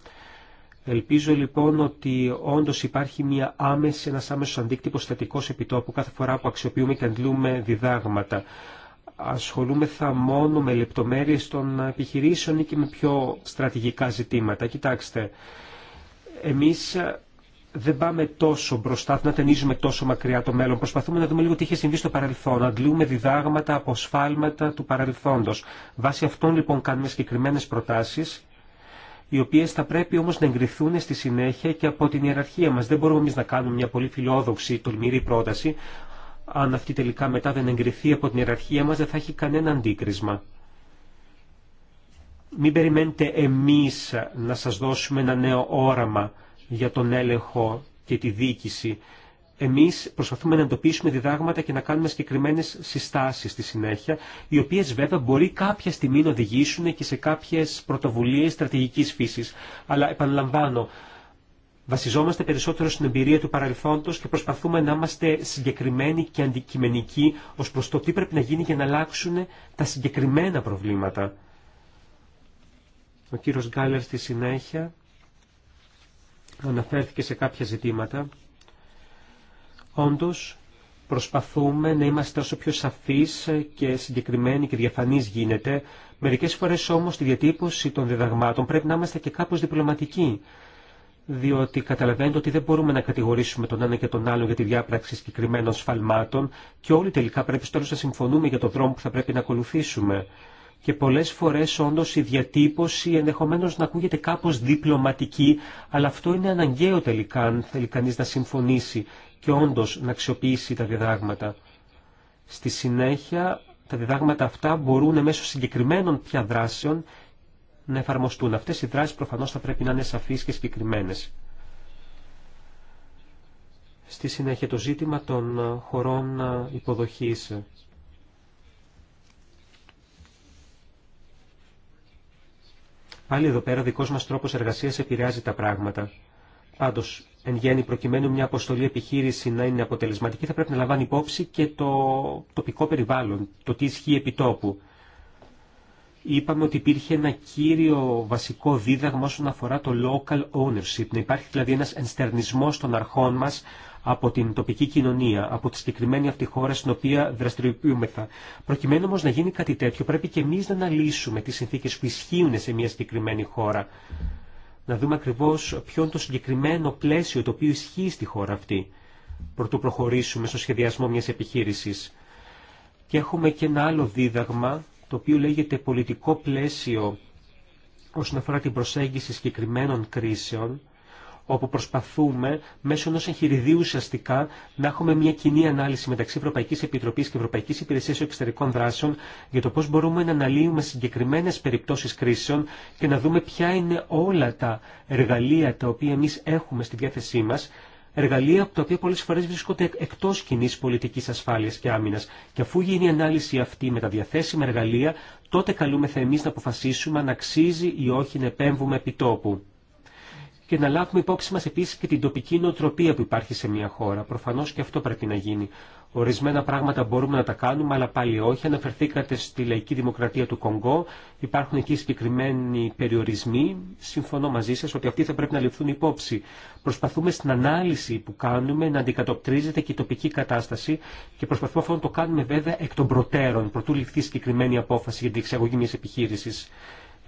Ελπίζω λοιπόν ότι όντω υπάρχει μια άμεση, ένας άμεσος αντίκτυπος θετικός επιτόπου κάθε φορά που αξιοποιούμε και αντλούμε διδάγματα. Ασχολούμεθα μόνο με λεπτομέρειες των επιχειρήσεων ή και με πιο στρατηγικά ζητήματα. Κοιτάξτε, εμείς δεν πάμε τόσο μπροστά, να ταινίζουμε τόσο μακριά το μέλλον. Προσπαθούμε να δούμε λίγο τι είχε συμβεί στο παρελθόν. Αντλούμε διδάγματα αποσφάλματα του παρελθόντος. Βάσει αυτών λοιπόν κάνουμε συγκεκριμένε προτάσεις οι οποίε θα πρέπει όμως να εγκριθούν στη συνέχεια και από την ιεραρχία μας. Δεν μπορούμε εμεί να κάνουμε μια πολύ φιλόδοξη, τολμηρή πρόταση, αν αυτή τελικά μετά δεν εγκριθεί από την ιεραρχία μας δεν θα έχει κανένα αντίκρισμα. Μην περιμένετε εμεί να σα δώσουμε ένα νέο όραμα για τον έλεγχο και τη διοίκηση Εμεί προσπαθούμε να εντοπίσουμε διδάγματα και να κάνουμε συγκεκριμένε συστάσει στη συνέχεια, οι οποίε βέβαια μπορεί κάποια στιγμή να οδηγήσουν και σε κάποιε πρωτοβουλίε στρατηγική φύση. Αλλά επαναλαμβάνω, βασιζόμαστε περισσότερο στην εμπειρία του παρελθόντο και προσπαθούμε να είμαστε συγκεκριμένοι και αντικειμενικοί ω προ το τι πρέπει να γίνει για να αλλάξουν τα συγκεκριμένα προβλήματα. Ο κύριος Γκάλερ στη συνέχεια αναφέρθηκε σε κάποια ζητήματα Όντως, προσπαθούμε να είμαστε όσο πιο σαφείς και συγκεκριμένοι και διαφανείς γίνεται. Μερικές φορές όμως στη διατύπωση των διδαγμάτων πρέπει να είμαστε και κάπως διπλωματικοί. Διότι καταλαβαίνετε ότι δεν μπορούμε να κατηγορήσουμε τον ένα και τον άλλο για τη διάπραξη συγκεκριμένων σφαλμάτων και όλοι τελικά πρέπει στο να συμφωνούμε για τον δρόμο που θα πρέπει να ακολουθήσουμε. Και πολλές φορές όντως η διατύπωση ενδεχομένως να ακούγεται κάπως διπλωματική, αλλά αυτό είναι αναγκαίο τελικά αν θέλει κανείς να συμφωνήσει και όντως να αξιοποιήσει τα διδάγματα. Στη συνέχεια, τα διδάγματα αυτά μπορούν μέσω συγκεκριμένων πια δράσεων να εφαρμοστούν. Αυτές οι δράσεις προφανώς θα πρέπει να είναι σαφείς και συγκεκριμένες. Στη συνέχεια το ζήτημα των χωρών υποδοχής. Πάλι εδώ πέρα δικός μας τρόπος εργασίας επηρεάζει τα πράγματα. Πάντως, εν γέννη προκειμένου μια αποστολή επιχείρηση να είναι αποτελεσματική θα πρέπει να λαμβάνει υπόψη και το τοπικό περιβάλλον, το τι ισχύει επί τόπου. Είπαμε ότι υπήρχε ένα κύριο βασικό δίδαγμα όσον αφορά το local ownership, να υπάρχει δηλαδή ένας ενστερνισμός των αρχών μας από την τοπική κοινωνία, από τη συγκεκριμένη αυτή χώρα στην οποία δραστηριοποιούμεθα. Προκειμένου όμως να γίνει κάτι τέτοιο πρέπει και εμείς να αναλύσουμε τις συνθήκες που ισχύουν σε μια συγκεκριμένη χώρα να δούμε ακριβώς ποιο είναι το συγκεκριμένο πλαίσιο το οποίο ισχύει στη χώρα αυτή, προτού προχωρήσουμε στο σχεδιασμό μιας επιχείρησης. Και έχουμε και ένα άλλο δίδαγμα, το οποίο λέγεται πολιτικό πλαίσιο όσον αφορά την προσέγγιση συγκεκριμένων κρίσεων, όπου προσπαθούμε μέσω ενό εγχειριδίου ουσιαστικά να έχουμε μια κοινή ανάλυση μεταξύ Ευρωπαϊκή Επιτροπή και Ευρωπαϊκή Υπηρεσία Εξωτερικών Δράσεων για το πώ μπορούμε να αναλύουμε συγκεκριμένε περιπτώσει κρίσεων και να δούμε ποια είναι όλα τα εργαλεία τα οποία εμεί έχουμε στη διάθεσή μα εργαλεία από τα οποία πολλές φορές βρίσκονται εκτό κοινή πολιτική ασφάλεια και άμυνας. Και αφού γίνει η ανάλυση αυτή με τα διαθέσιμα εργαλεία, τότε καλούμεθα εμεί να αποφασίσουμε αν αξίζει ή όχι να επέμβουμε επιτόπου και να λάβουμε υπόψη μας επίσης και την τοπική νοοτροπία που υπάρχει σε μια χώρα. Προφανώς και αυτό πρέπει να γίνει. Ορισμένα πράγματα μπορούμε να τα κάνουμε, αλλά πάλι όχι. Αναφερθήκατε στη λαϊκή δημοκρατία του Κονγκό. Υπάρχουν εκεί συγκεκριμένοι περιορισμοί. Συμφωνώ μαζί σας ότι αυτοί θα πρέπει να ληφθούν υπόψη. Προσπαθούμε στην ανάλυση που κάνουμε να αντικατοπτρίζεται και η τοπική κατάσταση και προσπαθούμε αυτό να το κάνουμε βέβαια εκ των προτέρων, προτού ληφθεί συγκεκριμένη απόφαση για την εξαγωγή μια επιχείρησης.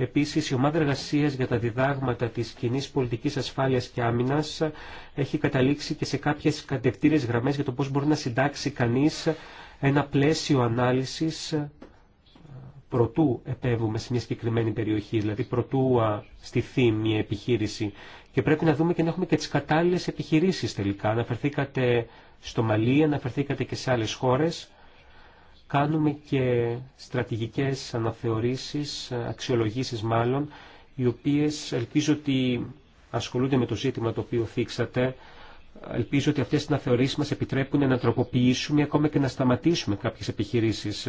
Επίσης, η ομάδα εργασίας για τα διδάγματα της κοινή πολιτικής ασφάλειας και άμυνας έχει καταλήξει και σε κάποιες κατευθύνες γραμμές για το πώς μπορεί να συντάξει κανείς ένα πλαίσιο ανάλυσης ε, προτού επέβουμε σε μια συγκεκριμένη περιοχή, δηλαδή προτού στηθεί μια επιχείρηση. Και πρέπει να δούμε και να έχουμε και τις κατάλληλες επιχειρήσεις τελικά. Αναφερθήκατε στο Μαλί, αναφερθήκατε και σε άλλες χώρες κάνουμε και στρατηγικές αναθεωρήσεις, αξιολογήσεις μάλλον, οι οποίες ελπίζω ότι ασχολούνται με το ζήτημα το οποίο θίξατε. Ελπίζω ότι αυτές οι αναθεωρήσεις μας επιτρέπουν να τροποποιήσουμε ακόμα και να σταματήσουμε κάποιες επιχειρήσεις.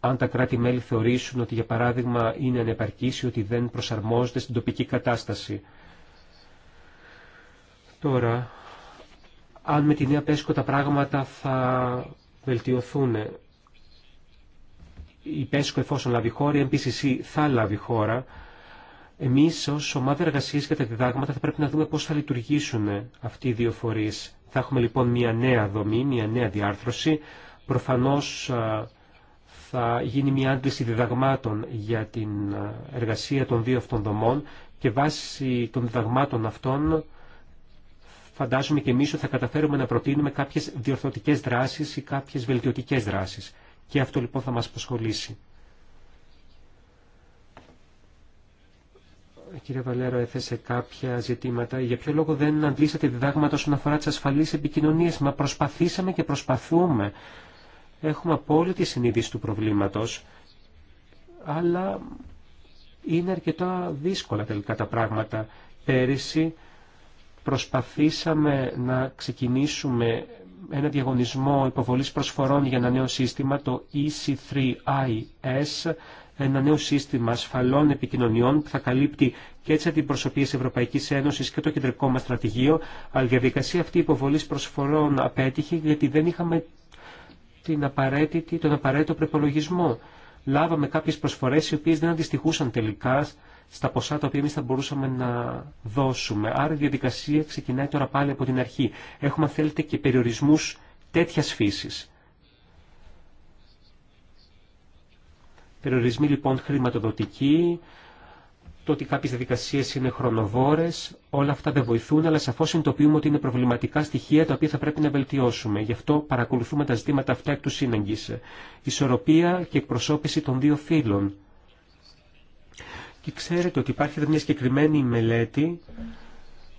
Αν τα κράτη-μέλη θεωρήσουν ότι για παράδειγμα είναι ανεπαρκής ή ότι δεν προσαρμόζονται στην τοπική κατάσταση. Τώρα, αν με τη νέα ΠΕΣΚΟ τα πράγματα θα βελτιωθούν. Η ΠΕΣΚΟ εφόσον λάβει χώρα, η MPCC θα λάβει χώρα. Εμείς ως ομάδα εργασίας για τα διδάγματα θα πρέπει να δούμε πώς θα λειτουργήσουν αυτοί οι δύο φορείς. Θα έχουμε λοιπόν μια νέα δομή, μια νέα διάρθρωση. Προφανώς θα γίνει μια άντληση διδαγμάτων για την εργασία των δύο αυτών δομών και βάσει των διδαγμάτων αυτών φαντάζομαι και εμεί ότι θα καταφέρουμε να προτείνουμε κάποιες διορθωτικές δράσεις ή κάποιες βελτιωτικέ δράσεις. Και αυτό λοιπόν θα μας απασχολήσει. Κύριε Βαλέρο, έθεσε κάποια ζητήματα. Για ποιο λόγο δεν αντλήσατε διδάγματα όσον αφορά τι ασφαλεί επικοινωνίε, Μα προσπαθήσαμε και προσπαθούμε. Έχουμε απόλυτη συνείδηση του προβλήματο, αλλά είναι αρκετά δύσκολα τελικά τα πράγματα. Πέρυσι προσπαθήσαμε να ξεκινήσουμε ένα διαγωνισμό υποβολής προσφορών για ένα νέο σύστημα, το EC3IS, ένα νέο σύστημα ασφαλών επικοινωνιών που θα καλύπτει και έτσι την προσωπία της Ευρωπαϊκής Ένωσης και το κεντρικό μας στρατηγείο. Αλλά η διαδικασία αυτή υποβολής προσφορών απέτυχε γιατί δεν είχαμε την απαραίτητη, τον απαραίτητο προπολογισμό. Λάβαμε κάποιες προσφορές οι οποίες δεν αντιστοιχούσαν τελικά στα ποσά τα οποία εμεί θα μπορούσαμε να δώσουμε. Άρα η διαδικασία ξεκινάει τώρα πάλι από την αρχή. Έχουμε, αν θέλετε, και περιορισμού τέτοια φύση. Περιορισμοί λοιπόν χρηματοδοτικοί, το ότι κάποιε διαδικασίε είναι χρονοβόρε, όλα αυτά δεν βοηθούν, αλλά σαφώ συνειδητοποιούμε ότι είναι προβληματικά στοιχεία τα οποία θα πρέπει να βελτιώσουμε. Γι' αυτό παρακολουθούμε τα ζητήματα αυτά εκ του σύναγγη. Ισορροπία και εκπροσώπηση των δύο φύλων. Και ξέρετε ότι υπάρχει μια συγκεκριμένη μελέτη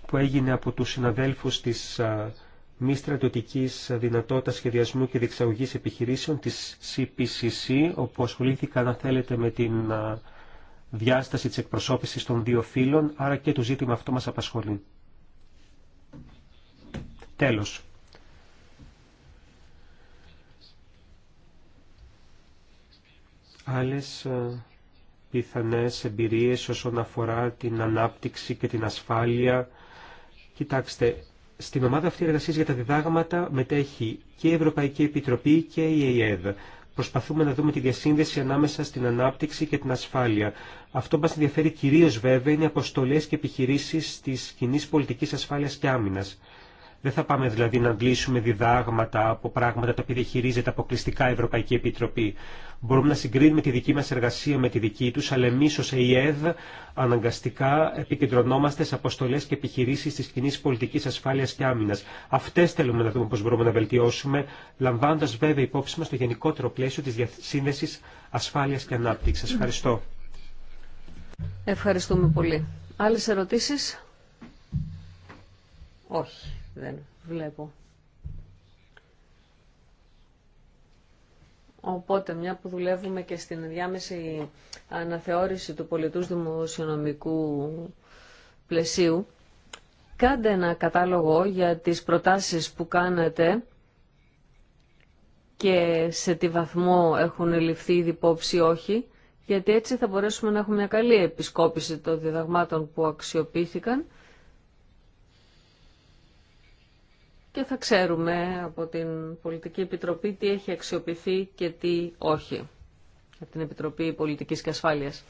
που έγινε από τους συναδέλφους της μη στρατιωτική δυνατότητα σχεδιασμού και διεξαγωγής επιχειρήσεων της CPCC, όπου ασχολήθηκαν, αν θέλετε, με την διάσταση της εκπροσώπησης των δύο φύλων, άρα και το ζήτημα αυτό μας απασχολεί. Τέλος. Άλλες πιθανές εμπειρίες όσον αφορά την ανάπτυξη και την ασφάλεια. Κοιτάξτε, στην ομάδα αυτή εργασίας για τα διδάγματα μετέχει και η Ευρωπαϊκή Επιτροπή και η ΕΕΔ. Προσπαθούμε να δούμε τη διασύνδεση ανάμεσα στην ανάπτυξη και την ασφάλεια. Αυτό μας ενδιαφέρει κυρίως βέβαια είναι οι αποστολές και επιχειρήσεις της κοινή πολιτικής ασφάλειας και άμυνας. Δεν θα πάμε δηλαδή να αντλήσουμε διδάγματα από πράγματα τα οποία διαχειρίζεται αποκλειστικά η Ευρωπαϊκή Επιτροπή. Μπορούμε να συγκρίνουμε τη δική μας εργασία με τη δική τους, αλλά εμείς ως ΕΕΔ αναγκαστικά επικεντρωνόμαστε σε αποστολές και επιχειρήσεις της κοινή πολιτικής ασφάλειας και άμυνας. Αυτές θέλουμε να δούμε πώς μπορούμε να βελτιώσουμε, λαμβάνοντας βέβαια υπόψη μας το γενικότερο πλαίσιο της διασύνδεσης ασφάλειας και ανάπτυξης. Ευχαριστώ. Ευχαριστούμε πολύ. Άλλες ερωτήσεις? Όχι δεν βλέπω. Οπότε, μια που δουλεύουμε και στην διάμεση αναθεώρηση του πολιτούς δημοσιονομικού πλαισίου, κάντε ένα κατάλογο για τις προτάσεις που κάνετε και σε τι βαθμό έχουν ληφθεί ήδη υπόψη όχι, γιατί έτσι θα μπορέσουμε να έχουμε μια καλή επισκόπηση των διδαγμάτων που αξιοποιήθηκαν και θα ξέρουμε από την Πολιτική Επιτροπή τι έχει αξιοποιηθεί και τι όχι. Από την Επιτροπή Πολιτικής και Ασφάλειας.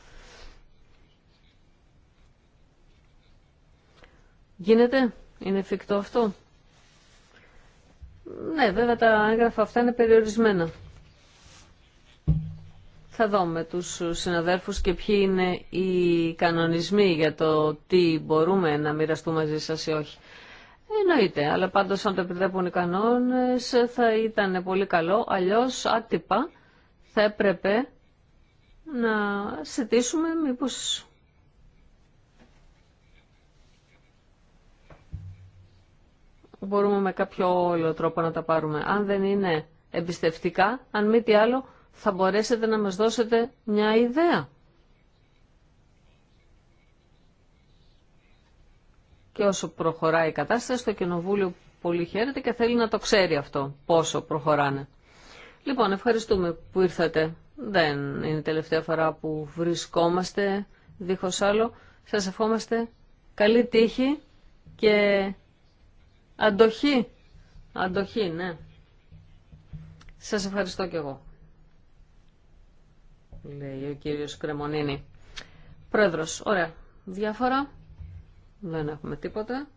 Γίνεται, είναι εφικτό αυτό. Ναι, βέβαια τα έγγραφα αυτά είναι περιορισμένα. Θα δούμε τους συναδέρφους και ποιοι είναι οι κανονισμοί για το τι μπορούμε να μοιραστούμε μαζί σας ή όχι. Εννοείται, αλλά πάντως αν το επιτρέπουν οι κανόνες θα ήταν πολύ καλό, αλλιώς άτυπα θα έπρεπε να ζητήσουμε μήπως μπορούμε με κάποιο όλο τρόπο να τα πάρουμε. Αν δεν είναι εμπιστευτικά, αν μη τι άλλο, θα μπορέσετε να μας δώσετε μια ιδέα Και όσο προχωράει η κατάσταση, το Κοινοβούλιο πολύ χαίρεται και θέλει να το ξέρει αυτό, πόσο προχωράνε. Λοιπόν, ευχαριστούμε που ήρθατε. Δεν είναι η τελευταία φορά που βρισκόμαστε, δίχως άλλο. Σας ευχόμαστε καλή τύχη και αντοχή. Αντοχή, ναι. Σας ευχαριστώ κι εγώ. Λέει ο κύριος Κρεμονίνη. Πρόεδρος, ωραία. Διάφορα. Δεν έχουμε τίποτα.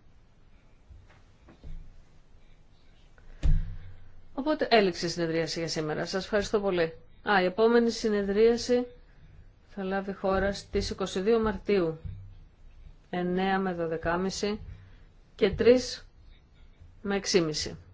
Οπότε έληξε η συνεδρίαση για σήμερα. Σας ευχαριστώ πολύ. Α, η επόμενη συνεδρίαση θα λάβει χώρα στις 22 Μαρτίου, 9 με 12.30 και 3 με 6.30.